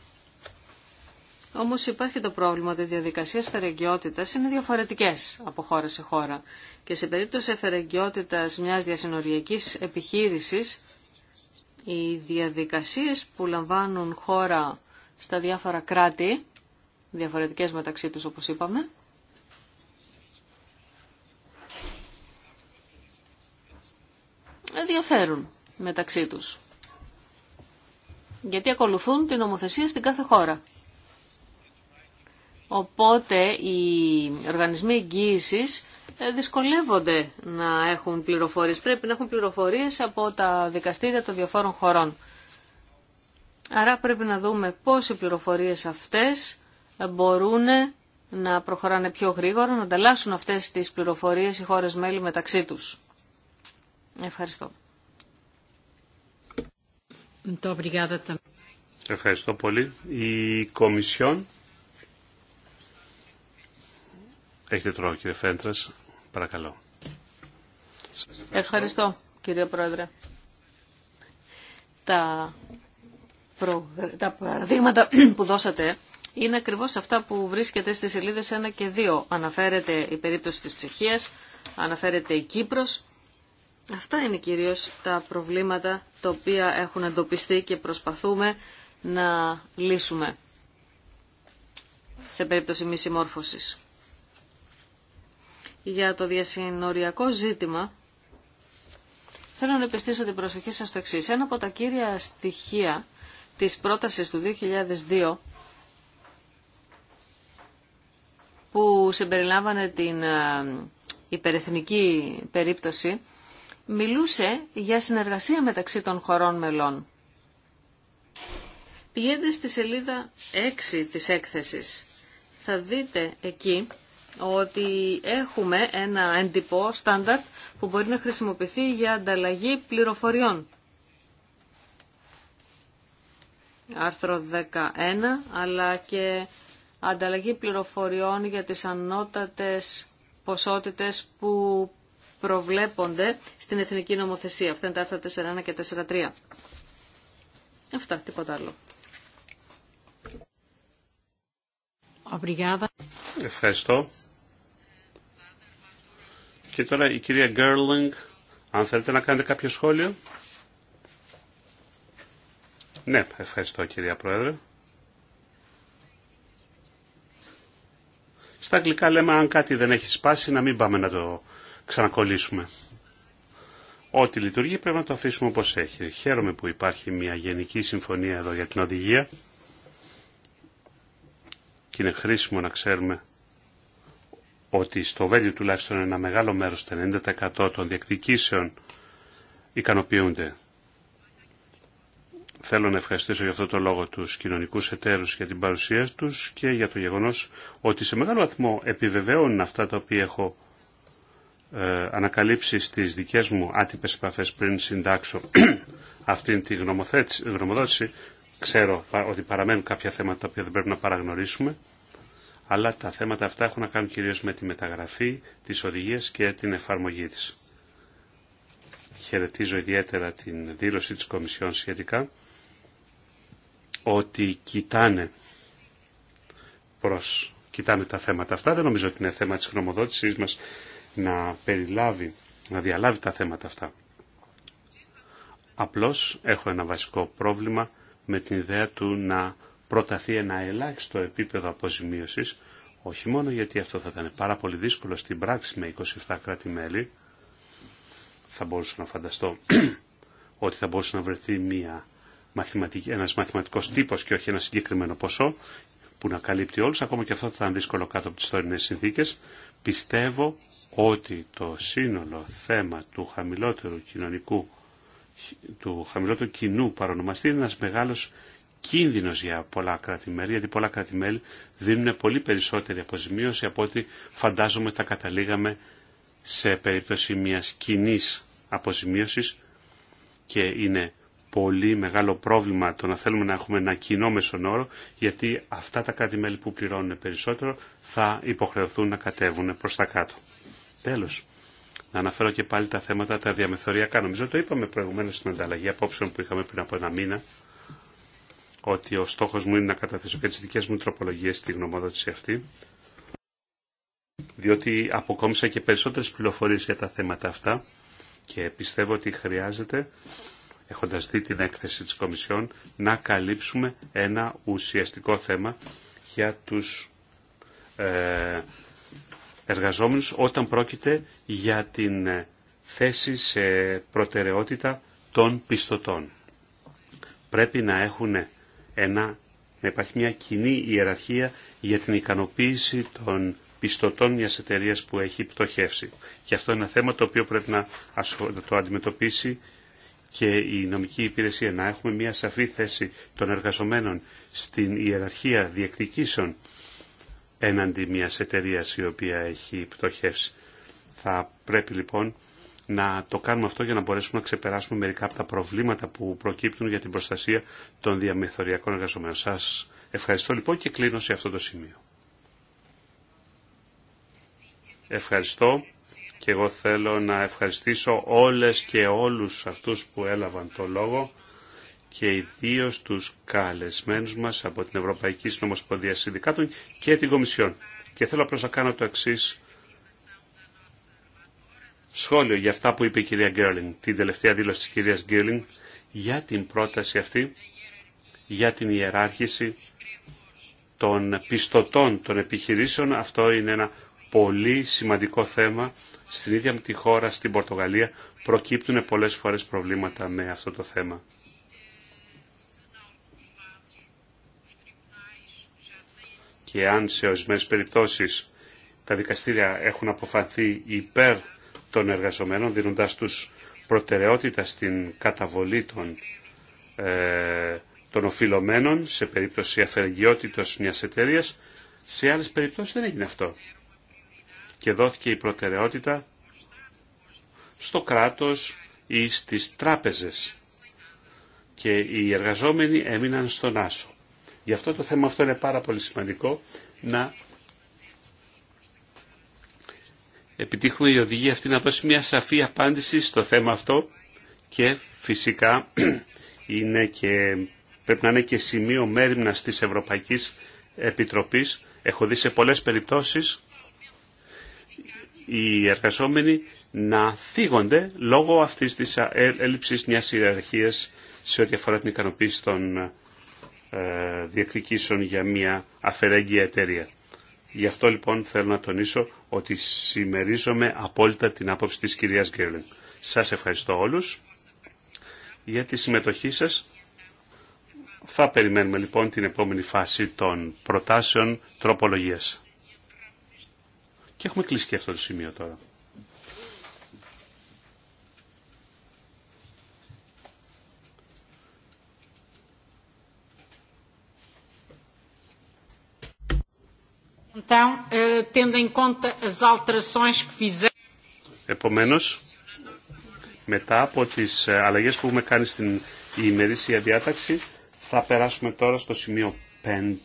Όμως υπάρχει το πρόβλημα ότι οι διαδικασίες φερεγγιότητας είναι διαφορετικές από χώρα σε χώρα και σε περίπτωση φερεγγιότητας μιας διασυνοριακής επιχείρησης οι διαδικασίες που λαμβάνουν χώρα στα διάφορα κράτη, διαφορετικές μεταξύ τους όπως είπαμε, ενδιαφέρουν μεταξύ τους. Γιατί ακολουθούν την νομοθεσία στην κάθε χώρα. Οπότε οι οργανισμοί εγγύησης ε, δυσκολεύονται να έχουν πληροφορίες. Πρέπει να έχουν πληροφορίες από τα δικαστήρια των διαφόρων χωρών. Άρα πρέπει να δούμε πώς οι πληροφορίες αυτές μπορούν να προχωράνε πιο γρήγορα, να ανταλλάσσουν αυτές τις πληροφορίες οι χώρες μέλη μεταξύ τους. Ευχαριστώ. Ευχαριστώ πολύ. Η Κομισιόν. Έχετε τρόπο κύριε Φέντρα. Παρακαλώ. Ευχαριστώ. κύριε Πρόεδρε. Τα, τα παραδείγματα που δώσατε είναι ακριβώ αυτά που βρίσκεται στι σελίδε 1 και 2. Αναφέρεται η περίπτωση τη Τσεχία, αναφέρεται η Κύπρος Αυτά είναι κυρίως τα προβλήματα τα οποία έχουν εντοπιστεί και προσπαθούμε να λύσουμε σε περίπτωση μη συμμόρφωσης. Για το διασυνοριακό ζήτημα, θέλω να επιστήσω την προσοχή σας στο εξής. Ένα από τα κύρια στοιχεία της πρότασης του 2002 που συμπεριλάμβανε την ε, υπερεθνική περίπτωση μιλούσε για συνεργασία μεταξύ των χωρών μελών. Πηγαίνετε στη σελίδα 6 της έκθεσης. Θα δείτε εκεί ότι έχουμε ένα εντυπώ στάνταρτ που μπορεί να χρησιμοποιηθεί για ανταλλαγή πληροφοριών. Άρθρο 11, αλλά και ανταλλαγή πληροφοριών για τις ανώτατες ποσότητες που προβλέπονται στην Εθνική Νομοθεσία. Αυτά είναι τα άρθρα 4.1 και 4.3. Αυτά, τίποτα άλλο. Ευχαριστώ. Και τώρα η κυρία Γκέρλινγκ, αν θέλετε να κάνετε κάποιο σχόλιο. Ναι, ευχαριστώ κυρία Πρόεδρε. Στα αγγλικά λέμε αν κάτι δεν έχει σπάσει να μην πάμε να το ξανακολλήσουμε. Ό,τι λειτουργεί πρέπει να το αφήσουμε όπως έχει. Χαίρομαι που υπάρχει μια γενική συμφωνία εδώ για την οδηγία και είναι χρήσιμο να ξέρουμε ότι στο Βέλιο τουλάχιστον ένα μεγάλο μέρος, το 90% των διεκδικήσεων ικανοποιούνται. Θέλω να ευχαριστήσω για αυτό το λόγο τους κοινωνικούς εταίρους για την παρουσία τους και για το γεγονός ότι σε μεγάλο βαθμό επιβεβαιώνουν αυτά τα οποία έχω ε, ανακαλύψει στις δικές μου άτυπες επαφές πριν συντάξω αυτήν τη γνωμοδότηση. Ξέρω ότι παραμένουν κάποια θέματα τα οποία δεν πρέπει να παραγνωρίσουμε, αλλά τα θέματα αυτά έχουν να κάνουν κυρίως με τη μεταγραφή της οδηγίας και την εφαρμογή της. Χαιρετίζω ιδιαίτερα την δήλωση της Κομισιόν σχετικά ότι κοιτάνε προς κοιτάνε τα θέματα αυτά. Δεν νομίζω ότι είναι θέμα της γνωμοδότησής μας να περιλάβει, να διαλάβει τα θέματα αυτά. Απλώς έχω ένα βασικό πρόβλημα με την ιδέα του να προταθεί ένα ελάχιστο επίπεδο αποζημίωσης, όχι μόνο γιατί αυτό θα ήταν πάρα πολύ δύσκολο στην πράξη με 27 κράτη-μέλη, θα μπορούσα να φανταστώ ότι θα μπορούσε να βρεθεί μια μαθηματική, ένας μαθηματικός τύπος και όχι ένα συγκεκριμένο ποσό που να καλύπτει όλους, ακόμα και αυτό θα ήταν δύσκολο κάτω από τις τωρινές συνθήκες. Πιστεύω ότι το σύνολο θέμα του χαμηλότερου κοινωνικού, του χαμηλότερου κοινού παρονομαστή είναι ένας μεγάλος κίνδυνος για πολλά κράτη-μέλη, γιατί πολλά κράτη-μέλη δίνουν πολύ περισσότερη αποζημίωση από ό,τι φαντάζομαι θα καταλήγαμε σε περίπτωση μιας κοινή αποζημίωσης και είναι πολύ μεγάλο πρόβλημα το να θέλουμε να έχουμε ένα κοινό μεσονόρο, γιατί αυτά τα κράτη-μέλη που πληρώνουν περισσότερο θα υποχρεωθούν να κατέβουν προς τα κάτω. Τέλος, να αναφέρω και πάλι τα θέματα τα διαμεθοριακά. Νομίζω το είπαμε προηγουμένως στην ανταλλαγή απόψεων που είχαμε πριν από ένα μήνα, ότι ο στόχος μου είναι να καταθέσω και τις δικές μου τροπολογίες στη γνωμοδότηση αυτή, διότι αποκόμισα και περισσότερες πληροφορίες για τα θέματα αυτά και πιστεύω ότι χρειάζεται, έχοντας δει την έκθεση της Κομισιόν, να καλύψουμε ένα ουσιαστικό θέμα για τους ε, εργαζόμενους όταν πρόκειται για την ε, θέση σε προτεραιότητα των πιστωτών. Πρέπει να έχουν ένα, να υπάρχει μια κοινή ιεραρχία για την ικανοποίηση των πιστωτών μιας εταιρείας που έχει πτωχεύσει. Και αυτό είναι ένα θέμα το οποίο πρέπει να το αντιμετωπίσει και η νομική υπηρεσία να έχουμε μια σαφή θέση των εργαζομένων στην ιεραρχία διεκδικήσεων έναντι μιας εταιρεία η οποία έχει πτωχεύσει. Θα πρέπει λοιπόν να το κάνουμε αυτό για να μπορέσουμε να ξεπεράσουμε μερικά από τα προβλήματα που προκύπτουν για την προστασία των διαμεθοριακών εργαζομένων. Σας ευχαριστώ λοιπόν και κλείνω σε αυτό το σημείο. Ευχαριστώ και εγώ θέλω να ευχαριστήσω όλες και όλους αυτούς που έλαβαν το λόγο και ιδίω του καλεσμένου μα από την Ευρωπαϊκή Συνομοσπονδία Συνδικάτων και την Κομισιόν. Και θέλω απλώ να κάνω το εξή σχόλιο για αυτά που είπε η κυρία Γκέρλινγκ, την τελευταία δήλωση της κυρίας Γκέρλινγκ, για την πρόταση αυτή, για την ιεράρχηση των πιστωτών των επιχειρήσεων. Αυτό είναι ένα πολύ σημαντικό θέμα. Στην ίδια μου τη χώρα, στην Πορτογαλία, προκύπτουν πολλές φορές προβλήματα με αυτό το θέμα. και αν σε ορισμένε περιπτώσεις τα δικαστήρια έχουν αποφανθεί υπέρ των εργαζομένων, δίνοντάς τους προτεραιότητα στην καταβολή των, ε, των οφειλωμένων σε περίπτωση αφαιρεγγιότητος μιας εταιρείας, σε άλλες περιπτώσεις δεν έγινε αυτό. Και δόθηκε η προτεραιότητα στο κράτος ή στις τράπεζες. Και οι εργαζόμενοι έμειναν στον Άσο. Γι' αυτό το θέμα αυτό είναι πάρα πολύ σημαντικό να επιτύχουμε η οδηγία αυτή να δώσει μια σαφή απάντηση στο θέμα αυτό και φυσικά είναι και, πρέπει να είναι και σημείο μέρημνας της Ευρωπαϊκής Επιτροπής. Έχω δει σε πολλές περιπτώσεις οι εργαζόμενοι να θίγονται λόγω αυτής της ε- έλλειψης μιας ιεραρχίας σε ό,τι αφορά την ικανοποίηση των ε, διεκδικήσεων για μια αφαιρέγγια εταιρεία. Γι' αυτό λοιπόν θέλω να τονίσω ότι συμμερίζομαι απόλυτα την άποψη της κυρίας Γκέρλινγκ. Σας ευχαριστώ όλους για τη συμμετοχή σας. Θα περιμένουμε λοιπόν την επόμενη φάση των προτάσεων τροπολογίας. Και έχουμε κλείσει και αυτό το σημείο τώρα. então, eh, Επομένως, μετά από τις ε, αλλαγές που έχουμε κάνει στην ημερήσια διάταξη, θα περάσουμε τώρα στο σημείο 5,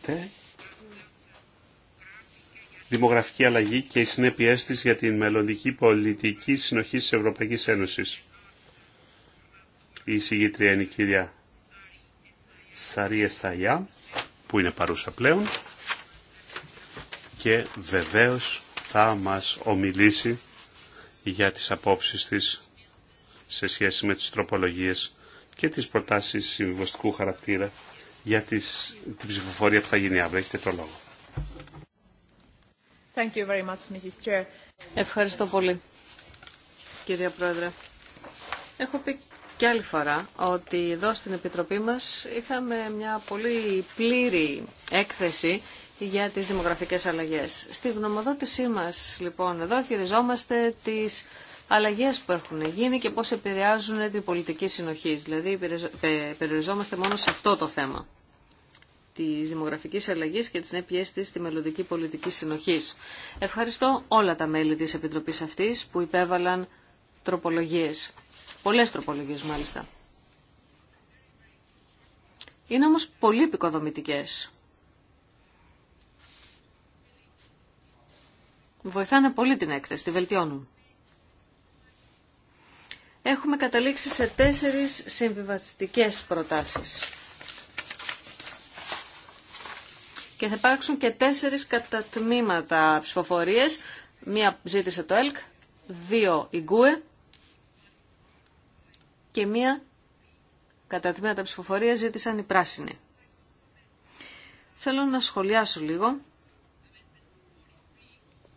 δημογραφική αλλαγή και οι συνέπειέ τη για την μελλοντική πολιτική συνοχή της Ευρωπαϊκής Ένωσης. Η εισηγήτρια είναι η κυρία Σαρία Σταγιά, που είναι παρούσα πλέον και βεβαίως θα μας ομιλήσει για τις απόψεις της σε σχέση με τις τροπολογίες και τις προτάσεις συμβιβαστικού χαρακτήρα για τις, την ψηφοφορία που θα γίνει αύριο. Έχετε το λόγο. Ευχαριστώ πολύ, κυρία Πρόεδρε. Έχω πει και άλλη φορά ότι εδώ στην Επιτροπή μας είχαμε μια πολύ πλήρη έκθεση για τις δημογραφικές αλλαγές. Στη γνωμοδότησή μας λοιπόν εδώ χειριζόμαστε τις αλλαγές που έχουν γίνει και πώς επηρεάζουν την πολιτική συνοχή. Δηλαδή περιοριζόμαστε μόνο σε αυτό το θέμα της δημογραφικής αλλαγής και της νέπιές τη στη μελλοντική πολιτική συνοχή. Ευχαριστώ όλα τα μέλη της Επιτροπής αυτής που υπέβαλαν τροπολογίες. Πολλές τροπολογίες μάλιστα. Είναι όμως πολύ επικοδομητικές Βοηθάνε πολύ την έκθεση, τη βελτιώνουν. Έχουμε καταλήξει σε τέσσερις συμβιβαστικές προτάσεις. Και θα υπάρξουν και τέσσερις κατατμήματα ψηφοφορίες. Μία ζήτησε το ΕΛΚ, δύο η ΓΚΟΕ και μία κατατμήματα ψηφοφορία ζήτησαν οι πράσινοι. Θέλω να σχολιάσω λίγο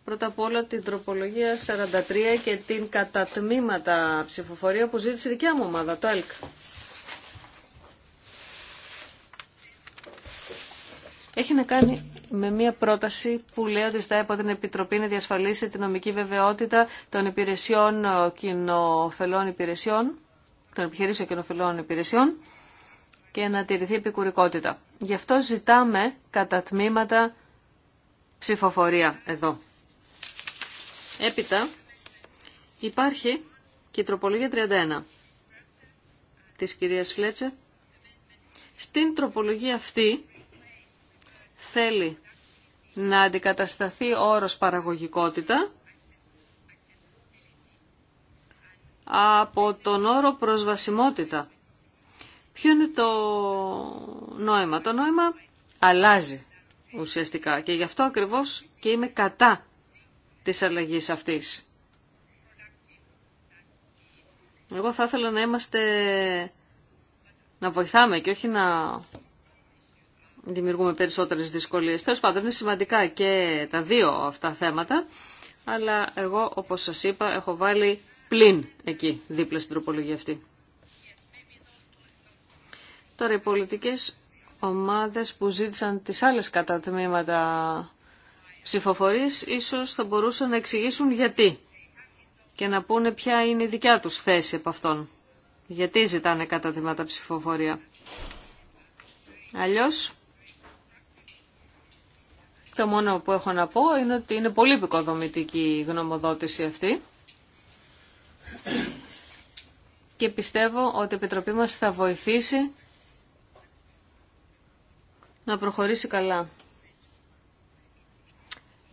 Πρώτα απ' όλα την τροπολογία 43 και την κατατμήματα ψηφοφορία που ζήτησε η δικιά μου ομάδα, το ΕΛΚ. Έχει να κάνει με μια πρόταση που λέει ότι ζητάει από την Επιτροπή να διασφαλίσει την νομική βεβαιότητα των υπηρεσιών ε, κοινοφελών υπηρεσιών, των επιχειρήσεων κοινοφελών υπηρεσιών και να τηρηθεί επικουρικότητα. Γι' αυτό ζητάμε κατατμήματα ψηφοφορία εδώ. Έπειτα υπάρχει και η τροπολογία 31 της κυρίας Φλέτσε. Στην τροπολογία αυτή θέλει να αντικατασταθεί όρος παραγωγικότητα από τον όρο προσβασιμότητα. Ποιο είναι το νόημα. Το νόημα αλλάζει ουσιαστικά και γι' αυτό ακριβώς και είμαι κατά της αλλαγής αυτής. Εγώ θα ήθελα να είμαστε, να βοηθάμε και όχι να δημιουργούμε περισσότερες δυσκολίες. Τέλος πάντων είναι σημαντικά και τα δύο αυτά θέματα, αλλά εγώ όπως σας είπα έχω βάλει πλην εκεί δίπλα στην τροπολογία αυτή. Τώρα οι πολιτικές ομάδες που ζήτησαν τις άλλες κατά τμήματα ψηφοφορείς ίσως θα μπορούσαν να εξηγήσουν γιατί και να πούνε ποια είναι η δικιά τους θέση από αυτόν. Γιατί ζητάνε καταδημάτα ψηφοφορία. Αλλιώς, το μόνο που έχω να πω είναι ότι είναι πολύ πικοδομητική η γνωμοδότηση αυτή και πιστεύω ότι η Επιτροπή μας θα βοηθήσει να προχωρήσει καλά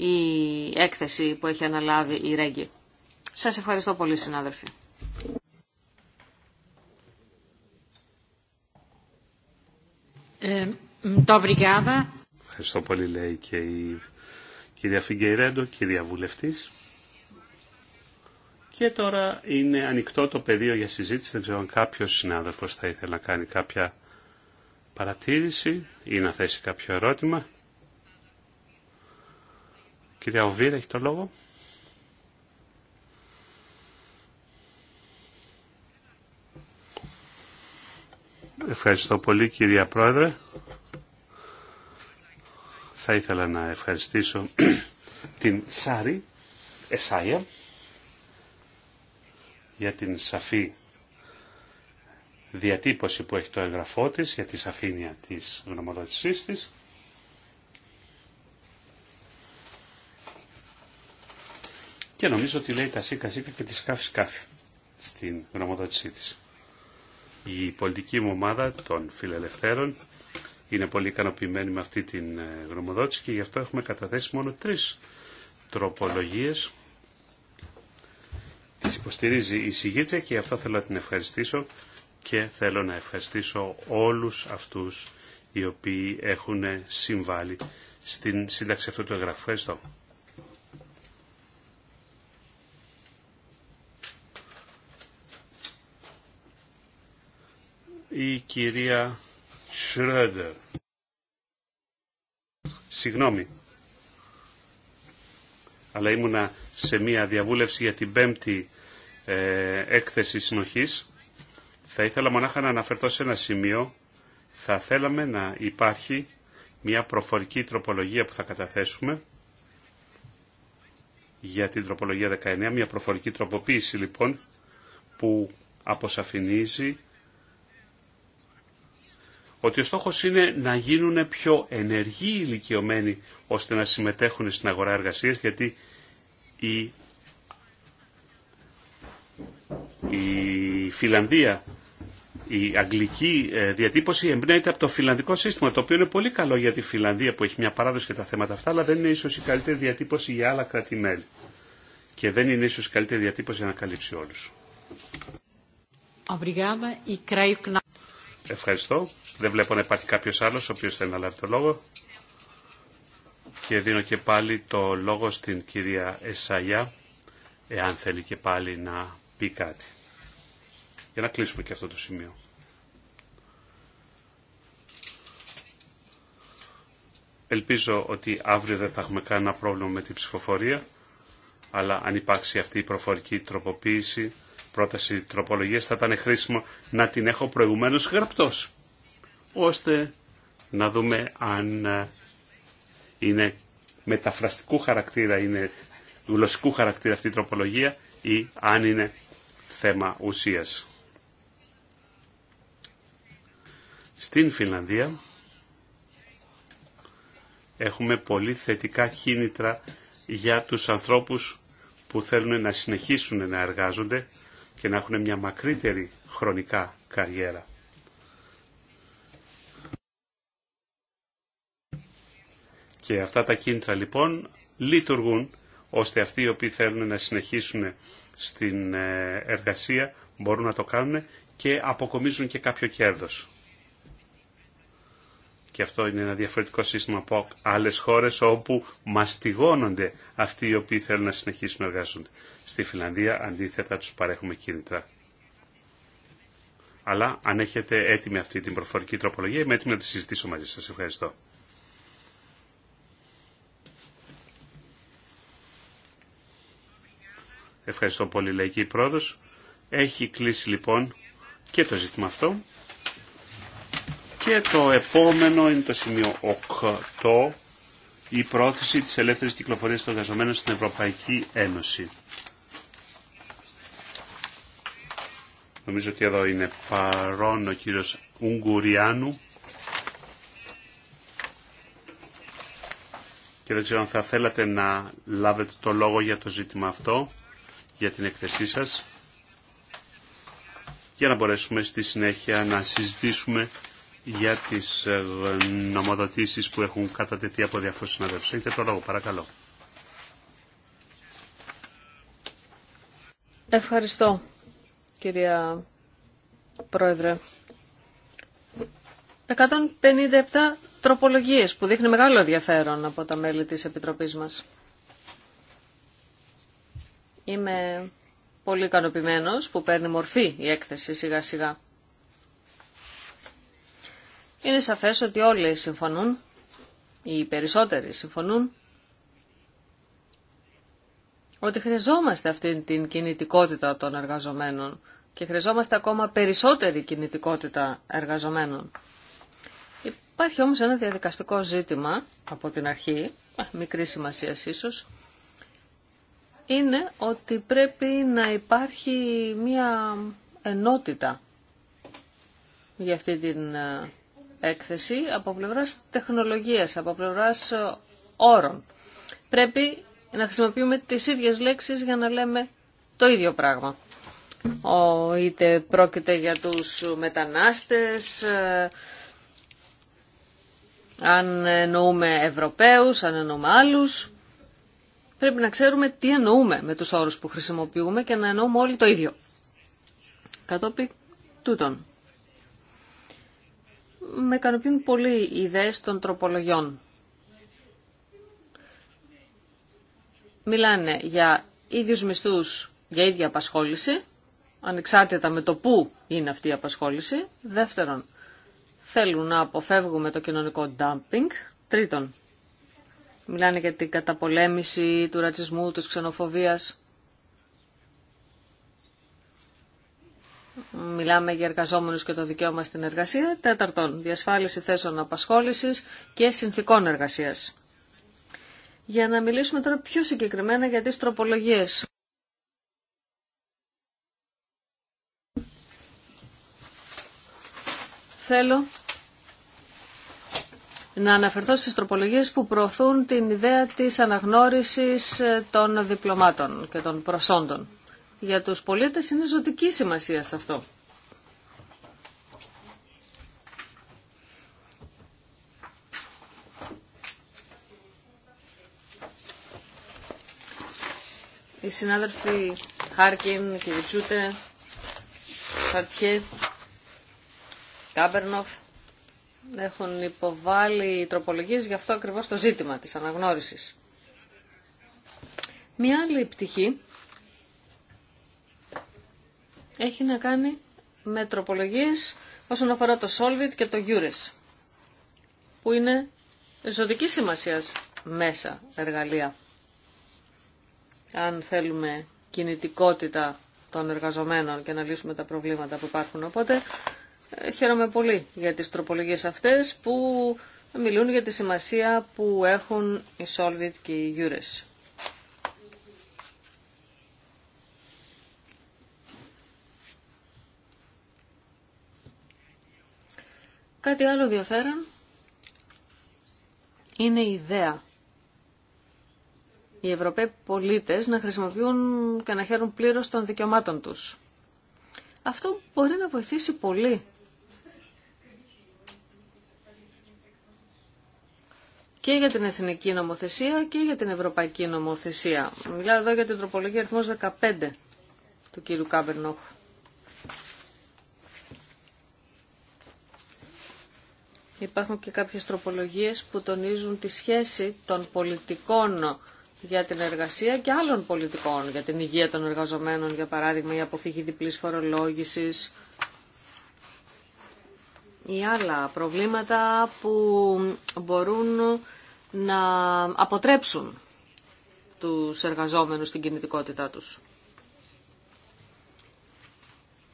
η έκθεση που έχει αναλάβει η Ρέγγι. Σας ευχαριστώ πολύ συνάδελφοι. Ευχαριστώ πολύ λέει και η κυρία Φιγκεϊρέντο, κυρία Βουλευτής. Και τώρα είναι ανοιχτό το πεδίο για συζήτηση. Δεν ξέρω αν κάποιος συνάδελφος θα ήθελε να κάνει κάποια παρατήρηση ή να θέσει κάποιο ερώτημα. Κυρία Οβίρ, έχει το λόγο. Ευχαριστώ πολύ κυρία Πρόεδρε. Θα ήθελα να ευχαριστήσω την Σάρη Εσάια για την σαφή διατύπωση που έχει το εγγραφό της, για τη σαφήνεια της γνωμοδότησής της. Και νομίζω ότι λέει τα σίκα σίκα και τη σκάφη σκάφη στην γνωμοδότησή τη. Η πολιτική μου ομάδα των φιλελευθέρων είναι πολύ ικανοποιημένη με αυτή την ε, γνωμοδότηση και γι' αυτό έχουμε καταθέσει μόνο τρεις τροπολογίες. Τις υποστηρίζει η Σιγίτσα και γι' αυτό θέλω να την ευχαριστήσω και θέλω να ευχαριστήσω όλου αυτούς οι οποίοι έχουν συμβάλει στην σύνταξη αυτού του εγγραφού. Ευχαριστώ. η κυρία Σρόντερ. Συγγνώμη. Αλλά ήμουνα σε μια διαβούλευση για την πέμπτη ε, έκθεση συνοχής. Θα ήθελα μονάχα να αναφερθώ σε ένα σημείο. Θα θέλαμε να υπάρχει μια προφορική τροπολογία που θα καταθέσουμε για την τροπολογία 19, μια προφορική τροποποίηση λοιπόν που αποσαφηνίζει ότι ο στόχος είναι να γίνουν πιο ενεργοί οι ηλικιωμένοι ώστε να συμμετέχουν στην αγορά εργασίας γιατί η, Φιλανδία, η αγγλική ε, διατύπωση εμπνέεται από το φιλανδικό σύστημα το οποίο είναι πολύ καλό για τη Φιλανδία που έχει μια παράδοση για τα θέματα αυτά αλλά δεν είναι ίσως η καλύτερη διατύπωση για άλλα και δεν είναι ίσως η καλύτερη διατύπωση για να καλύψει όλους. E Ευχαριστώ. Δεν βλέπω να υπάρχει κάποιος άλλος ο οποίος θέλει να λάβει το λόγο. Και δίνω και πάλι το λόγο στην κυρία Εσαΐα, εάν θέλει και πάλι να πει κάτι. Για να κλείσουμε και αυτό το σημείο. Ελπίζω ότι αύριο δεν θα έχουμε κανένα πρόβλημα με την ψηφοφορία, αλλά αν υπάρξει αυτή η προφορική τροποποίηση πρόταση τροπολογίας θα ήταν χρήσιμο να την έχω προηγουμένως γραπτός, ώστε να δούμε αν ε, είναι μεταφραστικού χαρακτήρα, είναι γλωσσικού χαρακτήρα αυτή η τροπολογία ή αν είναι θέμα ουσίας. Στην Φινλανδία έχουμε πολύ θετικά κίνητρα για τους ανθρώπους που θέλουν να συνεχίσουν να εργάζονται και να έχουν μια μακρύτερη χρονικά καριέρα. Και αυτά τα κίνητρα λοιπόν λειτουργούν ώστε αυτοί οι οποίοι θέλουν να συνεχίσουν στην ε, εργασία μπορούν να το κάνουν και αποκομίζουν και κάποιο κέρδος και αυτό είναι ένα διαφορετικό σύστημα από άλλες χώρες όπου μαστιγώνονται αυτοί οι οποίοι θέλουν να συνεχίσουν να εργάζονται. Στη Φιλανδία αντίθετα τους παρέχουμε κίνητρα. Αλλά αν έχετε έτοιμη αυτή την προφορική τροπολογία είμαι έτοιμη να τη συζητήσω μαζί σας. Ευχαριστώ. Ευχαριστώ πολύ λαϊκή Πρόοδο. Έχει κλείσει λοιπόν και το ζήτημα αυτό. Και το επόμενο είναι το σημείο 8, η πρόθεση της ελεύθερης κυκλοφορίας των εργαζομένων στην Ευρωπαϊκή Ένωση. Νομίζω ότι εδώ είναι παρόν ο κύριος Ουγγουριάνου. Και δεν ξέρω αν θα θέλατε να λάβετε το λόγο για το ζήτημα αυτό, για την εκθεσή σας, για να μπορέσουμε στη συνέχεια να συζητήσουμε για τις ε, νομοδοτήσεις που έχουν κατατεθεί από διάφορους συναδέλφους. Έχετε το λόγο, παρακαλώ. Ευχαριστώ, κυρία Πρόεδρε. 157 τροπολογίες που δείχνει μεγάλο ενδιαφέρον από τα μέλη της Επιτροπής μας. Είμαι πολύ ικανοποιημένο που παίρνει μορφή η έκθεση σιγά σιγά. Είναι σαφές ότι όλοι συμφωνούν, οι περισσότεροι συμφωνούν, ότι χρειαζόμαστε αυτή την κινητικότητα των εργαζομένων και χρειαζόμαστε ακόμα περισσότερη κινητικότητα εργαζομένων. Υπάρχει όμως ένα διαδικαστικό ζήτημα από την αρχή, ε, μικρή σημασία ίσως, είναι ότι πρέπει να υπάρχει μία ενότητα για αυτή την ε, έκθεση από πλευράς τεχνολογίας, από πλευράς ε, όρων. Πρέπει να χρησιμοποιούμε τις ίδιες λέξεις για να λέμε το ίδιο πράγμα. Ο, είτε πρόκειται για τους μετανάστες, ε, αν εννοούμε Ευρωπαίους, αν εννοούμε άλλους. Πρέπει να ξέρουμε τι εννοούμε με τους όρους που χρησιμοποιούμε και να εννοούμε όλοι το ίδιο. Κατόπιν τούτον με ικανοποιούν πολύ οι ιδέες των τροπολογιών. Μιλάνε για ίδιους μισθούς για ίδια απασχόληση, ανεξάρτητα με το πού είναι αυτή η απασχόληση. Δεύτερον, θέλουν να αποφεύγουμε το κοινωνικό dumping. Τρίτον, μιλάνε για την καταπολέμηση του ρατσισμού, της ξενοφοβίας. μιλάμε για εργαζόμενους και το δικαίωμα στην εργασία. Τέταρτον, διασφάλιση θέσεων απασχόλησης και συνθήκων εργασίας. Για να μιλήσουμε τώρα πιο συγκεκριμένα για τις τροπολογίες. Θέλω να αναφερθώ στις τροπολογίες που προωθούν την ιδέα της αναγνώρισης των διπλωμάτων και των προσόντων για τους πολίτες είναι ζωτική σημασία σε αυτό. Οι συνάδελφοι Χάρκιν και Σαρτιέ, Χαρτιέ, Κάμπερνοφ έχουν υποβάλει τροπολογίες γι' αυτό ακριβώς το ζήτημα της αναγνώρισης. Μία άλλη πτυχή έχει να κάνει με τροπολογίες όσον αφορά το Solvit και το Eures, που είναι ζωτική σημασίας μέσα εργαλεία. Αν θέλουμε κινητικότητα των εργαζομένων και να λύσουμε τα προβλήματα που υπάρχουν. Οπότε ε, χαίρομαι πολύ για τις τροπολογίες αυτές που μιλούν για τη σημασία που έχουν οι Solvit και οι Eures. Κάτι άλλο ενδιαφέρον είναι η ιδέα. Οι Ευρωπαίοι πολίτες να χρησιμοποιούν και να χαίρουν πλήρως των δικαιωμάτων τους. Αυτό μπορεί να βοηθήσει πολύ. Και για την εθνική νομοθεσία και για την ευρωπαϊκή νομοθεσία. Μιλάω εδώ για την τροπολογία αριθμός 15 του κύριου Κάμπερνοχ. Υπάρχουν και κάποιες τροπολογίες που τονίζουν τη σχέση των πολιτικών για την εργασία και άλλων πολιτικών, για την υγεία των εργαζομένων, για παράδειγμα, η αποφυγή διπλής φορολόγησης ή άλλα προβλήματα που μπορούν να αποτρέψουν τους εργαζόμενους στην κινητικότητά τους.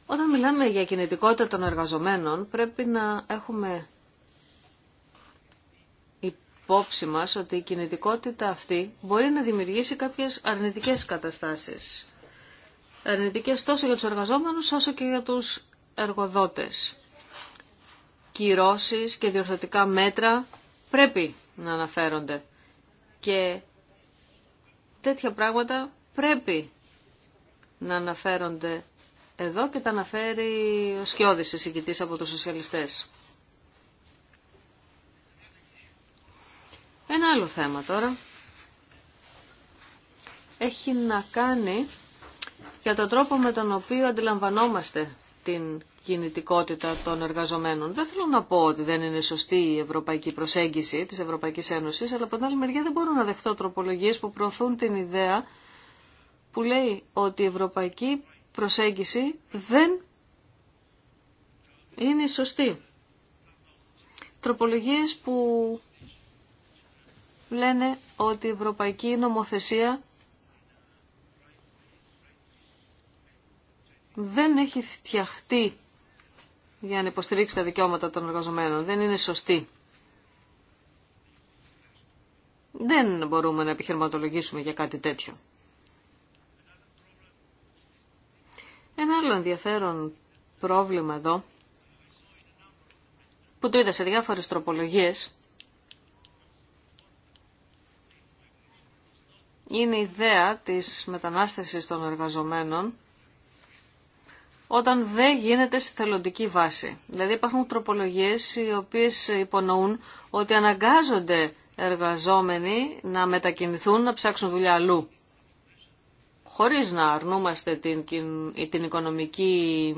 Όταν μιλάμε για κινητικότητα των εργαζομένων πρέπει να έχουμε υπόψη ότι η κινητικότητα αυτή μπορεί να δημιουργήσει κάποιες αρνητικές καταστάσεις. Αρνητικές τόσο για τους εργαζόμενους όσο και για τους εργοδότες. Κυρώσεις και διορθωτικά μέτρα πρέπει να αναφέρονται και τέτοια πράγματα πρέπει να αναφέρονται εδώ και τα αναφέρει ο Σκιώδης εισηγητής από τους σοσιαλιστές. Ένα άλλο θέμα τώρα έχει να κάνει για τον τρόπο με τον οποίο αντιλαμβανόμαστε την κινητικότητα των εργαζομένων. Δεν θέλω να πω ότι δεν είναι σωστή η ευρωπαϊκή προσέγγιση της Ευρωπαϊκής Ένωσης, αλλά από την άλλη μεριά δεν μπορώ να δεχτώ τροπολογίες που προωθούν την ιδέα που λέει ότι η ευρωπαϊκή προσέγγιση δεν είναι σωστή. Τροπολογίες που λένε ότι η ευρωπαϊκή νομοθεσία δεν έχει φτιαχτεί για να υποστηρίξει τα δικαιώματα των εργαζομένων. Δεν είναι σωστή. Δεν μπορούμε να επιχειρηματολογήσουμε για κάτι τέτοιο. Ένα άλλο ενδιαφέρον πρόβλημα εδώ, που το είδα σε διάφορες τροπολογίες, είναι η ιδέα της μετανάστευσης των εργαζομένων όταν δεν γίνεται στη θελοντική βάση. Δηλαδή υπάρχουν τροπολογίες οι οποίες υπονοούν ότι αναγκάζονται εργαζόμενοι να μετακινηθούν, να ψάξουν δουλειά αλλού. Χωρίς να αρνούμαστε την, την οικονομική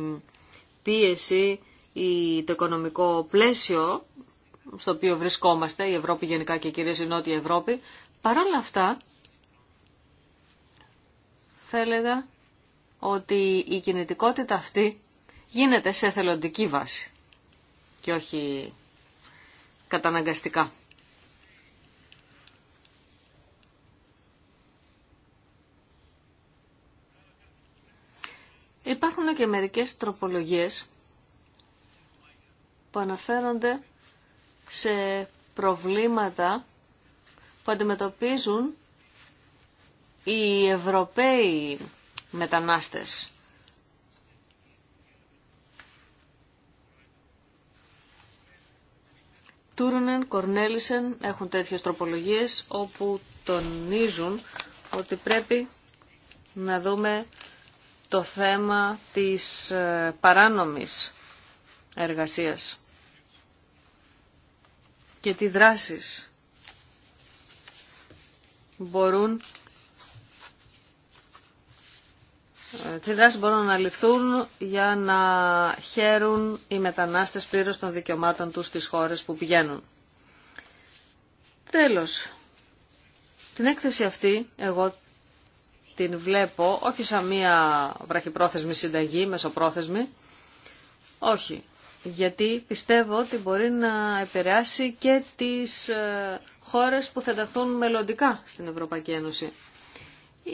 πίεση ή το οικονομικό πλαίσιο στο οποίο βρισκόμαστε, η Ευρώπη γενικά και κυρίως η Νότια Ευρώπη, παρόλα αυτά θα έλεγα ότι η κινητικότητα αυτή γίνεται σε θελοντική βάση και όχι καταναγκαστικά. Υπάρχουν και μερικές τροπολογίες που αναφέρονται σε προβλήματα που αντιμετωπίζουν οι Ευρωπαίοι μετανάστες Τούρνεν, Κορνέλισεν έχουν τέτοιες τροπολογίες όπου τονίζουν ότι πρέπει να δούμε το θέμα της ε, παράνομης εργασίας και τι δράσεις μπορούν τι δράσεις μπορούν να ληφθούν για να χαίρουν οι μετανάστες πλήρως των δικαιωμάτων τους στις χώρες που πηγαίνουν. Τέλος, την έκθεση αυτή εγώ την βλέπω όχι σαν μία βραχυπρόθεσμη συνταγή, μεσοπρόθεσμη, όχι, γιατί πιστεύω ότι μπορεί να επηρεάσει και τις ε, χώρες που θα ενταχθούν μελλοντικά στην Ευρωπαϊκή Ένωση.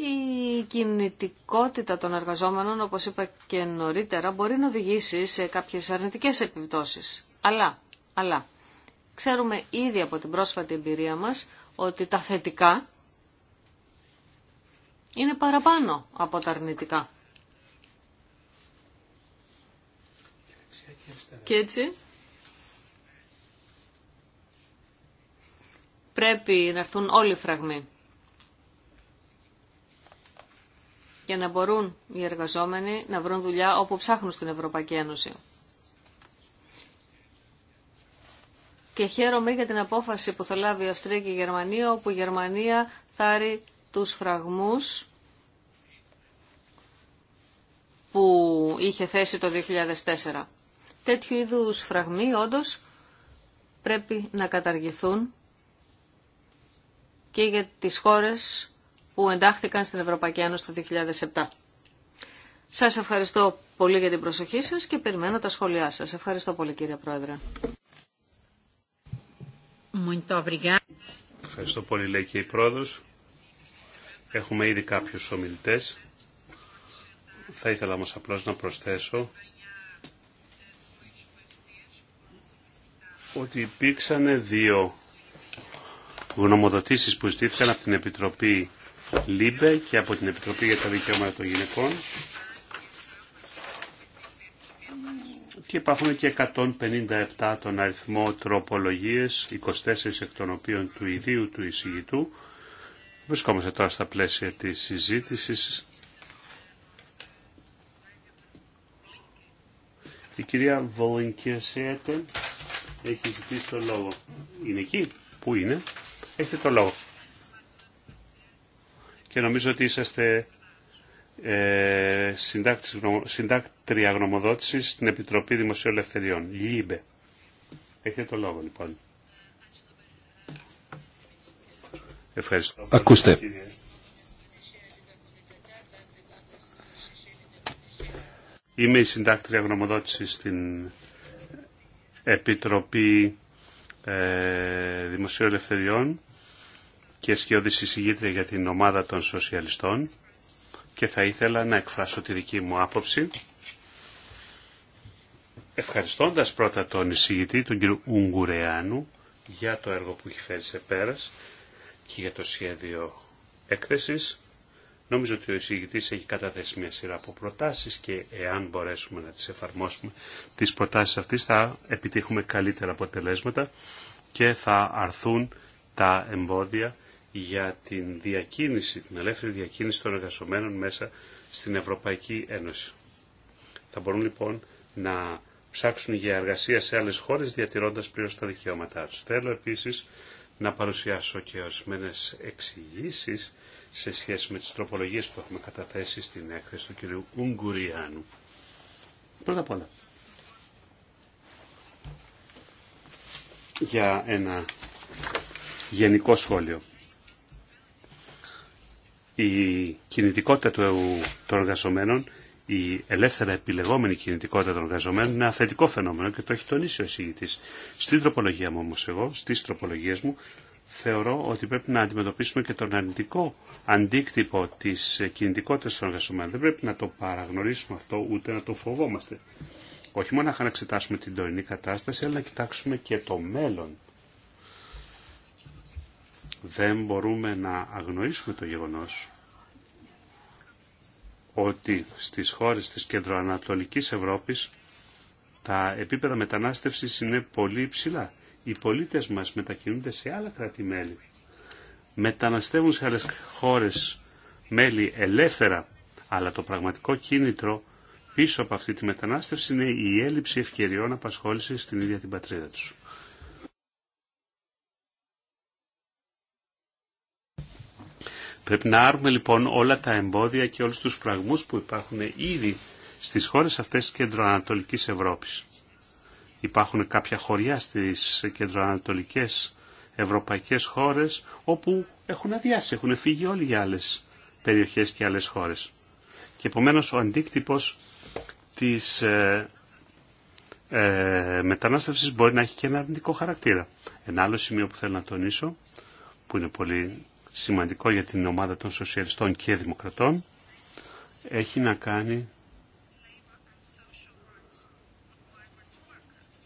Η κινητικότητα των εργαζόμενων, όπως είπα και νωρίτερα, μπορεί να οδηγήσει σε κάποιες αρνητικές επιπτώσεις. Αλλά, αλλά, ξέρουμε ήδη από την πρόσφατη εμπειρία μας ότι τα θετικά είναι παραπάνω από τα αρνητικά. Και έτσι πρέπει να έρθουν όλοι οι φραγμοί. για να μπορούν οι εργαζόμενοι να βρουν δουλειά όπου ψάχνουν στην Ευρωπαϊκή Ένωση. Και χαίρομαι για την απόφαση που θα λάβει η Αυστρία και η Γερμανία, όπου η Γερμανία θα τους φραγμούς που είχε θέσει το 2004. Τέτοιου είδους φραγμοί όντως πρέπει να καταργηθούν και για τις χώρες που εντάχθηκαν στην Ευρωπαϊκή Ένωση το 2007. Σας ευχαριστώ πολύ για την προσοχή σας και περιμένω τα σχόλιά σας. Ευχαριστώ πολύ κύριε Πρόεδρε. Ευχαριστώ πολύ λέει και η Πρόεδρος. Έχουμε ήδη κάποιους ομιλητές. Θα ήθελα όμως απλώς να προσθέσω ότι υπήρξαν δύο γνωμοδοτήσεις που ζητήθηκαν από την Επιτροπή ΛΥΜΠΕ και από την Επιτροπή για τα Δικαιώματα των Γυναικών και υπάρχουν και 157 τον αριθμό τροπολογίες, 24 εκ των οποίων του ιδίου του εισηγητού. Βρισκόμαστε τώρα στα πλαίσια της συζήτησης. Η κυρία Βολινκιασέτε έχει ζητήσει το λόγο. Είναι εκεί. Πού είναι. Έχετε το λόγο και νομίζω ότι είσαστε ε, συντάκτρια γνωμοδότηση στην Επιτροπή Δημοσίου Ελευθεριών, Λίμπε. Έχετε το λόγο λοιπόν. Ευχαριστώ. Ακούστε. Είμαι η συντάκτρια γνωμοδότηση στην Επιτροπή ε, Δημοσίου Ελευθεριών και σκιώδης εισηγήτρια για την ομάδα των σοσιαλιστών και θα ήθελα να εκφράσω τη δική μου άποψη ευχαριστώντας πρώτα τον εισηγητή, τον κύριο Ουγγουρεάνου, για το έργο που έχει φέρει σε πέρας και για το σχέδιο έκθεσης. Νομίζω ότι ο εισηγητής έχει καταθέσει μια σειρά από προτάσεις και εάν μπορέσουμε να τις εφαρμόσουμε τις προτάσεις αυτές θα επιτύχουμε καλύτερα αποτελέσματα και θα αρθούν τα εμπόδια για την διακίνηση, την ελεύθερη διακίνηση των εργαζομένων μέσα στην Ευρωπαϊκή Ένωση. Θα μπορούν λοιπόν να ψάξουν για εργασία σε άλλες χώρες διατηρώντας πλήρως τα δικαιώματά τους. Θέλω επίσης να παρουσιάσω και ορισμένε εξηγήσει σε σχέση με τις τροπολογίες που έχουμε καταθέσει στην έκθεση του κυρίου Ουγγουριάνου. Πρώτα απ' όλα, για ένα γενικό σχόλιο η κινητικότητα του, των εργαζομένων, η ελεύθερα επιλεγόμενη κινητικότητα των εργαζομένων είναι ένα θετικό φαινόμενο και το έχει τονίσει ο εισηγητής. Στην τροπολογία μου όμως εγώ, στις τροπολογίες μου, θεωρώ ότι πρέπει να αντιμετωπίσουμε και τον αρνητικό αντίκτυπο της κινητικότητας των εργαζομένων. Δεν πρέπει να το παραγνωρίσουμε αυτό ούτε να το φοβόμαστε. Όχι μόνο να εξετάσουμε την τωρινή κατάσταση, αλλά να κοιτάξουμε και το μέλλον δεν μπορούμε να αγνοήσουμε το γεγονός ότι στις χώρες της κεντροανατολικής Ευρώπης τα επίπεδα μετανάστευσης είναι πολύ υψηλά. Οι πολίτες μας μετακινούνται σε άλλα κράτη-μέλη. Μεταναστεύουν σε άλλες χώρες μέλη ελεύθερα, αλλά το πραγματικό κίνητρο πίσω από αυτή τη μετανάστευση είναι η έλλειψη ευκαιριών απασχόλησης στην ίδια την πατρίδα τους. Πρέπει να άρουμε λοιπόν όλα τα εμπόδια και όλους τους φραγμούς που υπάρχουν ήδη στις χώρες αυτές της κεντροανατολικής Ευρώπης. Υπάρχουν κάποια χωριά στις κεντροανατολικές ευρωπαϊκές χώρες όπου έχουν αδειάσει, έχουν φύγει όλοι οι άλλες περιοχές και άλλες χώρες. Και επομένως ο αντίκτυπος της ε, ε μετανάστευσης μπορεί να έχει και ένα αρνητικό χαρακτήρα. Ένα άλλο σημείο που θέλω να τονίσω, που είναι πολύ σημαντικό για την ομάδα των σοσιαλιστών και δημοκρατών έχει να κάνει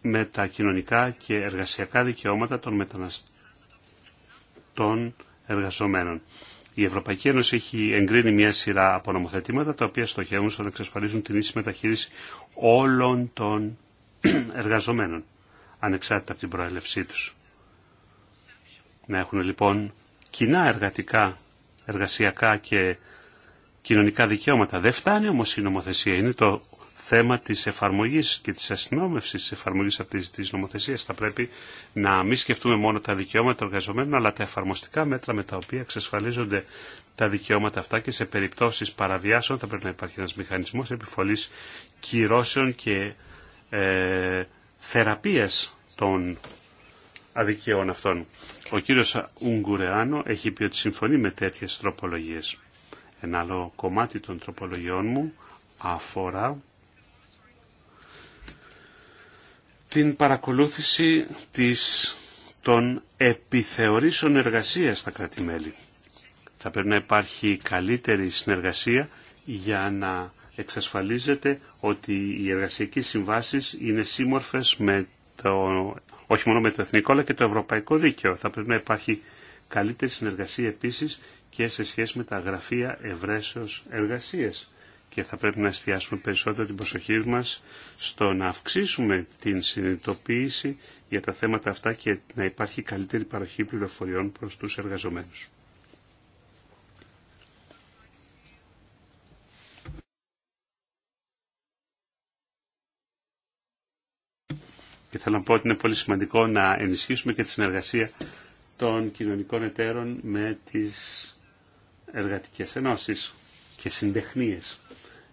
με τα κοινωνικά και εργασιακά δικαιώματα των μεταναστών εργαζομένων. Η Ευρωπαϊκή Ένωση έχει εγκρίνει μια σειρά απονομοθετήματα, τα οποία στοχεύουν στο να εξασφαλίζουν την ίση μεταχείριση όλων των εργαζομένων, ανεξάρτητα από την προέλευσή τους. Να έχουν λοιπόν κοινά εργατικά, εργασιακά και κοινωνικά δικαιώματα. Δεν φτάνει όμως η νομοθεσία. Είναι το θέμα της εφαρμογής και της αστυνόμευσης της εφαρμογής αυτής της νομοθεσίας. Θα πρέπει να μην σκεφτούμε μόνο τα δικαιώματα των εργαζομένων, αλλά τα εφαρμοστικά μέτρα με τα οποία εξασφαλίζονται τα δικαιώματα αυτά και σε περιπτώσεις παραβιάσεων θα πρέπει να υπάρχει ένας μηχανισμός επιφολής κυρώσεων και ε, θεραπείας των αδικαίων αυτών. Ο κύριος Ουγγουρεάνο έχει πει ότι συμφωνεί με τέτοιες τροπολογίες. Ένα άλλο κομμάτι των τροπολογιών μου αφορά την παρακολούθηση της, των επιθεωρήσεων εργασία στα κρατη Θα πρέπει να υπάρχει καλύτερη συνεργασία για να εξασφαλίζεται ότι οι εργασιακοί συμβάσεις είναι σύμμορφες με το όχι μόνο με το εθνικό αλλά και το ευρωπαϊκό δίκαιο. Θα πρέπει να υπάρχει καλύτερη συνεργασία επίσης και σε σχέση με τα γραφεία ευρέσεως εργασίες και θα πρέπει να εστιάσουμε περισσότερο την προσοχή μας στο να αυξήσουμε την συνειδητοποίηση για τα θέματα αυτά και να υπάρχει καλύτερη παροχή πληροφοριών προς τους εργαζομένους. Και θέλω να πω ότι είναι πολύ σημαντικό να ενισχύσουμε και τη συνεργασία των κοινωνικών εταίρων με τις εργατικές ενώσεις και συντεχνίες.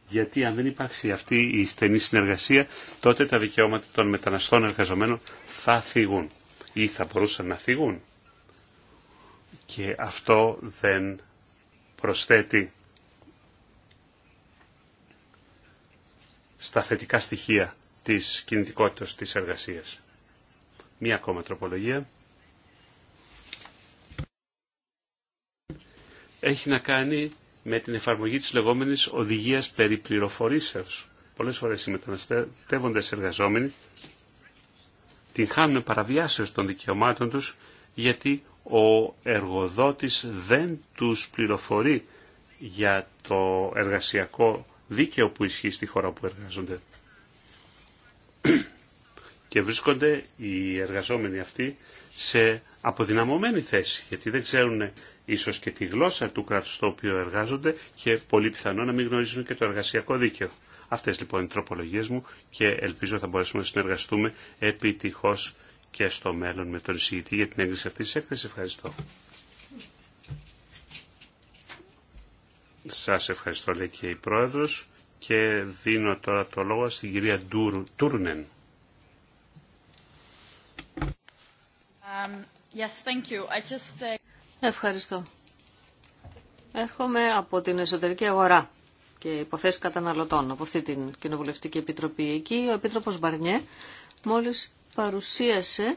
Γιατί αν δεν υπάρξει αυτή η στενή συνεργασία, τότε τα δικαιώματα των μεταναστών εργαζομένων θα φύγουν ή θα μπορούσαν να φύγουν. Και αυτό δεν προσθέτει στα θετικά στοιχεία της κινητικότητας της εργασίας. Μία ακόμα τροπολογία. Έχει να κάνει με την εφαρμογή της λεγόμενης οδηγίας περί πληροφορήσεως. Πολλές φορές οι μεταναστεύοντες εργαζόμενοι την χάνουν παραβιάσεως των δικαιωμάτων τους γιατί ο εργοδότης δεν τους πληροφορεί για το εργασιακό δίκαιο που ισχύει στη χώρα που εργάζονται και βρίσκονται οι εργαζόμενοι αυτοί σε αποδυναμωμένη θέση, γιατί δεν ξέρουν ίσως και τη γλώσσα του κράτους στο οποίο εργάζονται και πολύ πιθανό να μην γνωρίζουν και το εργασιακό δίκαιο. Αυτές λοιπόν οι τροπολογίες μου και ελπίζω θα μπορέσουμε να συνεργαστούμε επιτυχώς και στο μέλλον με τον εισηγητή για την έγκριση αυτής της έκθεσης. Ευχαριστώ. Σας ευχαριστώ λέει και η Πρόεδρος και δίνω τώρα το λόγο στην κυρία Τούρνεν. Um, uh, Ευχαριστώ. Έρχομαι από την εσωτερική αγορά και υποθέσει καταναλωτών από αυτή την Κοινοβουλευτική Επιτροπή. Εκεί ο Επίτροπος Μπαρνιέ μόλις παρουσίασε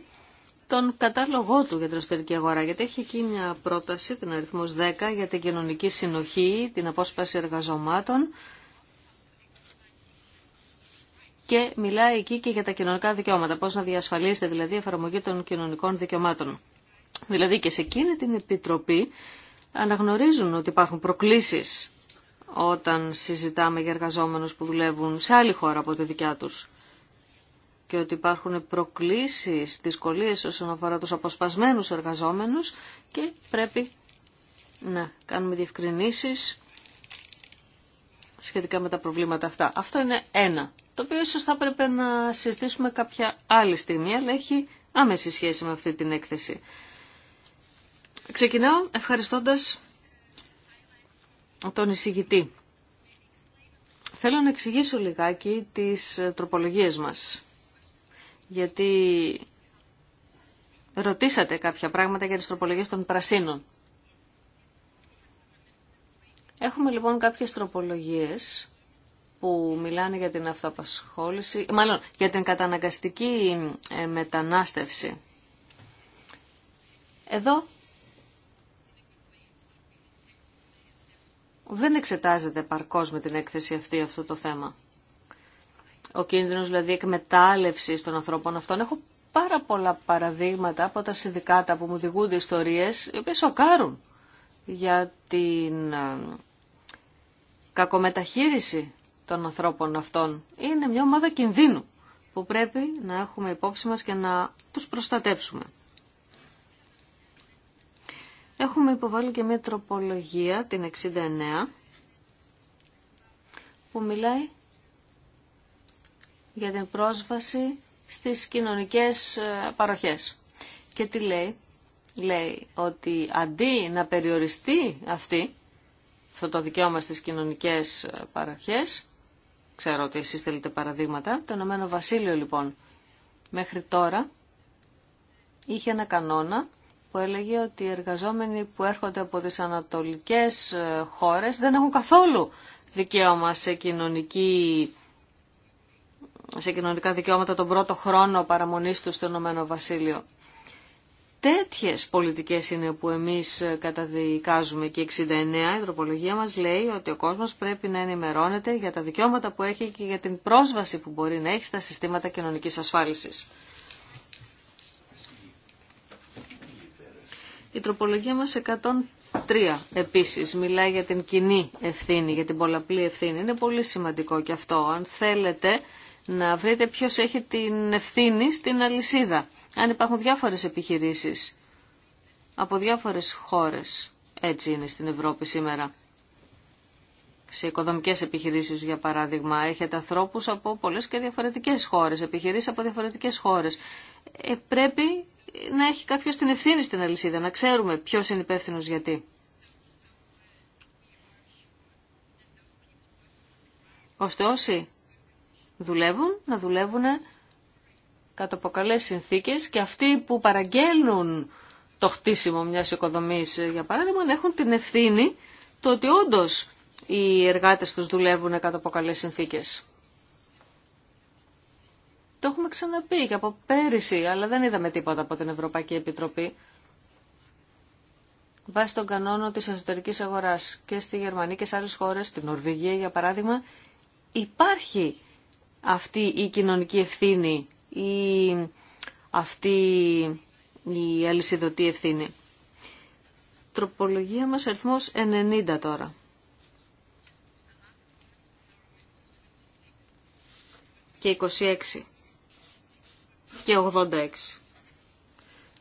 τον κατάλογό του για την εσωτερική αγορά, γιατί έχει εκεί μια πρόταση, την αριθμός 10, για την κοινωνική συνοχή, την απόσπαση εργαζομάτων, και μιλάει εκεί και για τα κοινωνικά δικαιώματα, πώς να διασφαλίσετε δηλαδή η εφαρμογή των κοινωνικών δικαιωμάτων. Δηλαδή και σε εκείνη την Επιτροπή αναγνωρίζουν ότι υπάρχουν προκλήσεις όταν συζητάμε για εργαζόμενους που δουλεύουν σε άλλη χώρα από τη δικιά τους και ότι υπάρχουν προκλήσεις, δυσκολίες όσον αφορά τους αποσπασμένους εργαζόμενους και πρέπει να κάνουμε διευκρινήσεις σχετικά με τα προβλήματα αυτά. Αυτό είναι ένα το οποίο ίσως θα έπρεπε να συζητήσουμε κάποια άλλη στιγμή, αλλά έχει άμεση σχέση με αυτή την έκθεση. Ξεκινάω ευχαριστώντας τον εισηγητή. Θέλω να εξηγήσω λιγάκι τις τροπολογίες μας, γιατί ρωτήσατε κάποια πράγματα για τις τροπολογίες των πρασίνων. Έχουμε λοιπόν κάποιες τροπολογίες που μιλάνε για την αυταπασχόληση, μάλλον για την καταναγκαστική ε, μετανάστευση. Εδώ δεν εξετάζεται παρκώς με την έκθεση αυτή αυτό το θέμα. Ο κίνδυνος δηλαδή εκμετάλλευση των ανθρώπων αυτών. Έχω πάρα πολλά παραδείγματα από τα συνδικάτα που μου διηγούνται ιστορίες, οι οποίες σοκάρουν για την ε, κακομεταχείριση των ανθρώπων αυτών. Είναι μια ομάδα κινδύνου που πρέπει να έχουμε υπόψη μας και να τους προστατεύσουμε. Έχουμε υποβάλει και μια τροπολογία, την 69, που μιλάει για την πρόσβαση στις κοινωνικές ε, παροχές. Και τι λέει. Λέει ότι αντί να περιοριστεί αυτή, αυτό το δικαίωμα στις κοινωνικές ε, παροχές, Ξέρω ότι εσείς θέλετε παραδείγματα. Το Ηνωμένο Βασίλειο λοιπόν μέχρι τώρα είχε ένα κανόνα που έλεγε ότι οι εργαζόμενοι που έρχονται από τις ανατολικές ε, χώρες δεν έχουν καθόλου δικαίωμα σε, κοινωνική, σε κοινωνικά δικαιώματα τον πρώτο χρόνο παραμονής του στο Ηνωμένο Βασίλειο. Τέτοιες πολιτικές είναι που εμείς ε, καταδικάζουμε και 69 η τροπολογία μας λέει ότι ο κόσμος πρέπει να ενημερώνεται για τα δικαιώματα που έχει και για την πρόσβαση που μπορεί να έχει στα συστήματα κοινωνικής ασφάλισης. Η τροπολογία μας 103 επίσης μιλάει για την κοινή ευθύνη, για την πολλαπλή ευθύνη. Είναι πολύ σημαντικό και αυτό. Αν θέλετε να βρείτε ποιος έχει την ευθύνη στην αλυσίδα αν υπάρχουν διάφορες επιχειρήσεις από διάφορες χώρες. Έτσι είναι στην Ευρώπη σήμερα. Σε οικοδομικές επιχειρήσεις, για παράδειγμα, έχετε ανθρώπους από πολλές και διαφορετικές χώρες, επιχειρήσεις από διαφορετικές χώρες. Ε, πρέπει να έχει κάποιος την ευθύνη στην αλυσίδα, να ξέρουμε ποιος είναι υπεύθυνο γιατί. Ώστε όσοι δουλεύουν, να δουλεύουν κάτω από συνθήκες και αυτοί που παραγγέλνουν το χτίσιμο μιας οικοδομής, για παράδειγμα, έχουν την ευθύνη το ότι όντως οι εργάτες τους δουλεύουν κάτω από συνθήκες. Το έχουμε ξαναπεί και από πέρυσι, αλλά δεν είδαμε τίποτα από την Ευρωπαϊκή Επιτροπή. Βάσει τον κανόνα της εσωτερικής αγοράς και στη Γερμανία και σε άλλες χώρες, στην Νορβηγία για παράδειγμα, υπάρχει αυτή η κοινωνική ευθύνη ή αυτή η αλυσιδωτή ευθύνη. Τροπολογία μας αριθμός 90 τώρα. Και 26. Και 86.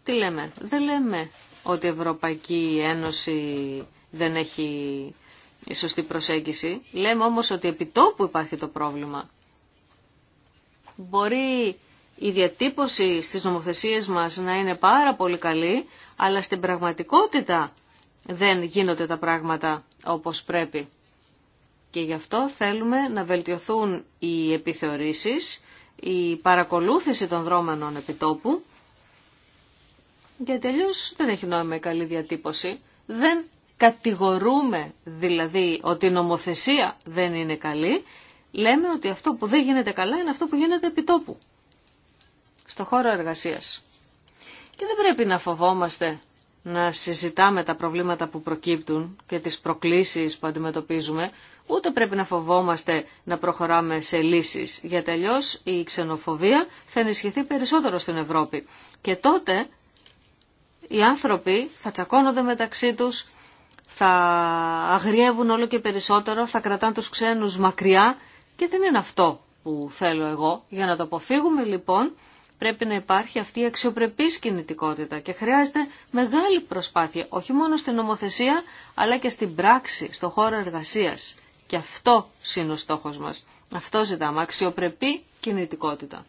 Τι λέμε. Δεν λέμε ότι η Ευρωπαϊκή Ένωση δεν έχει σωστή προσέγγιση. Λέμε όμως ότι επί τόπου υπάρχει το πρόβλημα. Μπορεί η διατύπωση στις νομοθεσίες μας να είναι πάρα πολύ καλή, αλλά στην πραγματικότητα δεν γίνονται τα πράγματα όπως πρέπει. Και γι' αυτό θέλουμε να βελτιωθούν οι επιθεωρήσεις, η παρακολούθηση των δρόμενων επιτόπου, γιατί αλλιώ δεν έχει νόημα η καλή διατύπωση. Δεν κατηγορούμε δηλαδή ότι η νομοθεσία δεν είναι καλή, λέμε ότι αυτό που δεν γίνεται καλά είναι αυτό που γίνεται επιτόπου στο χώρο εργασίας. Και δεν πρέπει να φοβόμαστε να συζητάμε τα προβλήματα που προκύπτουν και τις προκλήσεις που αντιμετωπίζουμε, ούτε πρέπει να φοβόμαστε να προχωράμε σε λύσεις. Για τελειώς η ξενοφοβία θα ενισχυθεί περισσότερο στην Ευρώπη. Και τότε οι άνθρωποι θα τσακώνονται μεταξύ τους, θα αγριεύουν όλο και περισσότερο, θα κρατάνε τους ξένους μακριά και δεν είναι αυτό που θέλω εγώ. Για να το αποφύγουμε λοιπόν Πρέπει να υπάρχει αυτή η αξιοπρεπή κινητικότητα και χρειάζεται μεγάλη προσπάθεια, όχι μόνο στην νομοθεσία, αλλά και στην πράξη, στο χώρο εργασίας. Και αυτό είναι ο στόχος μας. Αυτό ζητάμε, αξιοπρεπή κινητικότητα.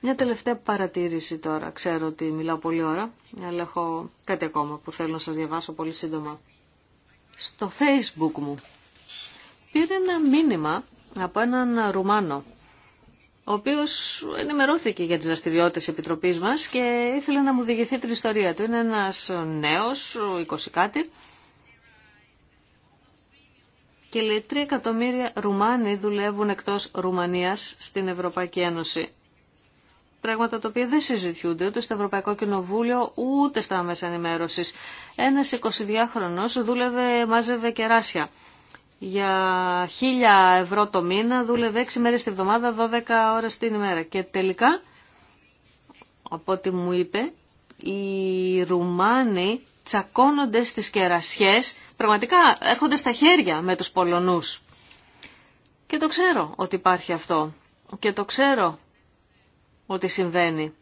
Μια τελευταία παρατήρηση τώρα. Ξέρω ότι μιλάω πολύ ώρα, αλλά έχω κάτι ακόμα που θέλω να σας διαβάσω πολύ σύντομα. Στο facebook μου πήρε ένα μήνυμα από έναν Ρουμάνο ο οποίο ενημερώθηκε για τις τη επιτροπή μας και ήθελε να μου διηγηθεί την ιστορία του. Είναι ένα νέος, 20 κάτι, και λέει 3 εκατομμύρια Ρουμάνοι δουλεύουν εκτός Ρουμανίας στην Ευρωπαϊκή Ένωση. Πράγματα τα οποία δεν συζητιούνται ούτε στο Ευρωπαϊκό Κοινοβούλιο ούτε στα μέσα ενημέρωση. Ένα 22χρονο δούλευε, μάζευε κεράσια για 1000 ευρώ το μήνα δούλευε 6 μέρες τη εβδομάδα, 12 ώρες την ημέρα. Και τελικά, από ό,τι μου είπε, οι Ρουμάνοι τσακώνονται στις κερασιές, πραγματικά έρχονται στα χέρια με τους Πολωνούς. Και το ξέρω ότι υπάρχει αυτό. Και το ξέρω ότι συμβαίνει.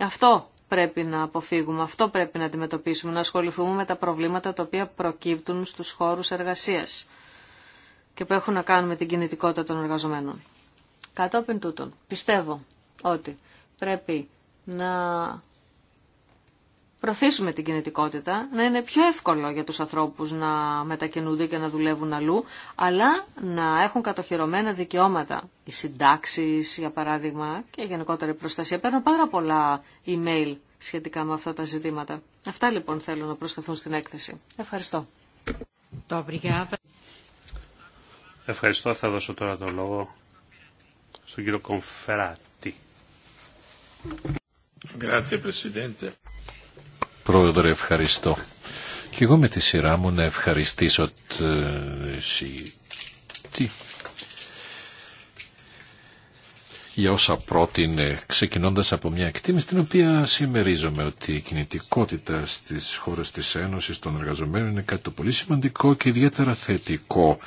Αυτό πρέπει να αποφύγουμε, αυτό πρέπει να αντιμετωπίσουμε, να ασχοληθούμε με τα προβλήματα τα οποία προκύπτουν στους χώρους εργασίας και που έχουν να κάνουν με την κινητικότητα των εργαζομένων. Κατόπιν τούτων, πιστεύω ότι πρέπει να προωθήσουμε την κινητικότητα, να είναι πιο εύκολο για τους ανθρώπους να μετακινούνται και να δουλεύουν αλλού, αλλά να έχουν κατοχυρωμένα δικαιώματα. Οι συντάξει, για παράδειγμα, και γενικότερα η προστασία. Παίρνω πάρα πολλά email σχετικά με αυτά τα ζητήματα. Αυτά λοιπόν θέλω να προσταθούν στην έκθεση. Ευχαριστώ. Ευχαριστώ. Θα δώσω τώρα το λόγο στον κύριο Κομφεράτη. Grazie Presidente. Πρόεδρε, ευχαριστώ. Και εγώ με τη σειρά μου να ευχαριστήσω τη... Ε, για όσα πρότεινε, ξεκινώντας από μια εκτίμηση την οποία συμμερίζομαι ότι η κινητικότητα στις χώρες της Ένωσης των εργαζομένων είναι κάτι το πολύ σημαντικό και ιδιαίτερα θετικό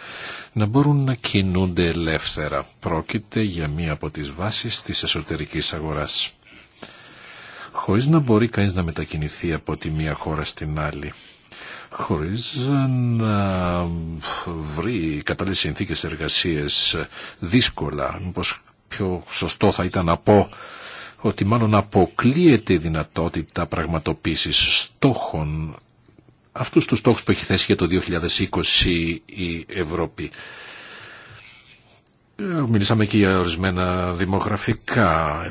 να μπορούν να κινούνται ελεύθερα. Πρόκειται για μία από τις βάσεις της εσωτερικής αγοράς χωρίς να μπορεί κανείς να μετακινηθεί από τη μία χώρα στην άλλη χωρίς να βρει κατάλληλες συνθήκες εργασίες δύσκολα. Μήπως πιο σωστό θα ήταν να πω ότι μάλλον αποκλείεται η δυνατότητα πραγματοποίησης στόχων, αυτούς τους στόχους που έχει θέσει για το 2020 η Ευρώπη. Ε, μιλήσαμε και για ορισμένα δημογραφικά,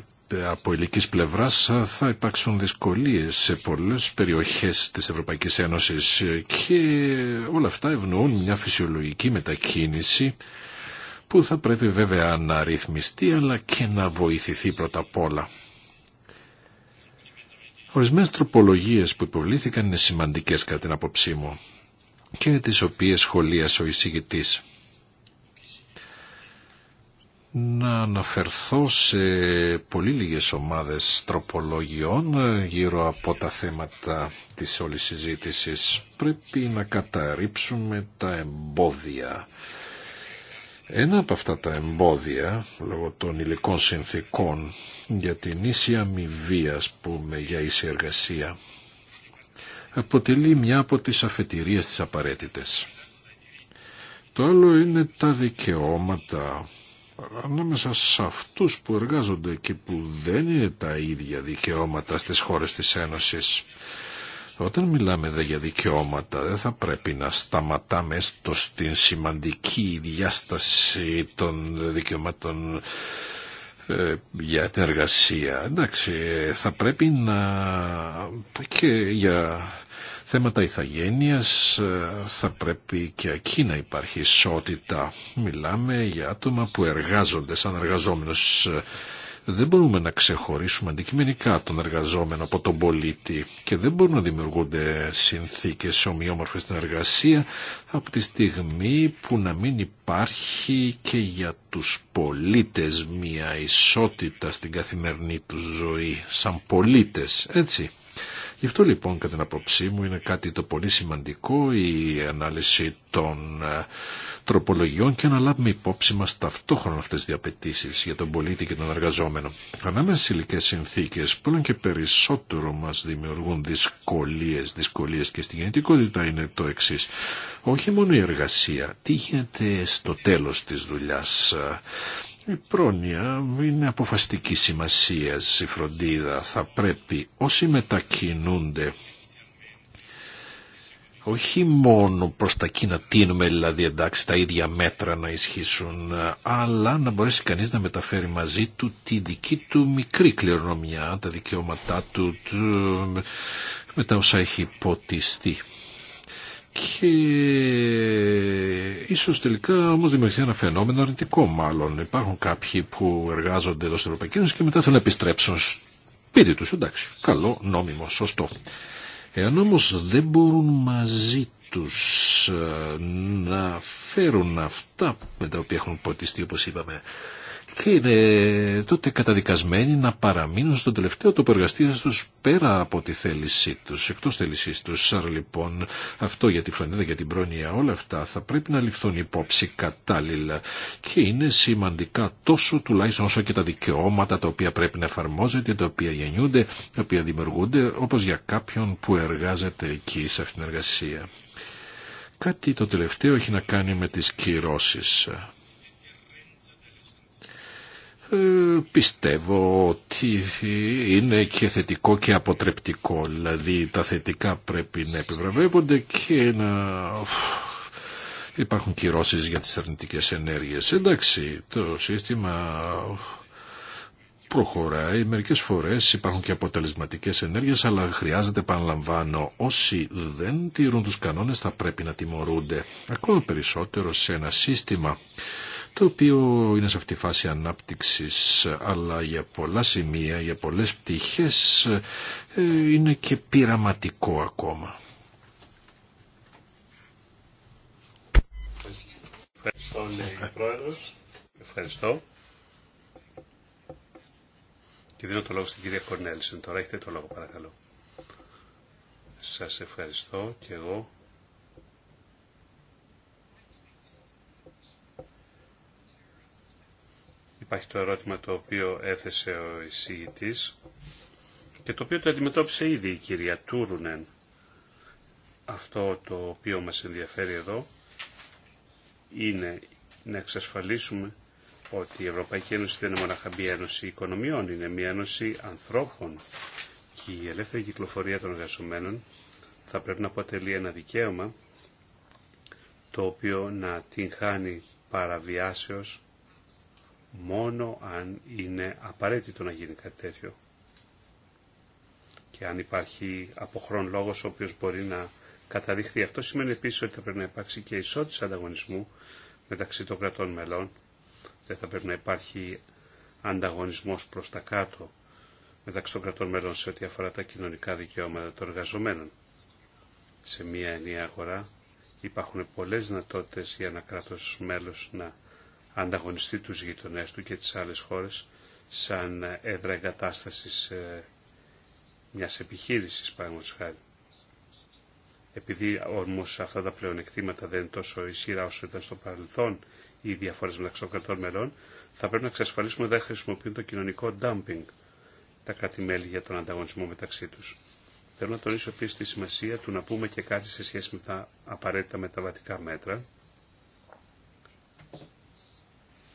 από ηλικής πλευράς θα υπάρξουν δυσκολίες σε πολλές περιοχές της Ευρωπαϊκής Ένωσης και όλα αυτά ευνοούν μια φυσιολογική μετακίνηση που θα πρέπει βέβαια να ρυθμιστεί αλλά και να βοηθηθεί πρώτα απ' όλα. Ορισμένες τροπολογίες που υποβλήθηκαν είναι σημαντικές κατά την απόψή μου και τις οποίες σχολίασε ο εισηγητής να αναφερθώ σε πολύ λίγες ομάδες τροπολογιών ε, γύρω από τα θέματα της όλης συζήτησης. Πρέπει να καταρρύψουμε τα εμπόδια. Ένα από αυτά τα εμπόδια, λόγω των υλικών συνθήκων, για την ίση αμοιβή, ας πούμε, για ίση εργασία, αποτελεί μια από τις αφετηρίες της απαραίτητες. Το άλλο είναι τα δικαιώματα ανάμεσα σε αυτούς που εργάζονται και που δεν είναι τα ίδια δικαιώματα στις χώρες της Ένωσης. Όταν μιλάμε δε για δικαιώματα δεν θα πρέπει να σταματάμε στο στην σημαντική διάσταση των δικαιωμάτων ε, για την εργασία. Εντάξει, θα πρέπει να και για θέματα ηθαγένειας ε, θα πρέπει και εκεί να υπάρχει ισότητα. Μιλάμε για άτομα που εργάζονται σαν εργαζόμενος. Δεν μπορούμε να ξεχωρίσουμε αντικειμενικά τον εργαζόμενο από τον πολίτη και δεν μπορούν να δημιουργούνται συνθήκες ομοιόμορφες στην εργασία από τη στιγμή που να μην υπάρχει και για τους πολίτες μία ισότητα στην καθημερινή τους ζωή σαν πολίτες, έτσι. Γι' αυτό λοιπόν κατά την απόψή μου είναι κάτι το πολύ σημαντικό η ανάλυση των ε, τροπολογιών και να λάβουμε υπόψη μας ταυτόχρονα αυτές τις διαπαιτήσεις για τον πολίτη και τον εργαζόμενο. Ανάμεσα στις ηλικές συνθήκες που και περισσότερο μας δημιουργούν δυσκολίες, δυσκολίες και στη γεννητικότητα είναι το εξή. Όχι μόνο η εργασία, τι γίνεται στο τέλος της δουλειάς. Ε, η πρόνοια είναι αποφαστική σημασία η φροντίδα. Θα πρέπει όσοι μετακινούνται όχι μόνο προς τα κοινά τίνουμε δηλαδή εντάξει τα ίδια μέτρα να ισχύσουν αλλά να μπορέσει κανείς να μεταφέρει μαζί του τη δική του μικρή κληρονομιά, τα δικαιώματά του, του μετά όσα έχει υποτιστεί και ίσως τελικά όμως δημιουργηθεί ένα φαινόμενο αρνητικό μάλλον. Υπάρχουν κάποιοι που εργάζονται εδώ στην Ευρωπαϊκή Ένωση και μετά θέλουν να επιστρέψουν σπίτι τους. Εντάξει, καλό, νόμιμο, σωστό. Εάν όμως δεν μπορούν μαζί τους ε, να φέρουν αυτά με τα οποία έχουν ποτιστεί όπως είπαμε και είναι τότε καταδικασμένοι να παραμείνουν στο τελευταίο τόπο εργαστήριο του πέρα από τη θέλησή του. Εκτό θέλησή του. Άρα λοιπόν αυτό για τη φροντίδα, για την πρόνοια, όλα αυτά θα πρέπει να ληφθούν υπόψη κατάλληλα και είναι σημαντικά τόσο τουλάχιστον όσο και τα δικαιώματα τα οποία πρέπει να εφαρμόζονται, τα οποία γεννιούνται, τα οποία δημιουργούνται, όπω για κάποιον που εργάζεται εκεί σε αυτήν την εργασία. Κάτι το τελευταίο έχει να κάνει με τις κυρώσεις. Ε, πιστεύω ότι είναι και θετικό και αποτρεπτικό. Δηλαδή τα θετικά πρέπει να επιβραβεύονται και να υπάρχουν κυρώσει για τις αρνητικές ενέργειες. Εντάξει, το σύστημα προχωράει, μερικές φορές υπάρχουν και αποτελεσματικές ενέργειες, αλλά χρειάζεται, επαναλαμβάνω, όσοι δεν τηρούν τους κανόνες θα πρέπει να τιμωρούνται. Ακόμα περισσότερο σε ένα σύστημα το οποίο είναι σε αυτή τη φάση ανάπτυξης, αλλά για πολλά σημεία, για πολλές πτυχές ε, είναι και πειραματικό ακόμα. Ευχαριστώ, λέει Πρόεδρος. Ευχαριστώ. Και δίνω το λόγο στην κυρία Κορνέλσεν. Τώρα έχετε το λόγο, παρακαλώ. Σας ευχαριστώ και εγώ. Υπάρχει το ερώτημα το οποίο έθεσε ο εισηγητής και το οποίο το αντιμετώπισε ήδη η κυρία Τούρουνεν. Αυτό το οποίο μας ενδιαφέρει εδώ είναι να εξασφαλίσουμε ότι η Ευρωπαϊκή Ένωση δεν είναι μοναχα μία ένωση οικονομιών, είναι μία ένωση ανθρώπων και η ελεύθερη κυκλοφορία των εργαζομένων θα πρέπει να αποτελεί ένα δικαίωμα το οποίο να την χάνει παραβιάσεως μόνο αν είναι απαραίτητο να γίνει κάτι τέτοιο. Και αν υπάρχει από χρόνο λόγος ο οποίος μπορεί να καταδειχθεί. Αυτό σημαίνει επίσης ότι θα πρέπει να υπάρξει και ισότητα ανταγωνισμού μεταξύ των κρατών μελών. Δεν θα πρέπει να υπάρχει ανταγωνισμός προς τα κάτω μεταξύ των κρατών μελών σε ό,τι αφορά τα κοινωνικά δικαιώματα των εργαζομένων. Σε μία ενιαία αγορά υπάρχουν πολλές δυνατότητε για ένα κράτος μέλος να ανταγωνιστεί τους γειτονές του και τις άλλες χώρες σαν έδρα εγκατάστασης ε, μιας επιχείρησης, παραδείγματος χάρη. Επειδή όμως αυτά τα πλεονεκτήματα δεν είναι τόσο ισχυρά όσο ήταν στο παρελθόν οι διαφορές μεταξύ των κρατών μελών, θα πρέπει να εξασφαλίσουμε ότι δεν χρησιμοποιούν το κοινωνικό dumping τα κράτη-μέλη για τον ανταγωνισμό μεταξύ τους. Θέλω να τονίσω επίση τη σημασία του να πούμε και κάτι σε σχέση με τα απαραίτητα μεταβατικά μέτρα.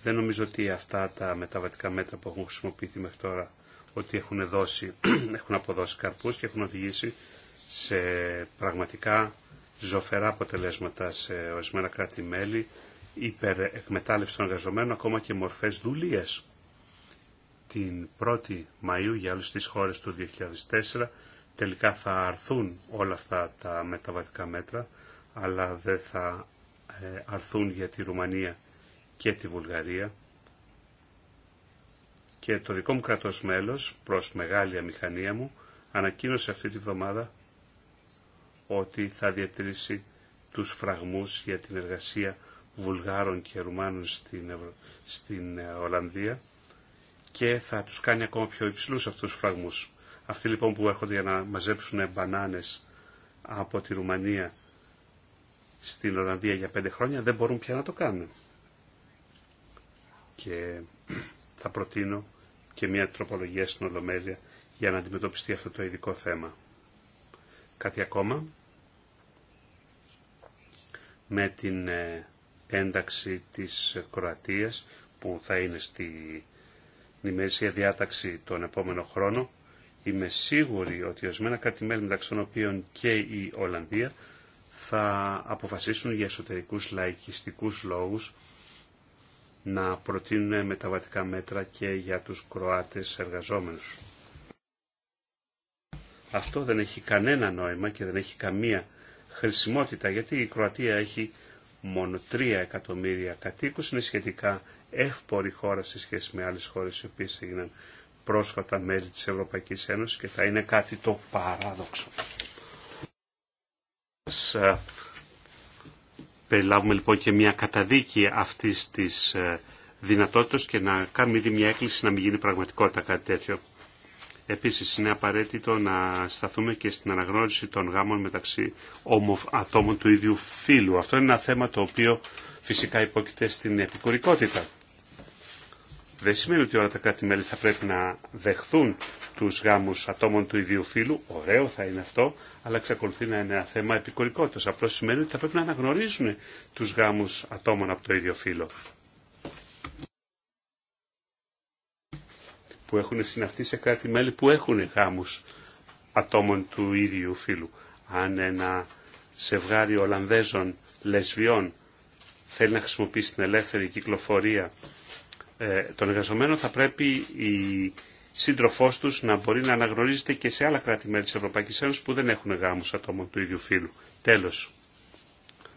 Δεν νομίζω ότι αυτά τα μεταβατικά μέτρα που έχουν χρησιμοποιηθεί μέχρι τώρα ότι έχουν, δώσει, έχουν αποδώσει καρπούς και έχουν οδηγήσει σε πραγματικά ζωφερά αποτελέσματα σε ορισμένα κράτη-μέλη, υπερεκμετάλλευση των εργαζομένων, ακόμα και μορφές δουλείας. Την 1η Μαΐου για όλες τις χώρες του 2004 τελικά θα αρθούν όλα αυτά τα μεταβατικά μέτρα, αλλά δεν θα ε, αρθούν για τη Ρουμανία και τη Βουλγαρία και το δικό μου κρατός μέλος προς μεγάλη αμηχανία μου ανακοίνωσε αυτή τη βδομάδα ότι θα διατηρήσει τους φραγμούς για την εργασία Βουλγάρων και Ρουμάνων στην, στην ε, Ολλανδία και θα τους κάνει ακόμα πιο υψηλούς αυτούς τους φραγμούς. Αυτοί λοιπόν που έρχονται για να μαζέψουν μπανάνες από τη Ρουμανία στην Ολλανδία για πέντε χρόνια δεν μπορούν πια να το κάνουν και θα προτείνω και μια τροπολογία στην Ολομέλεια για να αντιμετωπιστεί αυτό το ειδικό θέμα. Κάτι ακόμα με την ε, ένταξη της Κροατίας που θα είναι στη νημερίσια διάταξη τον επόμενο χρόνο. Είμαι σίγουρη ότι κάτι κράτη-μέλη μεταξύ των οποίων και η Ολλανδία θα αποφασίσουν για εσωτερικούς λαϊκιστικούς λόγους να προτείνουν μεταβατικά μέτρα και για τους Κροάτες εργαζόμενους. Αυτό δεν έχει κανένα νόημα και δεν έχει καμία χρησιμότητα γιατί η Κροατία έχει μόνο 3 εκατομμύρια κατοίκους, είναι σχετικά εύπορη χώρα σε σχέση με άλλες χώρες οι οποίες έγιναν πρόσφατα μέλη της Ευρωπαϊκής Ένωσης και θα είναι κάτι το παράδοξο περιλάβουμε λοιπόν και μια καταδίκη αυτής της ε, δυνατότητας και να κάνουμε ήδη μια έκκληση να μην γίνει πραγματικότητα κάτι τέτοιο. Επίσης είναι απαραίτητο να σταθούμε και στην αναγνώριση των γάμων μεταξύ ατόμων του ίδιου φύλου. Αυτό είναι ένα θέμα το οποίο φυσικά υπόκειται στην επικουρικότητα. Δεν σημαίνει ότι όλα τα κράτη-μέλη θα πρέπει να δεχθούν τους γάμους ατόμων του ίδιου φύλου. Ωραίο θα είναι αυτό, αλλά εξακολουθεί να είναι ένα θέμα επικορικότητας. Απλώ σημαίνει ότι θα πρέπει να αναγνωρίζουν τους γάμους ατόμων από το ίδιο φύλλο. που έχουν συναυτεί σε κράτη-μέλη που έχουν γάμους ατόμων του ίδιου φύλου. Αν ένα σευγάρι Ολλανδέζων λεσβιών θέλει να χρησιμοποιήσει την ελεύθερη κυκλοφορία ε, των εργαζομένων, θα πρέπει η σύντροφό του να μπορεί να αναγνωρίζεται και σε άλλα κράτη-μέλη τη Ευρωπαϊκή Ένωση που δεν έχουν γάμου ατόμων του ίδιου φύλου. Τέλο,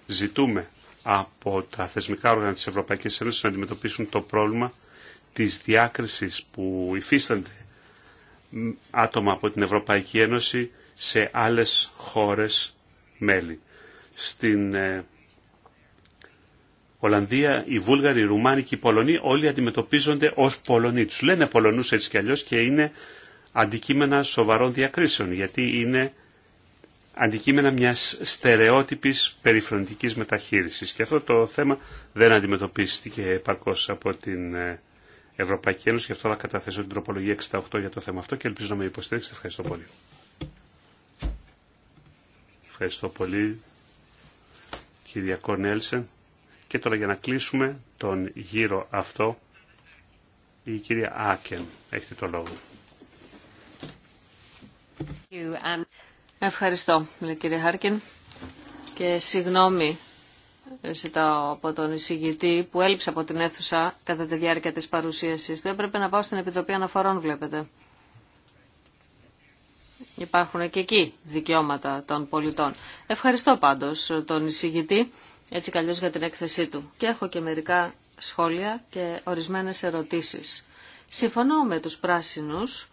ζητούμε από τα θεσμικά όργανα τη Ευρωπαϊκή Ένωση να αντιμετωπίσουν το πρόβλημα τη διάκριση που υφίστανται άτομα από την Ευρωπαϊκή Ένωση σε άλλε χώρες μέλη. Στην ε, Ολλανδία, οι Βούλγαροι, οι Ρουμάνοι και οι Πολωνοί όλοι αντιμετωπίζονται ω Πολωνοί. του. λένε Πολωνούς έτσι κι αλλιώ και είναι αντικείμενα σοβαρών διακρίσεων γιατί είναι αντικείμενα μιας στερεότυπης περιφροντικής μεταχείρισης. Και αυτό το θέμα δεν αντιμετωπίστηκε επαρκώς από την ε, Ευρωπαϊκή Ένωση και αυτό θα καταθέσω την τροπολογία 68 για το θέμα αυτό και ελπίζω να με υποστηρίξετε. Ευχαριστώ πολύ. Ευχαριστώ πολύ κυρία Κορνέλσεν. Και τώρα για να κλείσουμε τον γύρο αυτό, η κυρία Άκεν, έχετε το λόγο. Ευχαριστώ, κύριε Χάρκιν. Και συγγνώμη ζητάω από τον εισηγητή που έλειψε από την αίθουσα κατά τη διάρκεια της παρουσίασης του. Έπρεπε να πάω στην Επιτροπή Αναφορών, βλέπετε. Υπάρχουν και εκεί δικαιώματα των πολιτών. Ευχαριστώ πάντως τον εισηγητή έτσι καλώς για την έκθεσή του. Και έχω και μερικά σχόλια και ορισμένες ερωτήσεις. Συμφωνώ με τους πράσινους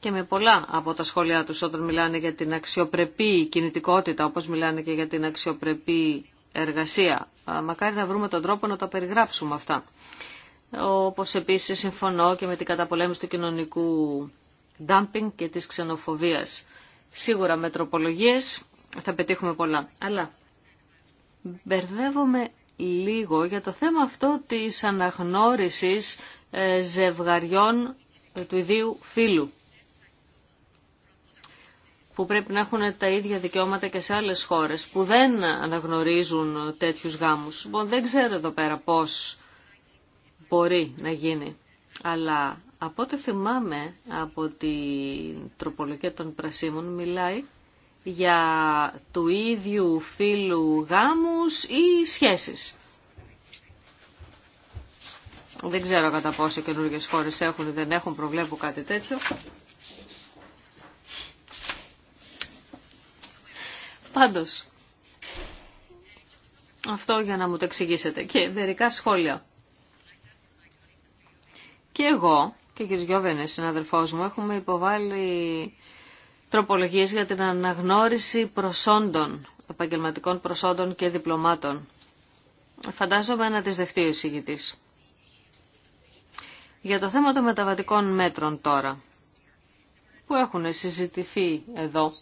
και με πολλά από τα σχόλιά τους όταν μιλάνε για την αξιοπρεπή κινητικότητα, όπως μιλάνε και για την αξιοπρεπή εργασία. Μακάρι να βρούμε τον τρόπο να τα περιγράψουμε αυτά. Όπως επίσης συμφωνώ και με την καταπολέμηση του κοινωνικού ντάμπινγκ και της ξενοφοβίας. Σίγουρα με τροπολογίες θα πετύχουμε πολλά. Αλλά μπερδεύομαι λίγο για το θέμα αυτό της αναγνώρισης ε, ζευγαριών ε, του ιδίου φίλου που πρέπει να έχουν τα ίδια δικαιώματα και σε άλλες χώρες που δεν αναγνωρίζουν τέτοιους γάμους. δεν ξέρω εδώ πέρα πώς μπορεί να γίνει. Αλλά από ό,τι θυμάμαι από την τροπολογία των Πρασίμων μιλάει για του ίδιου φίλου γάμους ή σχέσεις. Δεν ξέρω κατά πόσο καινούργιε χώρε έχουν ή δεν έχουν προβλέπου κάτι τέτοιο. Πάντως, αυτό για να μου το εξηγήσετε. Και μερικά σχόλια. Και εγώ και ο κ. Γιώβενε, συναδελφός μου, έχουμε υποβάλει τροπολογίες για την αναγνώριση προσόντων, επαγγελματικών προσόντων και διπλωμάτων. Φαντάζομαι να τις δεχτεί ο εισηγητής. Για το θέμα των μεταβατικών μέτρων τώρα, που έχουν συζητηθεί εδώ,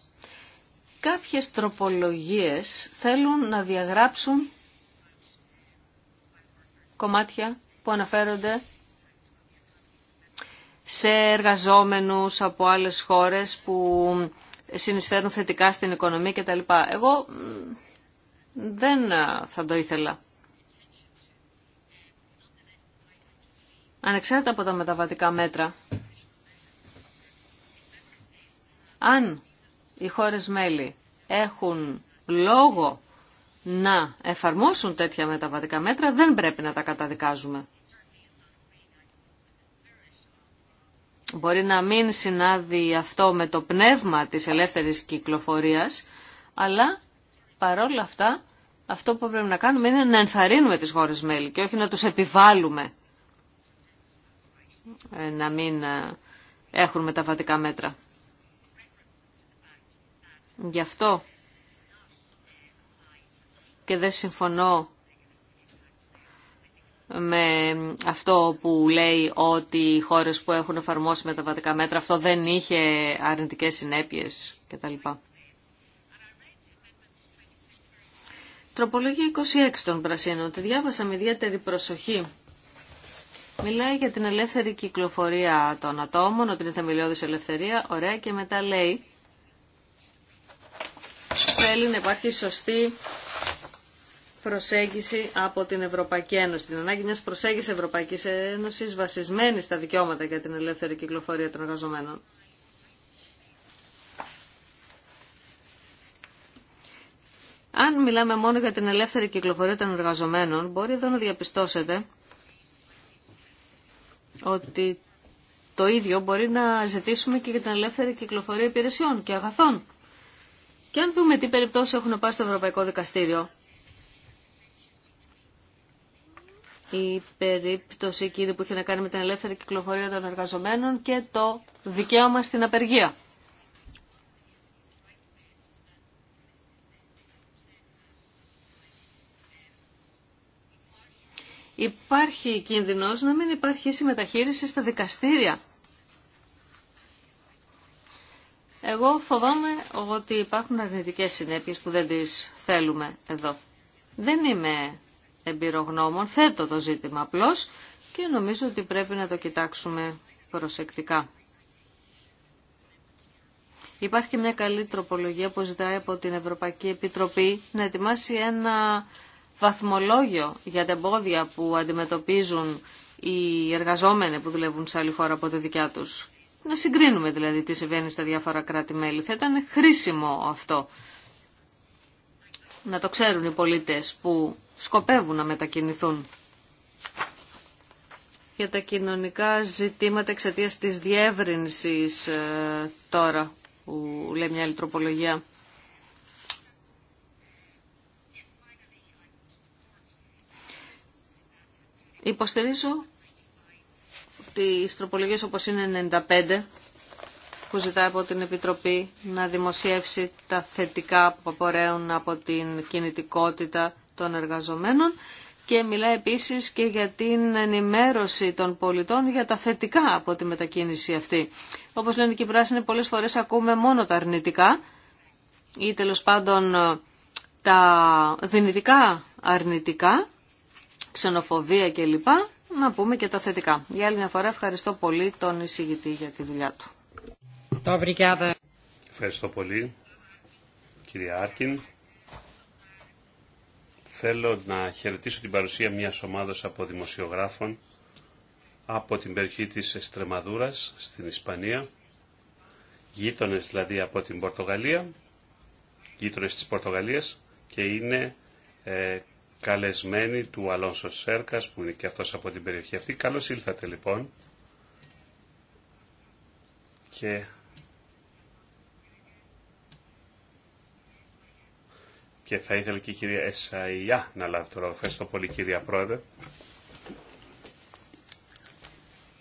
κάποιες τροπολογίες θέλουν να διαγράψουν κομμάτια που αναφέρονται σε εργαζόμενους από άλλες χώρες που συνεισφέρουν θετικά στην οικονομία κτλ. Εγώ δεν θα το ήθελα. Ανεξάρτητα από τα μεταβατικά μέτρα, αν οι χώρες μέλη έχουν λόγο να εφαρμόσουν τέτοια μεταβατικά μέτρα, δεν πρέπει να τα καταδικάζουμε. Μπορεί να μην συνάδει αυτό με το πνεύμα της ελεύθερης κυκλοφορίας, αλλά παρόλα αυτά αυτό που πρέπει να κάνουμε είναι να ενθαρρύνουμε τις χώρες μέλη και όχι να τους επιβάλλουμε ε, να μην ε, έχουν μεταβατικά μέτρα. Γι' αυτό και δεν συμφωνώ με αυτό που λέει ότι οι χώρες που έχουν εφαρμόσει μεταβατικά μέτρα αυτό δεν είχε αρνητικές συνέπειες κτλ. Τροπολογία 26 των Πρασίνων. Τη διάβασα με ιδιαίτερη προσοχή. Μιλάει για την ελεύθερη κυκλοφορία των ατόμων, ότι είναι θεμελιώδης ελευθερία. Ωραία. Και μετά λέει θέλει να υπάρχει σωστή προσέγγιση από την Ευρωπαϊκή Ένωση, την ανάγκη μια προσέγγιση Ευρωπαϊκή Ένωση βασισμένη στα δικαιώματα για την ελεύθερη κυκλοφορία των εργαζομένων. Αν μιλάμε μόνο για την ελεύθερη κυκλοφορία των εργαζομένων, μπορεί εδώ να διαπιστώσετε ότι το ίδιο μπορεί να ζητήσουμε και για την ελεύθερη κυκλοφορία υπηρεσιών και αγαθών. Και αν δούμε τι περιπτώσει έχουν πάει στο Ευρωπαϊκό Δικαστήριο, η περίπτωση εκείνη που είχε να κάνει με την ελεύθερη κυκλοφορία των εργαζομένων και το δικαίωμα στην απεργία. Υπάρχει κίνδυνος να μην υπάρχει συμμεταχείριση στα δικαστήρια. Εγώ φοβάμαι ότι υπάρχουν αρνητικές συνέπειες που δεν τις θέλουμε εδώ. Δεν είμαι εμπειρογνώμων. Θέτω το ζήτημα απλώς και νομίζω ότι πρέπει να το κοιτάξουμε προσεκτικά. Υπάρχει μια καλή τροπολογία που ζητάει από την Ευρωπαϊκή Επιτροπή να ετοιμάσει ένα βαθμολόγιο για τα εμπόδια που αντιμετωπίζουν οι εργαζόμενοι που δουλεύουν σε άλλη χώρα από τη δικιά τους. Να συγκρίνουμε δηλαδή τι συμβαίνει στα διάφορα κράτη-μέλη. Θα ήταν χρήσιμο αυτό. Να το ξέρουν οι πολίτες που σκοπεύουν να μετακινηθούν. Για τα κοινωνικά ζητήματα εξαιτία της διεύρυνσης ε, τώρα που λέει μια άλλη τροπολογία. Υποστηρίζω τις τροπολογίες όπως είναι 95 που ζητάει από την Επιτροπή να δημοσιεύσει τα θετικά που απορρέουν από την κινητικότητα των εργαζομένων και μιλάει επίσης και για την ενημέρωση των πολιτών για τα θετικά από τη μετακίνηση αυτή. Όπως λένε και οι πράσινοι, πολλές φορές ακούμε μόνο τα αρνητικά ή τέλος πάντων ε, τα δυνητικά αρνητικά, ξενοφοβία κλπ. Να πούμε και τα θετικά. Για άλλη μια φορά ευχαριστώ πολύ τον εισηγητή για τη δουλειά του. Ευχαριστώ πολύ, κυρία Άρκιν. Θέλω να χαιρετήσω την παρουσία μιας ομάδας από δημοσιογράφων από την περιοχή της Εστρεμαδούρας στην Ισπανία, γείτονες δηλαδή από την Πορτογαλία, γείτονες της Πορτογαλίας και είναι ε, καλεσμένοι του Αλόνσο Σέρκας που είναι και αυτός από την περιοχή αυτή. Καλώς ήλθατε λοιπόν και Και θα ήθελα και η κυρία Εσαϊά να λάβει το λόγο. Ευχαριστώ πολύ κυρία Πρόεδρε.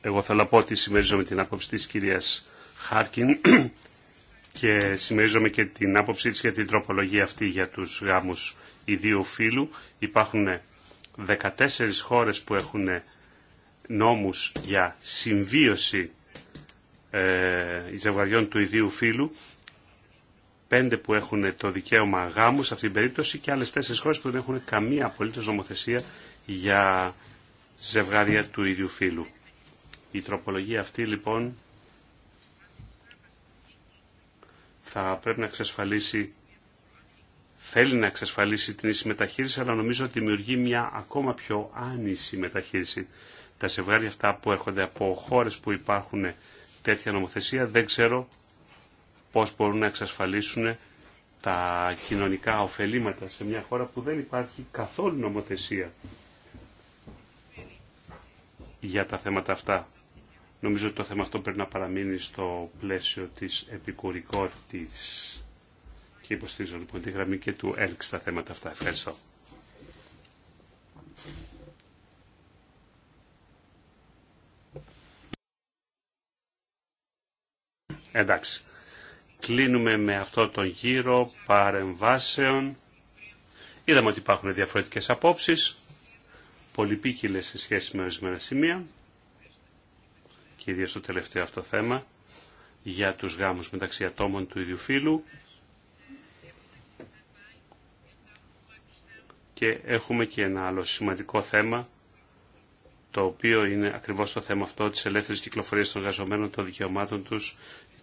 Εγώ θέλω να πω ότι συμμερίζομαι την άποψη της κυρίας Χάρκιν και συμμερίζομαι και την άποψή της για την τροπολογία αυτή για τους γάμους ιδίου φύλου. Υπάρχουν 14 χώρες που έχουν νόμους για συμβίωση ε, ζευγαριών του ιδίου φύλου πέντε που έχουν το δικαίωμα γάμου σε αυτήν την περίπτωση και άλλες τέσσερις χώρες που δεν έχουν καμία απολύτως νομοθεσία για ζευγάρια του ίδιου φύλου. Η τροπολογία αυτή λοιπόν θα πρέπει να εξασφαλίσει θέλει να εξασφαλίσει την ίση μεταχείριση, αλλά νομίζω ότι δημιουργεί μια ακόμα πιο άνηση μεταχείριση. Τα ζευγάρια αυτά που έρχονται από χώρες που υπάρχουν τέτοια νομοθεσία, δεν ξέρω πώς μπορούν να εξασφαλίσουν τα κοινωνικά ωφελήματα σε μια χώρα που δεν υπάρχει καθόλου νομοθεσία για τα θέματα αυτά. Νομίζω ότι το θέμα αυτό πρέπει να παραμείνει στο πλαίσιο της επικουρικότητας και υποστηρίζω λοιπόν τη γραμμή και του ΕΛΚ στα θέματα αυτά. Ευχαριστώ. Εντάξει. Κλείνουμε με αυτό τον γύρο παρεμβάσεων. Είδαμε ότι υπάρχουν διαφορετικές απόψεις, πολυπίκυλες σε σχέση με ορισμένα σημεία και το τελευταίο αυτό θέμα για τους γάμους μεταξύ ατόμων του ίδιου φύλου. Και έχουμε και ένα άλλο σημαντικό θέμα, το οποίο είναι ακριβώς το θέμα αυτό της ελεύθερης κυκλοφορίας των εργαζομένων, των δικαιωμάτων τους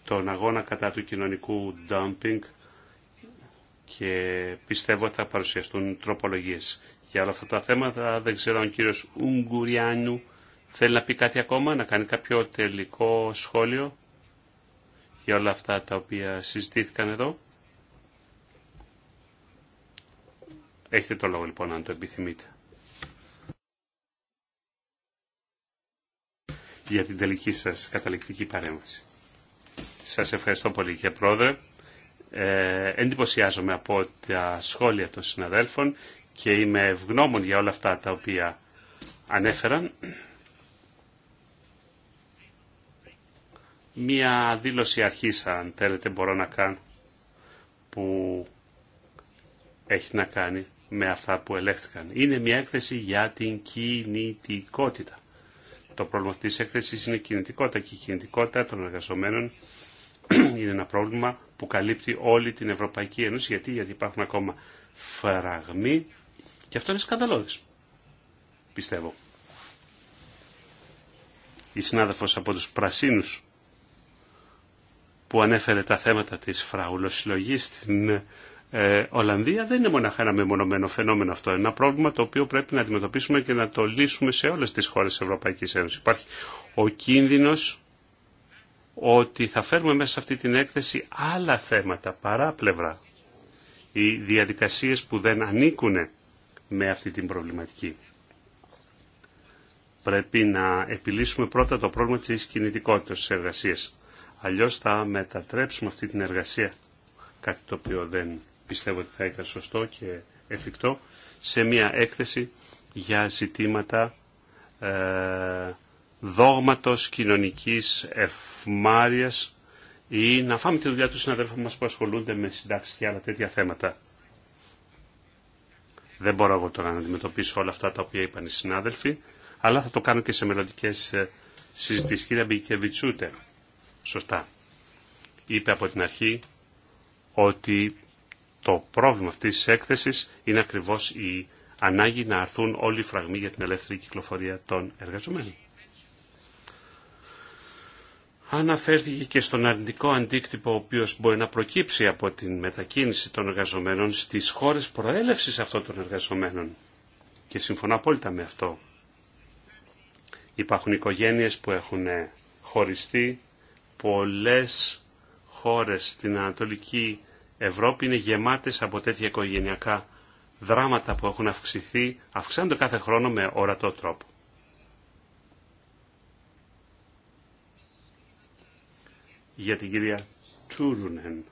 τον αγώνα κατά του κοινωνικού dumping και πιστεύω ότι θα παρουσιαστούν τροπολογίες. Για όλα αυτά τα θέματα δεν ξέρω αν ο κύριος Ουγγουριάνου θέλει να πει κάτι ακόμα, να κάνει κάποιο τελικό σχόλιο για όλα αυτά τα οποία συζητήθηκαν εδώ. Έχετε το λόγο λοιπόν αν το επιθυμείτε. Για την τελική σας καταληκτική παρέμβαση. Σας ευχαριστώ πολύ και πρόεδρε. Ε, εντυπωσιάζομαι από τα σχόλια των συναδέλφων και είμαι ευγνώμων για όλα αυτά τα οποία ανέφεραν. Μία δήλωση αρχής, αν θέλετε, μπορώ να κάνω, που έχει να κάνει με αυτά που ελέγχθηκαν. Είναι μια έκθεση για την κινητικότητα. Το πρόβλημα αυτής της έκθεσης είναι η κινητικότητα και η κινητικότητα των εργαζομένων είναι ένα πρόβλημα που καλύπτει όλη την Ευρωπαϊκή Ένωση. Γιατί, γιατί υπάρχουν ακόμα φραγμοί και αυτό είναι σκανδαλώδες, πιστεύω. Η συνάδελφος από τους Πρασίνους που ανέφερε τα θέματα της φραουλοσυλλογής στην ε, Ολλανδία δεν είναι μοναχά ένα μεμονωμένο φαινόμενο αυτό. Είναι ένα πρόβλημα το οποίο πρέπει να αντιμετωπίσουμε και να το λύσουμε σε όλες τις χώρες της Ευρωπαϊκής Ένωσης. Υπάρχει ο κίνδυνος ότι θα φέρουμε μέσα σε αυτή την έκθεση άλλα θέματα, παράπλευρα, οι διαδικασίες που δεν ανήκουν με αυτή την προβληματική. Πρέπει να επιλύσουμε πρώτα το πρόβλημα της κινητικότητας της εργασίας. Αλλιώς θα μετατρέψουμε αυτή την εργασία, κάτι το οποίο δεν πιστεύω ότι θα ήταν σωστό και εφικτό, σε μια έκθεση για ζητήματα ε, δόγματος κοινωνικής ευμάρειας ή να φάμε τη δουλειά του συναδέλφων μας που ασχολούνται με συντάξει και άλλα τέτοια θέματα. Δεν μπορώ εγώ τώρα να αντιμετωπίσω όλα αυτά τα οποία είπαν οι συνάδελφοι, αλλά θα το κάνω και σε μελλοντικέ ε, συζητήσει. Κύριε Μπικεβιτσούτε, σωστά, είπε από την αρχή ότι το πρόβλημα αυτής της έκθεσης είναι ακριβώς η ανάγκη να αρθούν όλοι οι φραγμοί για την ελεύθερη κυκλοφορία των εργαζομένων αναφέρθηκε και στον αρνητικό αντίκτυπο ο οποίος μπορεί να προκύψει από την μετακίνηση των εργαζομένων στις χώρες προέλευσης αυτών των εργαζομένων. Και συμφωνώ απόλυτα με αυτό. Υπάρχουν οικογένειες που έχουν χωριστεί. Πολλές χώρες στην Ανατολική Ευρώπη είναι γεμάτες από τέτοια οικογενειακά δράματα που έχουν αυξηθεί, αυξάνονται κάθε χρόνο με ορατό τρόπο. για την κυρία Τσούρουνεν.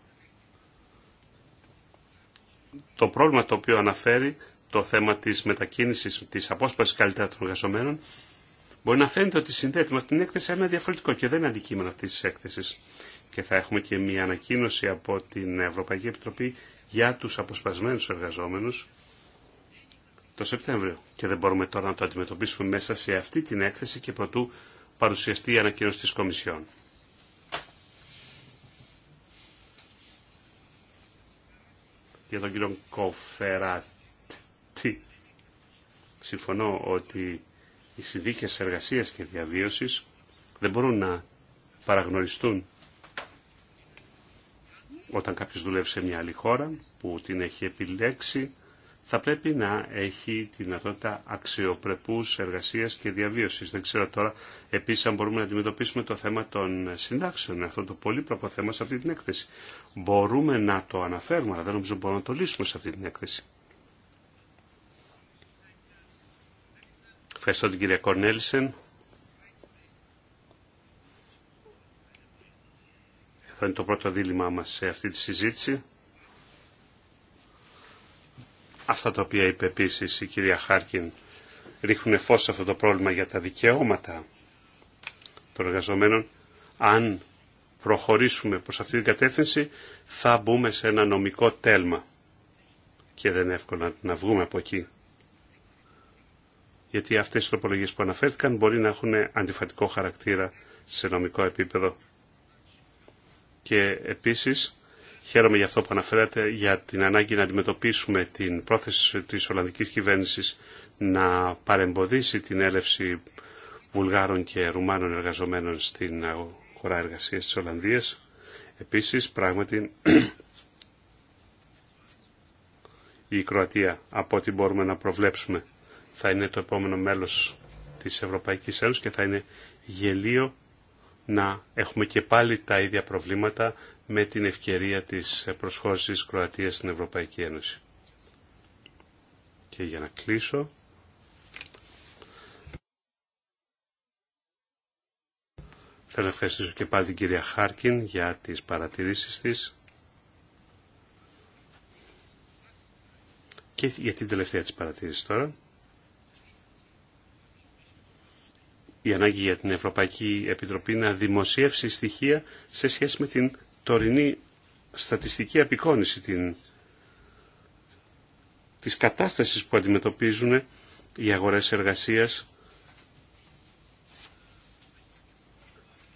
Το πρόβλημα το οποίο αναφέρει το θέμα της μετακίνησης, της απόσπασης καλύτερα των εργαζομένων, μπορεί να φαίνεται ότι συνδέεται με την έκθεση ένα διαφορετικό και δεν είναι αντικείμενο αυτής της έκθεσης. Και θα έχουμε και μια ανακοίνωση από την Ευρωπαϊκή Επιτροπή για τους αποσπασμένους εργαζόμενους το Σεπτέμβριο. Και δεν μπορούμε τώρα να το αντιμετωπίσουμε μέσα σε αυτή την έκθεση και προτού παρουσιαστεί η ανακοίνωση της Κομισιόν. για τον κύριο Κοφεράτη. Συμφωνώ ότι οι συνδίκες εργασίας και διαβίωσης δεν μπορούν να παραγνωριστούν όταν κάποιος δουλεύει σε μια άλλη χώρα που την έχει επιλέξει θα πρέπει να έχει τη δυνατότητα αξιοπρεπούς εργασίας και διαβίωσης. Δεν ξέρω τώρα επίσης αν μπορούμε να αντιμετωπίσουμε το θέμα των συντάξεων, αυτό το πολύ θέμα σε αυτή την έκθεση. Μπορούμε να το αναφέρουμε, αλλά δεν νομίζω μπορούμε να το λύσουμε σε αυτή την έκθεση. Ευχαριστώ την κυρία Κορνέλισεν. Αυτό είναι το πρώτο δίλημά μας σε αυτή τη συζήτηση. Αυτά τα οποία είπε επίση η κυρία Χάρκιν ρίχνουν φως σε αυτό το πρόβλημα για τα δικαιώματα των εργαζομένων. Αν προχωρήσουμε προς αυτή την κατεύθυνση θα μπούμε σε ένα νομικό τέλμα και δεν είναι εύκολο να βγούμε από εκεί. Γιατί αυτές οι τροπολογίες που αναφέρθηκαν μπορεί να έχουν αντιφατικό χαρακτήρα σε νομικό επίπεδο. Και επίσης Χαίρομαι για αυτό που αναφέρατε για την ανάγκη να αντιμετωπίσουμε την πρόθεση της Ολλανδικής κυβέρνησης να παρεμποδίσει την έλευση Βουλγάρων και Ρουμάνων εργαζομένων στην χώρα εργασίας της Ολλανδίας. Επίσης, πράγματι, η Κροατία, από ό,τι μπορούμε να προβλέψουμε, θα είναι το επόμενο μέλος της Ευρωπαϊκής Ένωσης και θα είναι γελίο να έχουμε και πάλι τα ίδια προβλήματα με την ευκαιρία της προσχώρησης Κροατίας στην Ευρωπαϊκή Ένωση. Και για να κλείσω... Θέλω να ευχαριστήσω και πάλι την κυρία Χάρκιν για τις παρατηρήσεις της και για την τελευταία της παρατήρηση τώρα. η ανάγκη για την Ευρωπαϊκή Επιτροπή να δημοσιεύσει στοιχεία σε σχέση με την τωρινή στατιστική απεικόνηση την, της κατάστασης που αντιμετωπίζουν οι αγορές εργασίας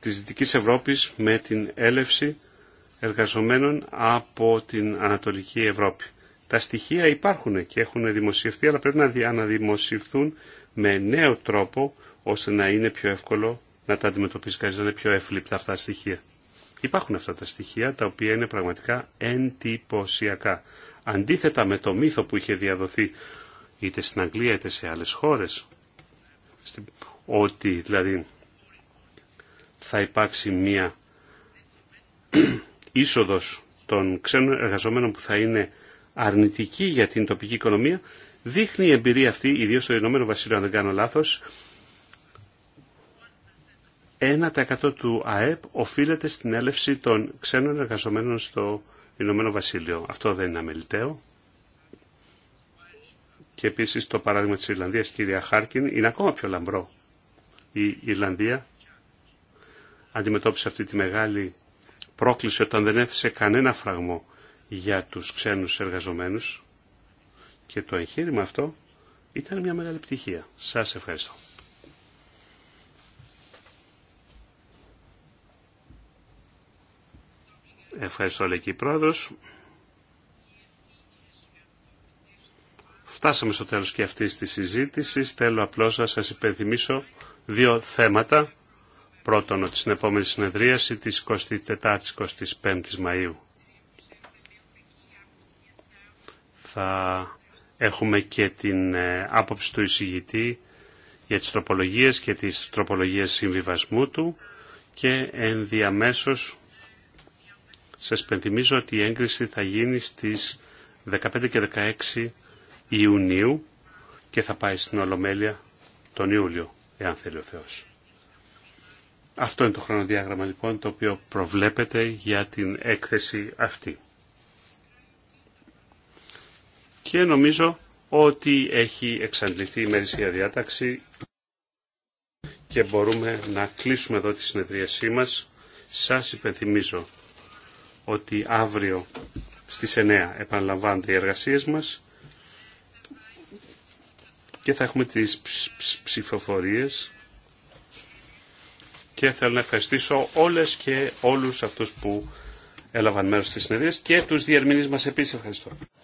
της Δυτικής Ευρώπης με την έλευση εργαζομένων από την Ανατολική Ευρώπη. Τα στοιχεία υπάρχουν και έχουν δημοσιευτεί, αλλά πρέπει να αναδημοσιευθούν με νέο τρόπο, ώστε να είναι πιο εύκολο να τα αντιμετωπίσει κανεί, να είναι πιο εύληπτα αυτά τα στοιχεία. Υπάρχουν αυτά τα στοιχεία τα οποία είναι πραγματικά εντυπωσιακά. Αντίθετα με το μύθο που είχε διαδοθεί είτε στην Αγγλία είτε σε άλλες χώρες, ότι δηλαδή θα υπάρξει μία είσοδος των ξένων εργαζομένων που θα είναι αρνητική για την τοπική οικονομία, δείχνει η εμπειρία αυτή, ιδίως στο Ηνωμένο Βασίλειο αν δεν κάνω λάθος, 1% του ΑΕΠ οφείλεται στην έλευση των ξένων εργαζομένων στο Ηνωμένο Βασίλειο. Αυτό δεν είναι αμεληταίο. Και επίσης το παράδειγμα της Ιρλανδίας, κυρία Χάρκιν, είναι ακόμα πιο λαμπρό. Η Ιρλανδία αντιμετώπισε αυτή τη μεγάλη πρόκληση όταν δεν έθεσε κανένα φραγμό για τους ξένους εργαζομένους. Και το εγχείρημα αυτό ήταν μια μεγάλη πτυχία. Σας ευχαριστώ. Ευχαριστώ, Λεκύη Πρόεδρος. Φτάσαμε στο τέλος και αυτής της συζήτησης. Θέλω απλώς να σας υπενθυμίσω δύο θέματα. Πρώτον, ότι στην επόμενη συνεδρίαση της 24 η 25 Μαΐου θα έχουμε και την ε, άποψη του εισηγητή για τις τροπολογίες και τις τροπολογίες συμβιβασμού του και ενδιαμέσως σας πενθυμίζω ότι η έγκριση θα γίνει στις 15 και 16 Ιουνίου και θα πάει στην Ολομέλεια τον Ιούλιο, εάν θέλει ο Θεός. Αυτό είναι το χρονοδιάγραμμα λοιπόν το οποίο προβλέπεται για την έκθεση αυτή. Και νομίζω ότι έχει εξαντληθεί η μερισία διάταξη και μπορούμε να κλείσουμε εδώ τη συνεδρίασή μας. Σας υπενθυμίζω ότι αύριο στις 9 επαναλαμβάνονται οι εργασίες μας και θα έχουμε τις ψηφοφορίες και θέλω να ευχαριστήσω όλες και όλους αυτούς που έλαβαν μέρος στις συνεδρίες και τους διερμηνείς μας επίσης ευχαριστώ.